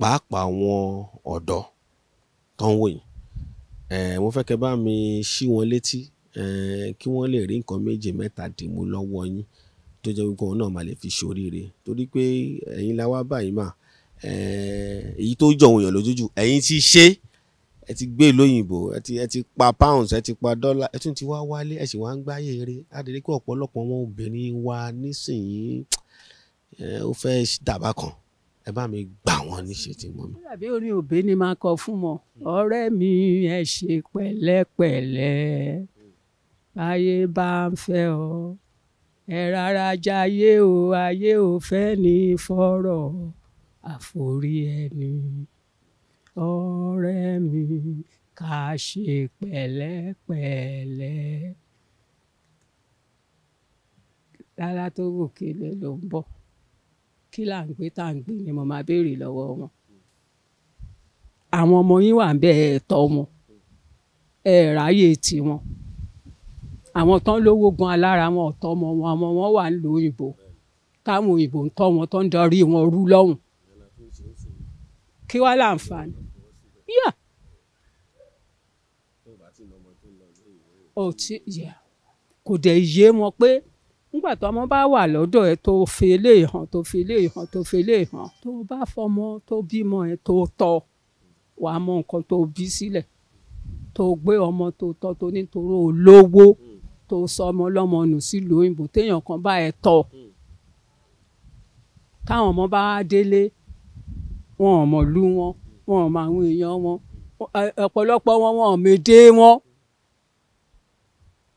S1: pàápàá àwọn ọ̀dọ́ tó ń wò yìí mo fẹ́ kẹ́ bá mi ṣí wọn létí kí wọ́n lè rí nǹkan méje mẹ́ta dìmú lọ́wọ́ yín tó jẹ́ wípé òun náà máa lè fi ṣoríire torí pé ẹ̀yin la wá báyìí mà èyí tó jọ òun yàn lójújù ẹ̀yin ti ṣe ẹ ti gbé lóyìnbó ẹ ti ẹ ti pa pounds ẹ ti pa dollar ẹ tún ti wá wálé ẹ sì wá ń gbáyé eré adèrè pé ọ̀pọ̀lọpọ̀ wọn obìnrin wa nísìnyí ó fẹ́ dàbá kan ẹ bá mi gbà wọ́n níṣe tí mo mi.
S2: tàbí orin òbí ni màá kọ fún mọ ọ̀rẹ́ mi ẹ ṣe
S1: pẹ̀lẹ́pẹ̀lẹ́
S2: báyé bá ń fẹ́ ọ ẹ rárá jayé o ayé ò fẹ́ ní fọ́rọ̀ àforí ẹni ọ̀rẹ́ mi ká ṣe pẹ̀lẹ́pẹ̀lẹ́ lára tó gòkè lè ló ń bọ̀ kí là ń gbé tá à ń gbé ni mo máa béèrè lọ́wọ́ wọn àwọn ọmọ yín wà ń bẹ ẹ tọ́ wọn ẹ ráyè tiwọn àwọn tán lówó gan alára wọn ọ̀tọ̀ ọmọ wọn àmọ́ wọn wà ń lo òyìnbó táwọn òyìnbó ń tọ́ wọn tó ń darí wọn rú lọ́hùn kí wá láǹfààní kò dẹ̀ yé wọn pé nígbà tó ọmọ bá wà lọ́dọ̀ ẹ tó fi eléyìí hàn tó fi eléyìí hàn tó fi eléyìí hàn tó bá fọmọ tó bímọ ẹ tó tọ́ wà á mọ nǹkan tó bí sílẹ̀ tó gbé ọmọ tó tọ́ tó nítorí olówó tó sọ ọmọ lọ́mọ nù sílùú òyìnbó téèyàn kan bá ẹ tọ́ táwọn ọmọ bá délé wọn ò mọ̀ lú wọn wọn ò mọ̀ àwọn èèyàn wọn ọ̀pọ̀lọpọ̀ wọn wọn ò mèdè wọn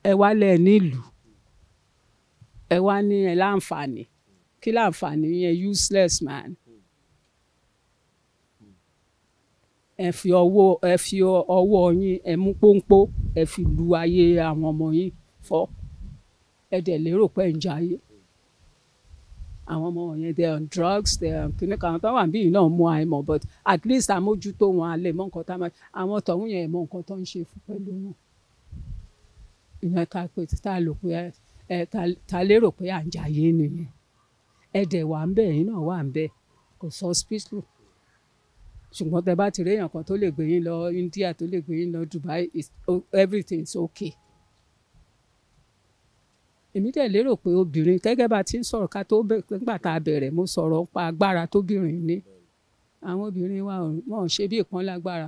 S2: ẹ wálẹ̀ nílùú ẹ wá ní ẹ láǹfààní kí láǹfààní yẹn useless man ẹ fi ọwọ́ ẹ fi ọwọ́ yín ẹ mú pọ́npọ́ ẹ fi lu ayé àwọn ọmọ yín fọ́ ẹ dẹ̀ lérò pé ń jayé àwọn ọmọ yẹn they on drugs they on kìnnì kan tó wà bíi náà mú àìmọ̀ but at least àmójútó wọn alẹ́ mọ nǹkan tá a máa àwọn tọ̀hún yẹn mọ nǹkan tó ń ṣe fún wọn ìyẹn ká pé tá a lò pé ẹ ta lérò pé à ń jayé nìyẹn ẹdẹ wà ń bẹ ẹ̀yin náà wà ń bẹ kò sọ hospital ṣùgbọ́n tẹ bá ti rí èèyàn kan tó lè gbé yín lọ India tó lè gbé yín lọ Dubai oh, everything is okay èmi dẹ̀ lérò pé obìnrin gẹ́gẹ́ bá ti ń sọ̀rọ̀ ká tó nígbà tá a bẹ̀rẹ̀ mo sọ̀rọ̀ pa agbára tóbìnrin ní àwọn obìnrin wa wọn ò ṣe bí ìpọ́n lágbára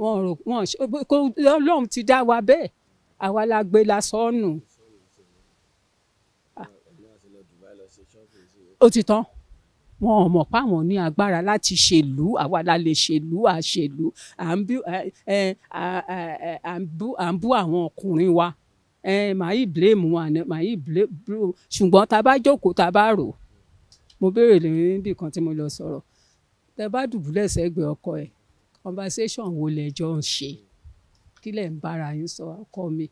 S2: wọn ò ṣe kó Ọlọ́run ti dá wa bẹ́ẹ̀ àwa la gbé la sọ́ọ̀nù. So ó ti tán wọn ò mọ̀ pé àwọn ní agbára láti ṣèlú àwa la lè ṣèlú àṣèlú à ń bú àwọn ọkùnrin wa màá yìí blame wọn màá yìí blame ṣùgbọ́n tá a bá jókòó tá a bá rò mo béèrè lórí níbi kan tí mo lọ sọ̀rọ̀ tẹ bá dùbúlẹ̀ sẹ́gbẹ̀ẹ́ ọkọ ẹ̀ conversation wo lẹ́jọ́ ń ṣe kí lẹ̀ ń bára yín sọ ọkọ mi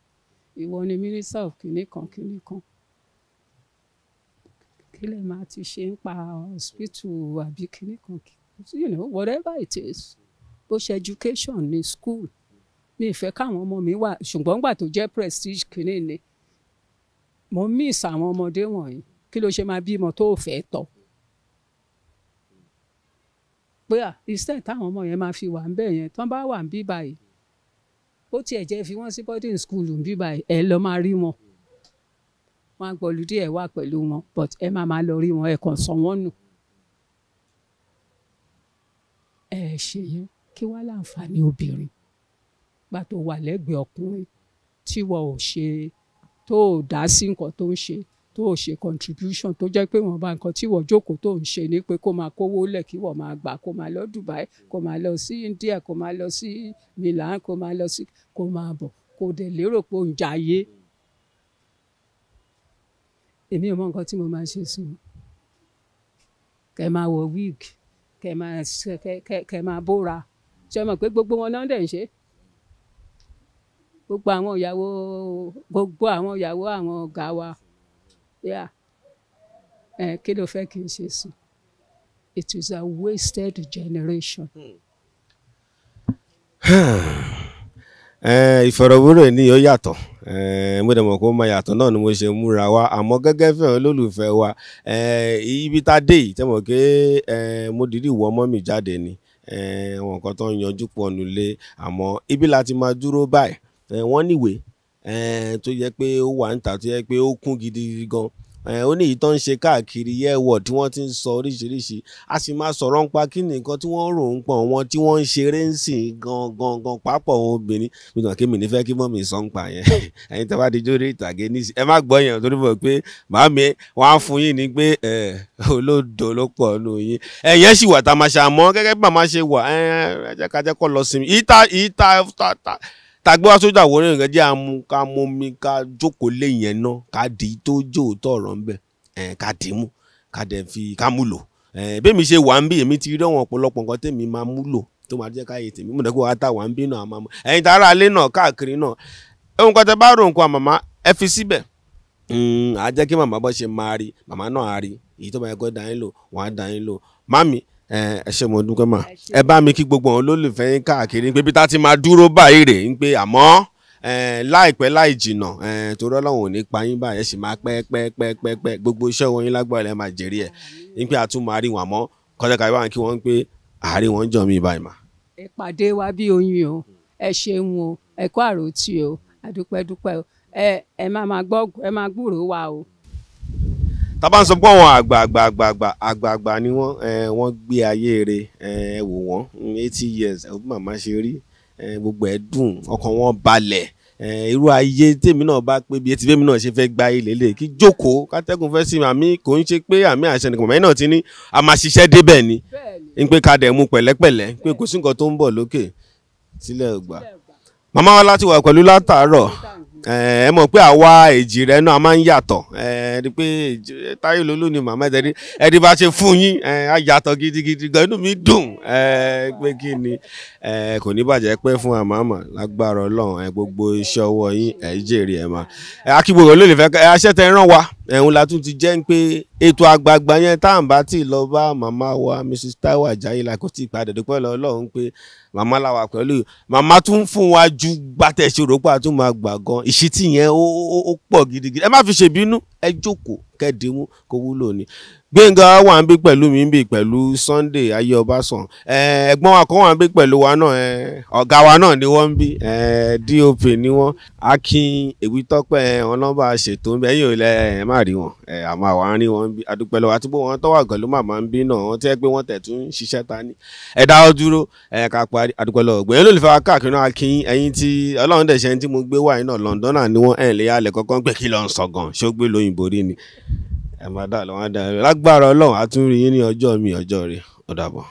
S2: ìwọ ni minister of kìnìkan kìnìkan kí lè máa ti ṣe ń pa hospital àbí kíní kan you know whatever it is bó ṣe education ní school mi ìfẹ́ káwọn ọmọ mi wà ṣùgbọ́n gbà tó jẹ́ prestige kíní ni mo miss àwọn ọmọdé wọ̀nyí kí ló ṣe máa bímọ tó fẹ́ tọ́ pé à instead táwọn ọmọ yẹn máa fi wà ń bẹ̀ yẹn tán bá wà ń bí báyìí ó tiẹ̀ jẹ́ fi wọ́n sí boarding school ń bí báyìí ẹ̀ lọ́ máa rí wọn wọn á gbọ́ olùdí wà pẹ̀lú wọn but ẹ máa máa lọ rí wọn ẹ̀ kàn sọ wọ́n nù. ẹ ṣe yẹn kí wàá láǹfààní obìnrin gbà tó wà lẹ́gbẹ̀ẹ́ ọkùnrin tí wọn ò ṣe tó ò dá sí nǹkan tó ń ṣe tó ò ṣe contribution tó jẹ́ pé wọ́n bá nǹkan tí wọ́n jókòó tó ń ṣe ni pé kó máa kówó lẹ̀ kí wọ́n máa gbà kó máa lọ Dubai kó máa lọ sí India kó máa lọ sí Milan kó máa lọ sí kó máa bọ̀ kó dẹ̀ lérò pé ó ń èmi ò mọ nǹkan tí mo máa ṣe sí wọn kẹ máa wọ wig kẹ máa kẹ kẹ máa bóra ṣe mọ̀ pé gbogbo wọn náà dẹ̀ ṣe gbogbo àwọn ìyàwó gbogbo àwọn ìyàwó àwọn ọ̀gá wa yà ẹ kí ló fẹ́ kí n ṣe sí it is a wasted generation.
S1: Hmm. [sighs] ìfọ̀rọ̀wérọ̀ ni ó yàtọ̀. Eh, mo dẹ̀ mọ̀ pé ó máa yàtọ̀ náà ni mo ṣe múra wa àmọ́ gẹ́gẹ́ fẹ́ olólùfẹ́ wa eh, ibi tá a dé yìí tẹ́mọ̀ pé eh, mo dìídì wọ ọmọ mi jáde ni àwọn nǹkan tó ń yanjú pọ̀ nulẹ̀ àmọ́ ibi la ti máa dúró báyìí wọ́n níwèé tó yẹ pé ó wà níta tó yẹ pé ó kún gidi gan ó ní èyí tó ń ṣe káàkiri yẹ́wọ̀ tí wọ́n ti ń sọ oríṣiríṣi a sì máa sọ̀rọ̀ ń pa kí ni nǹkan tí wọ́n rò ń pọ̀ wọn tí wọ́n ń ṣeré ń sìn gangan gan pápọ̀ obìnrin mi nà kí mi ní fẹ́ kí mọ́mì sọ ń pa yẹn [laughs] ẹ̀yin tẹ́ bá di jórí ìtàgé ní ẹ má gbọ́ yẹn torí mọ̀ pé màámi wọ́n á fún yín ni pé olódo ló pọ̀ nù yín ẹ̀yẹ́ sì wà tá a máa ṣe àmọ́ gẹ́gẹ́ bí tàgbé wá sójà wọlé nǹkan jẹ́ àmú ká mú mi ká jókòó lé yẹn náà ká dì í tó jó tó ọ̀rọ̀ ń bẹ̀ ká dì í mú ká dẹ̀ fi ká mú lò bẹ́ẹ̀ mi ṣe wà ń bí èmi ti rí àwọn ọ̀pọ̀lọpọ̀ nǹkan tèmi máa mú tó máa jẹ́ káyé tèmi mo dẹ́kun ata wà ń bí náà àmàmù ẹ̀yin tá ara alẹ́ náà káàkiri náà ohun kan tẹ bá rò nǹkan àmàmà ẹ fi síbẹ̀ àá hmm, jẹ́ kí màmá bọ́ ṣe máa rí màmá náà á rí èyí tó bá yẹ kó dá yín lò wọ́n á dá yín lò mami ẹ ṣé mo dúpẹ́ mà ẹ bá mi kí gbogbo àwọn olólùfẹ́ yín káàkiri pé bí tá a ti máa dúró báyìí rè ń pé àmọ́ láìpẹ́ láì jìnà torí ọlọ́run ò ní pa yín báyìí ẹ sì máa pẹ́ pẹ́ pẹ́ pẹ́ pẹ́ gbogbo iṣẹ́ wọn yín lágbára ẹ̀ máa jèrè ẹ̀ ń pé a tún máa rí wọn àmọ́ kọjá kàwé wọn kí wọ́n ń pé àárín wọn ń jọ mí báyìí mà.
S2: ẹ wa bí oyin o ẹ ṣeun o ẹ kó àròtì o àdúpẹ́dúpẹ́ o ẹ ẹ máa máa gbọ́ wa o
S1: tábà ń sọ pé àwọn àgbààgbà àgbààgbà àgbààgbà ni wọ́n wọ́n gbé ayé rẹ̀ wò wọ́n eighty years ẹ̀ bí màmá ṣe rí gbogbo ẹ̀ dùn ọkàn wọn balẹ̀ irú ayé tèmi náà bá pé bí etí fèmi náà ṣe fẹ́ gba ilé lè kí jókòó kátẹ́gùn fẹ́ sí àmì kò ń ṣe pé àmì àṣẹ nìkan mọ̀mọ́ náà ti ní a máa ṣiṣẹ́ débẹ̀ ni ń pé ká mu pẹ̀lẹ́pẹ̀lẹ́ pé kò sí nǹkan tó ń bọ̀ lókè sílẹ̀ ògbà. màmá wa láti wà pẹ̀lú látàárọ̀ Eh, ẹ mọ̀ pé àwa èjì rẹ náà máa ń yàtọ̀ ẹ eh, pé táyé lolú ni màmá ẹ̀dẹ̀rí ẹ̀dí bá ṣe fún yín ẹ eh, á yàtọ̀ gidigidi gan inú mi dùn ẹ pé kí ni ẹ kò ní bàjẹ́ pẹ́ fún àmàmà lágbára ọlọ́run ẹ gbogbo iṣẹ́ ọwọ́ yín ẹ jèrè ẹ máa ẹ akígbòrò ló lè fẹ́ aṣẹ́ tẹ ẹ rán wa ẹ̀hún la tún ti jẹ́ pé ètò àgbààgbà yẹn tá à ń bá tì lọ bá màmá wa Mrs Taiwo Ajayi la kò tí ì padà dúpẹ́ lọ Ọlọ́run pé màmá làwà pẹ̀lú màmá tún fún wa ju gbàtẹ̀sọ̀rọ̀pọ̀ àtún máa gbà gan ìṣítí yẹn ó pọ̀ gidigidi ẹ má fi ṣèbínú ẹ jókòó kẹ́dínmú kó wúlò ni gbẹ̀ngà wà ń bí pẹ̀lú mi ń bí pẹ̀lú sunday ayé ọbaṣan ẹ̀gbọ́n wa kan wà ń bí pẹ̀lú wa náà ọ̀gá wa náà ni wọ́n ń bí dop ni wọ́n akin ewitọ́pẹ́ wọn nọ́mbà ṣètò ń bẹ ẹ̀yìn òlẹ̀ ẹ̀ má rí wọn àmọ́ àwa ń rí wọn ń bí adúpẹ́ lọ́wọ́ àtúgbò wọn tọ́wọ́ àgọ́lú màmá ń bí náà wọ́n tẹ́ pé wọ́n tẹ̀ tún ṣiṣẹ́ ta ni ẹ dáwọ́ dúró ẹ ká ni wọ́n ẹ̀ lè yálẹ̀ kọ́kọ́ ń pè kí lọ́n sọ̀gàn ẹ máa dà lọ́wọ́ á dà lágbára ọlọ́run á yín ní ọjọ́ mi ọjọ́ rẹ̀ ó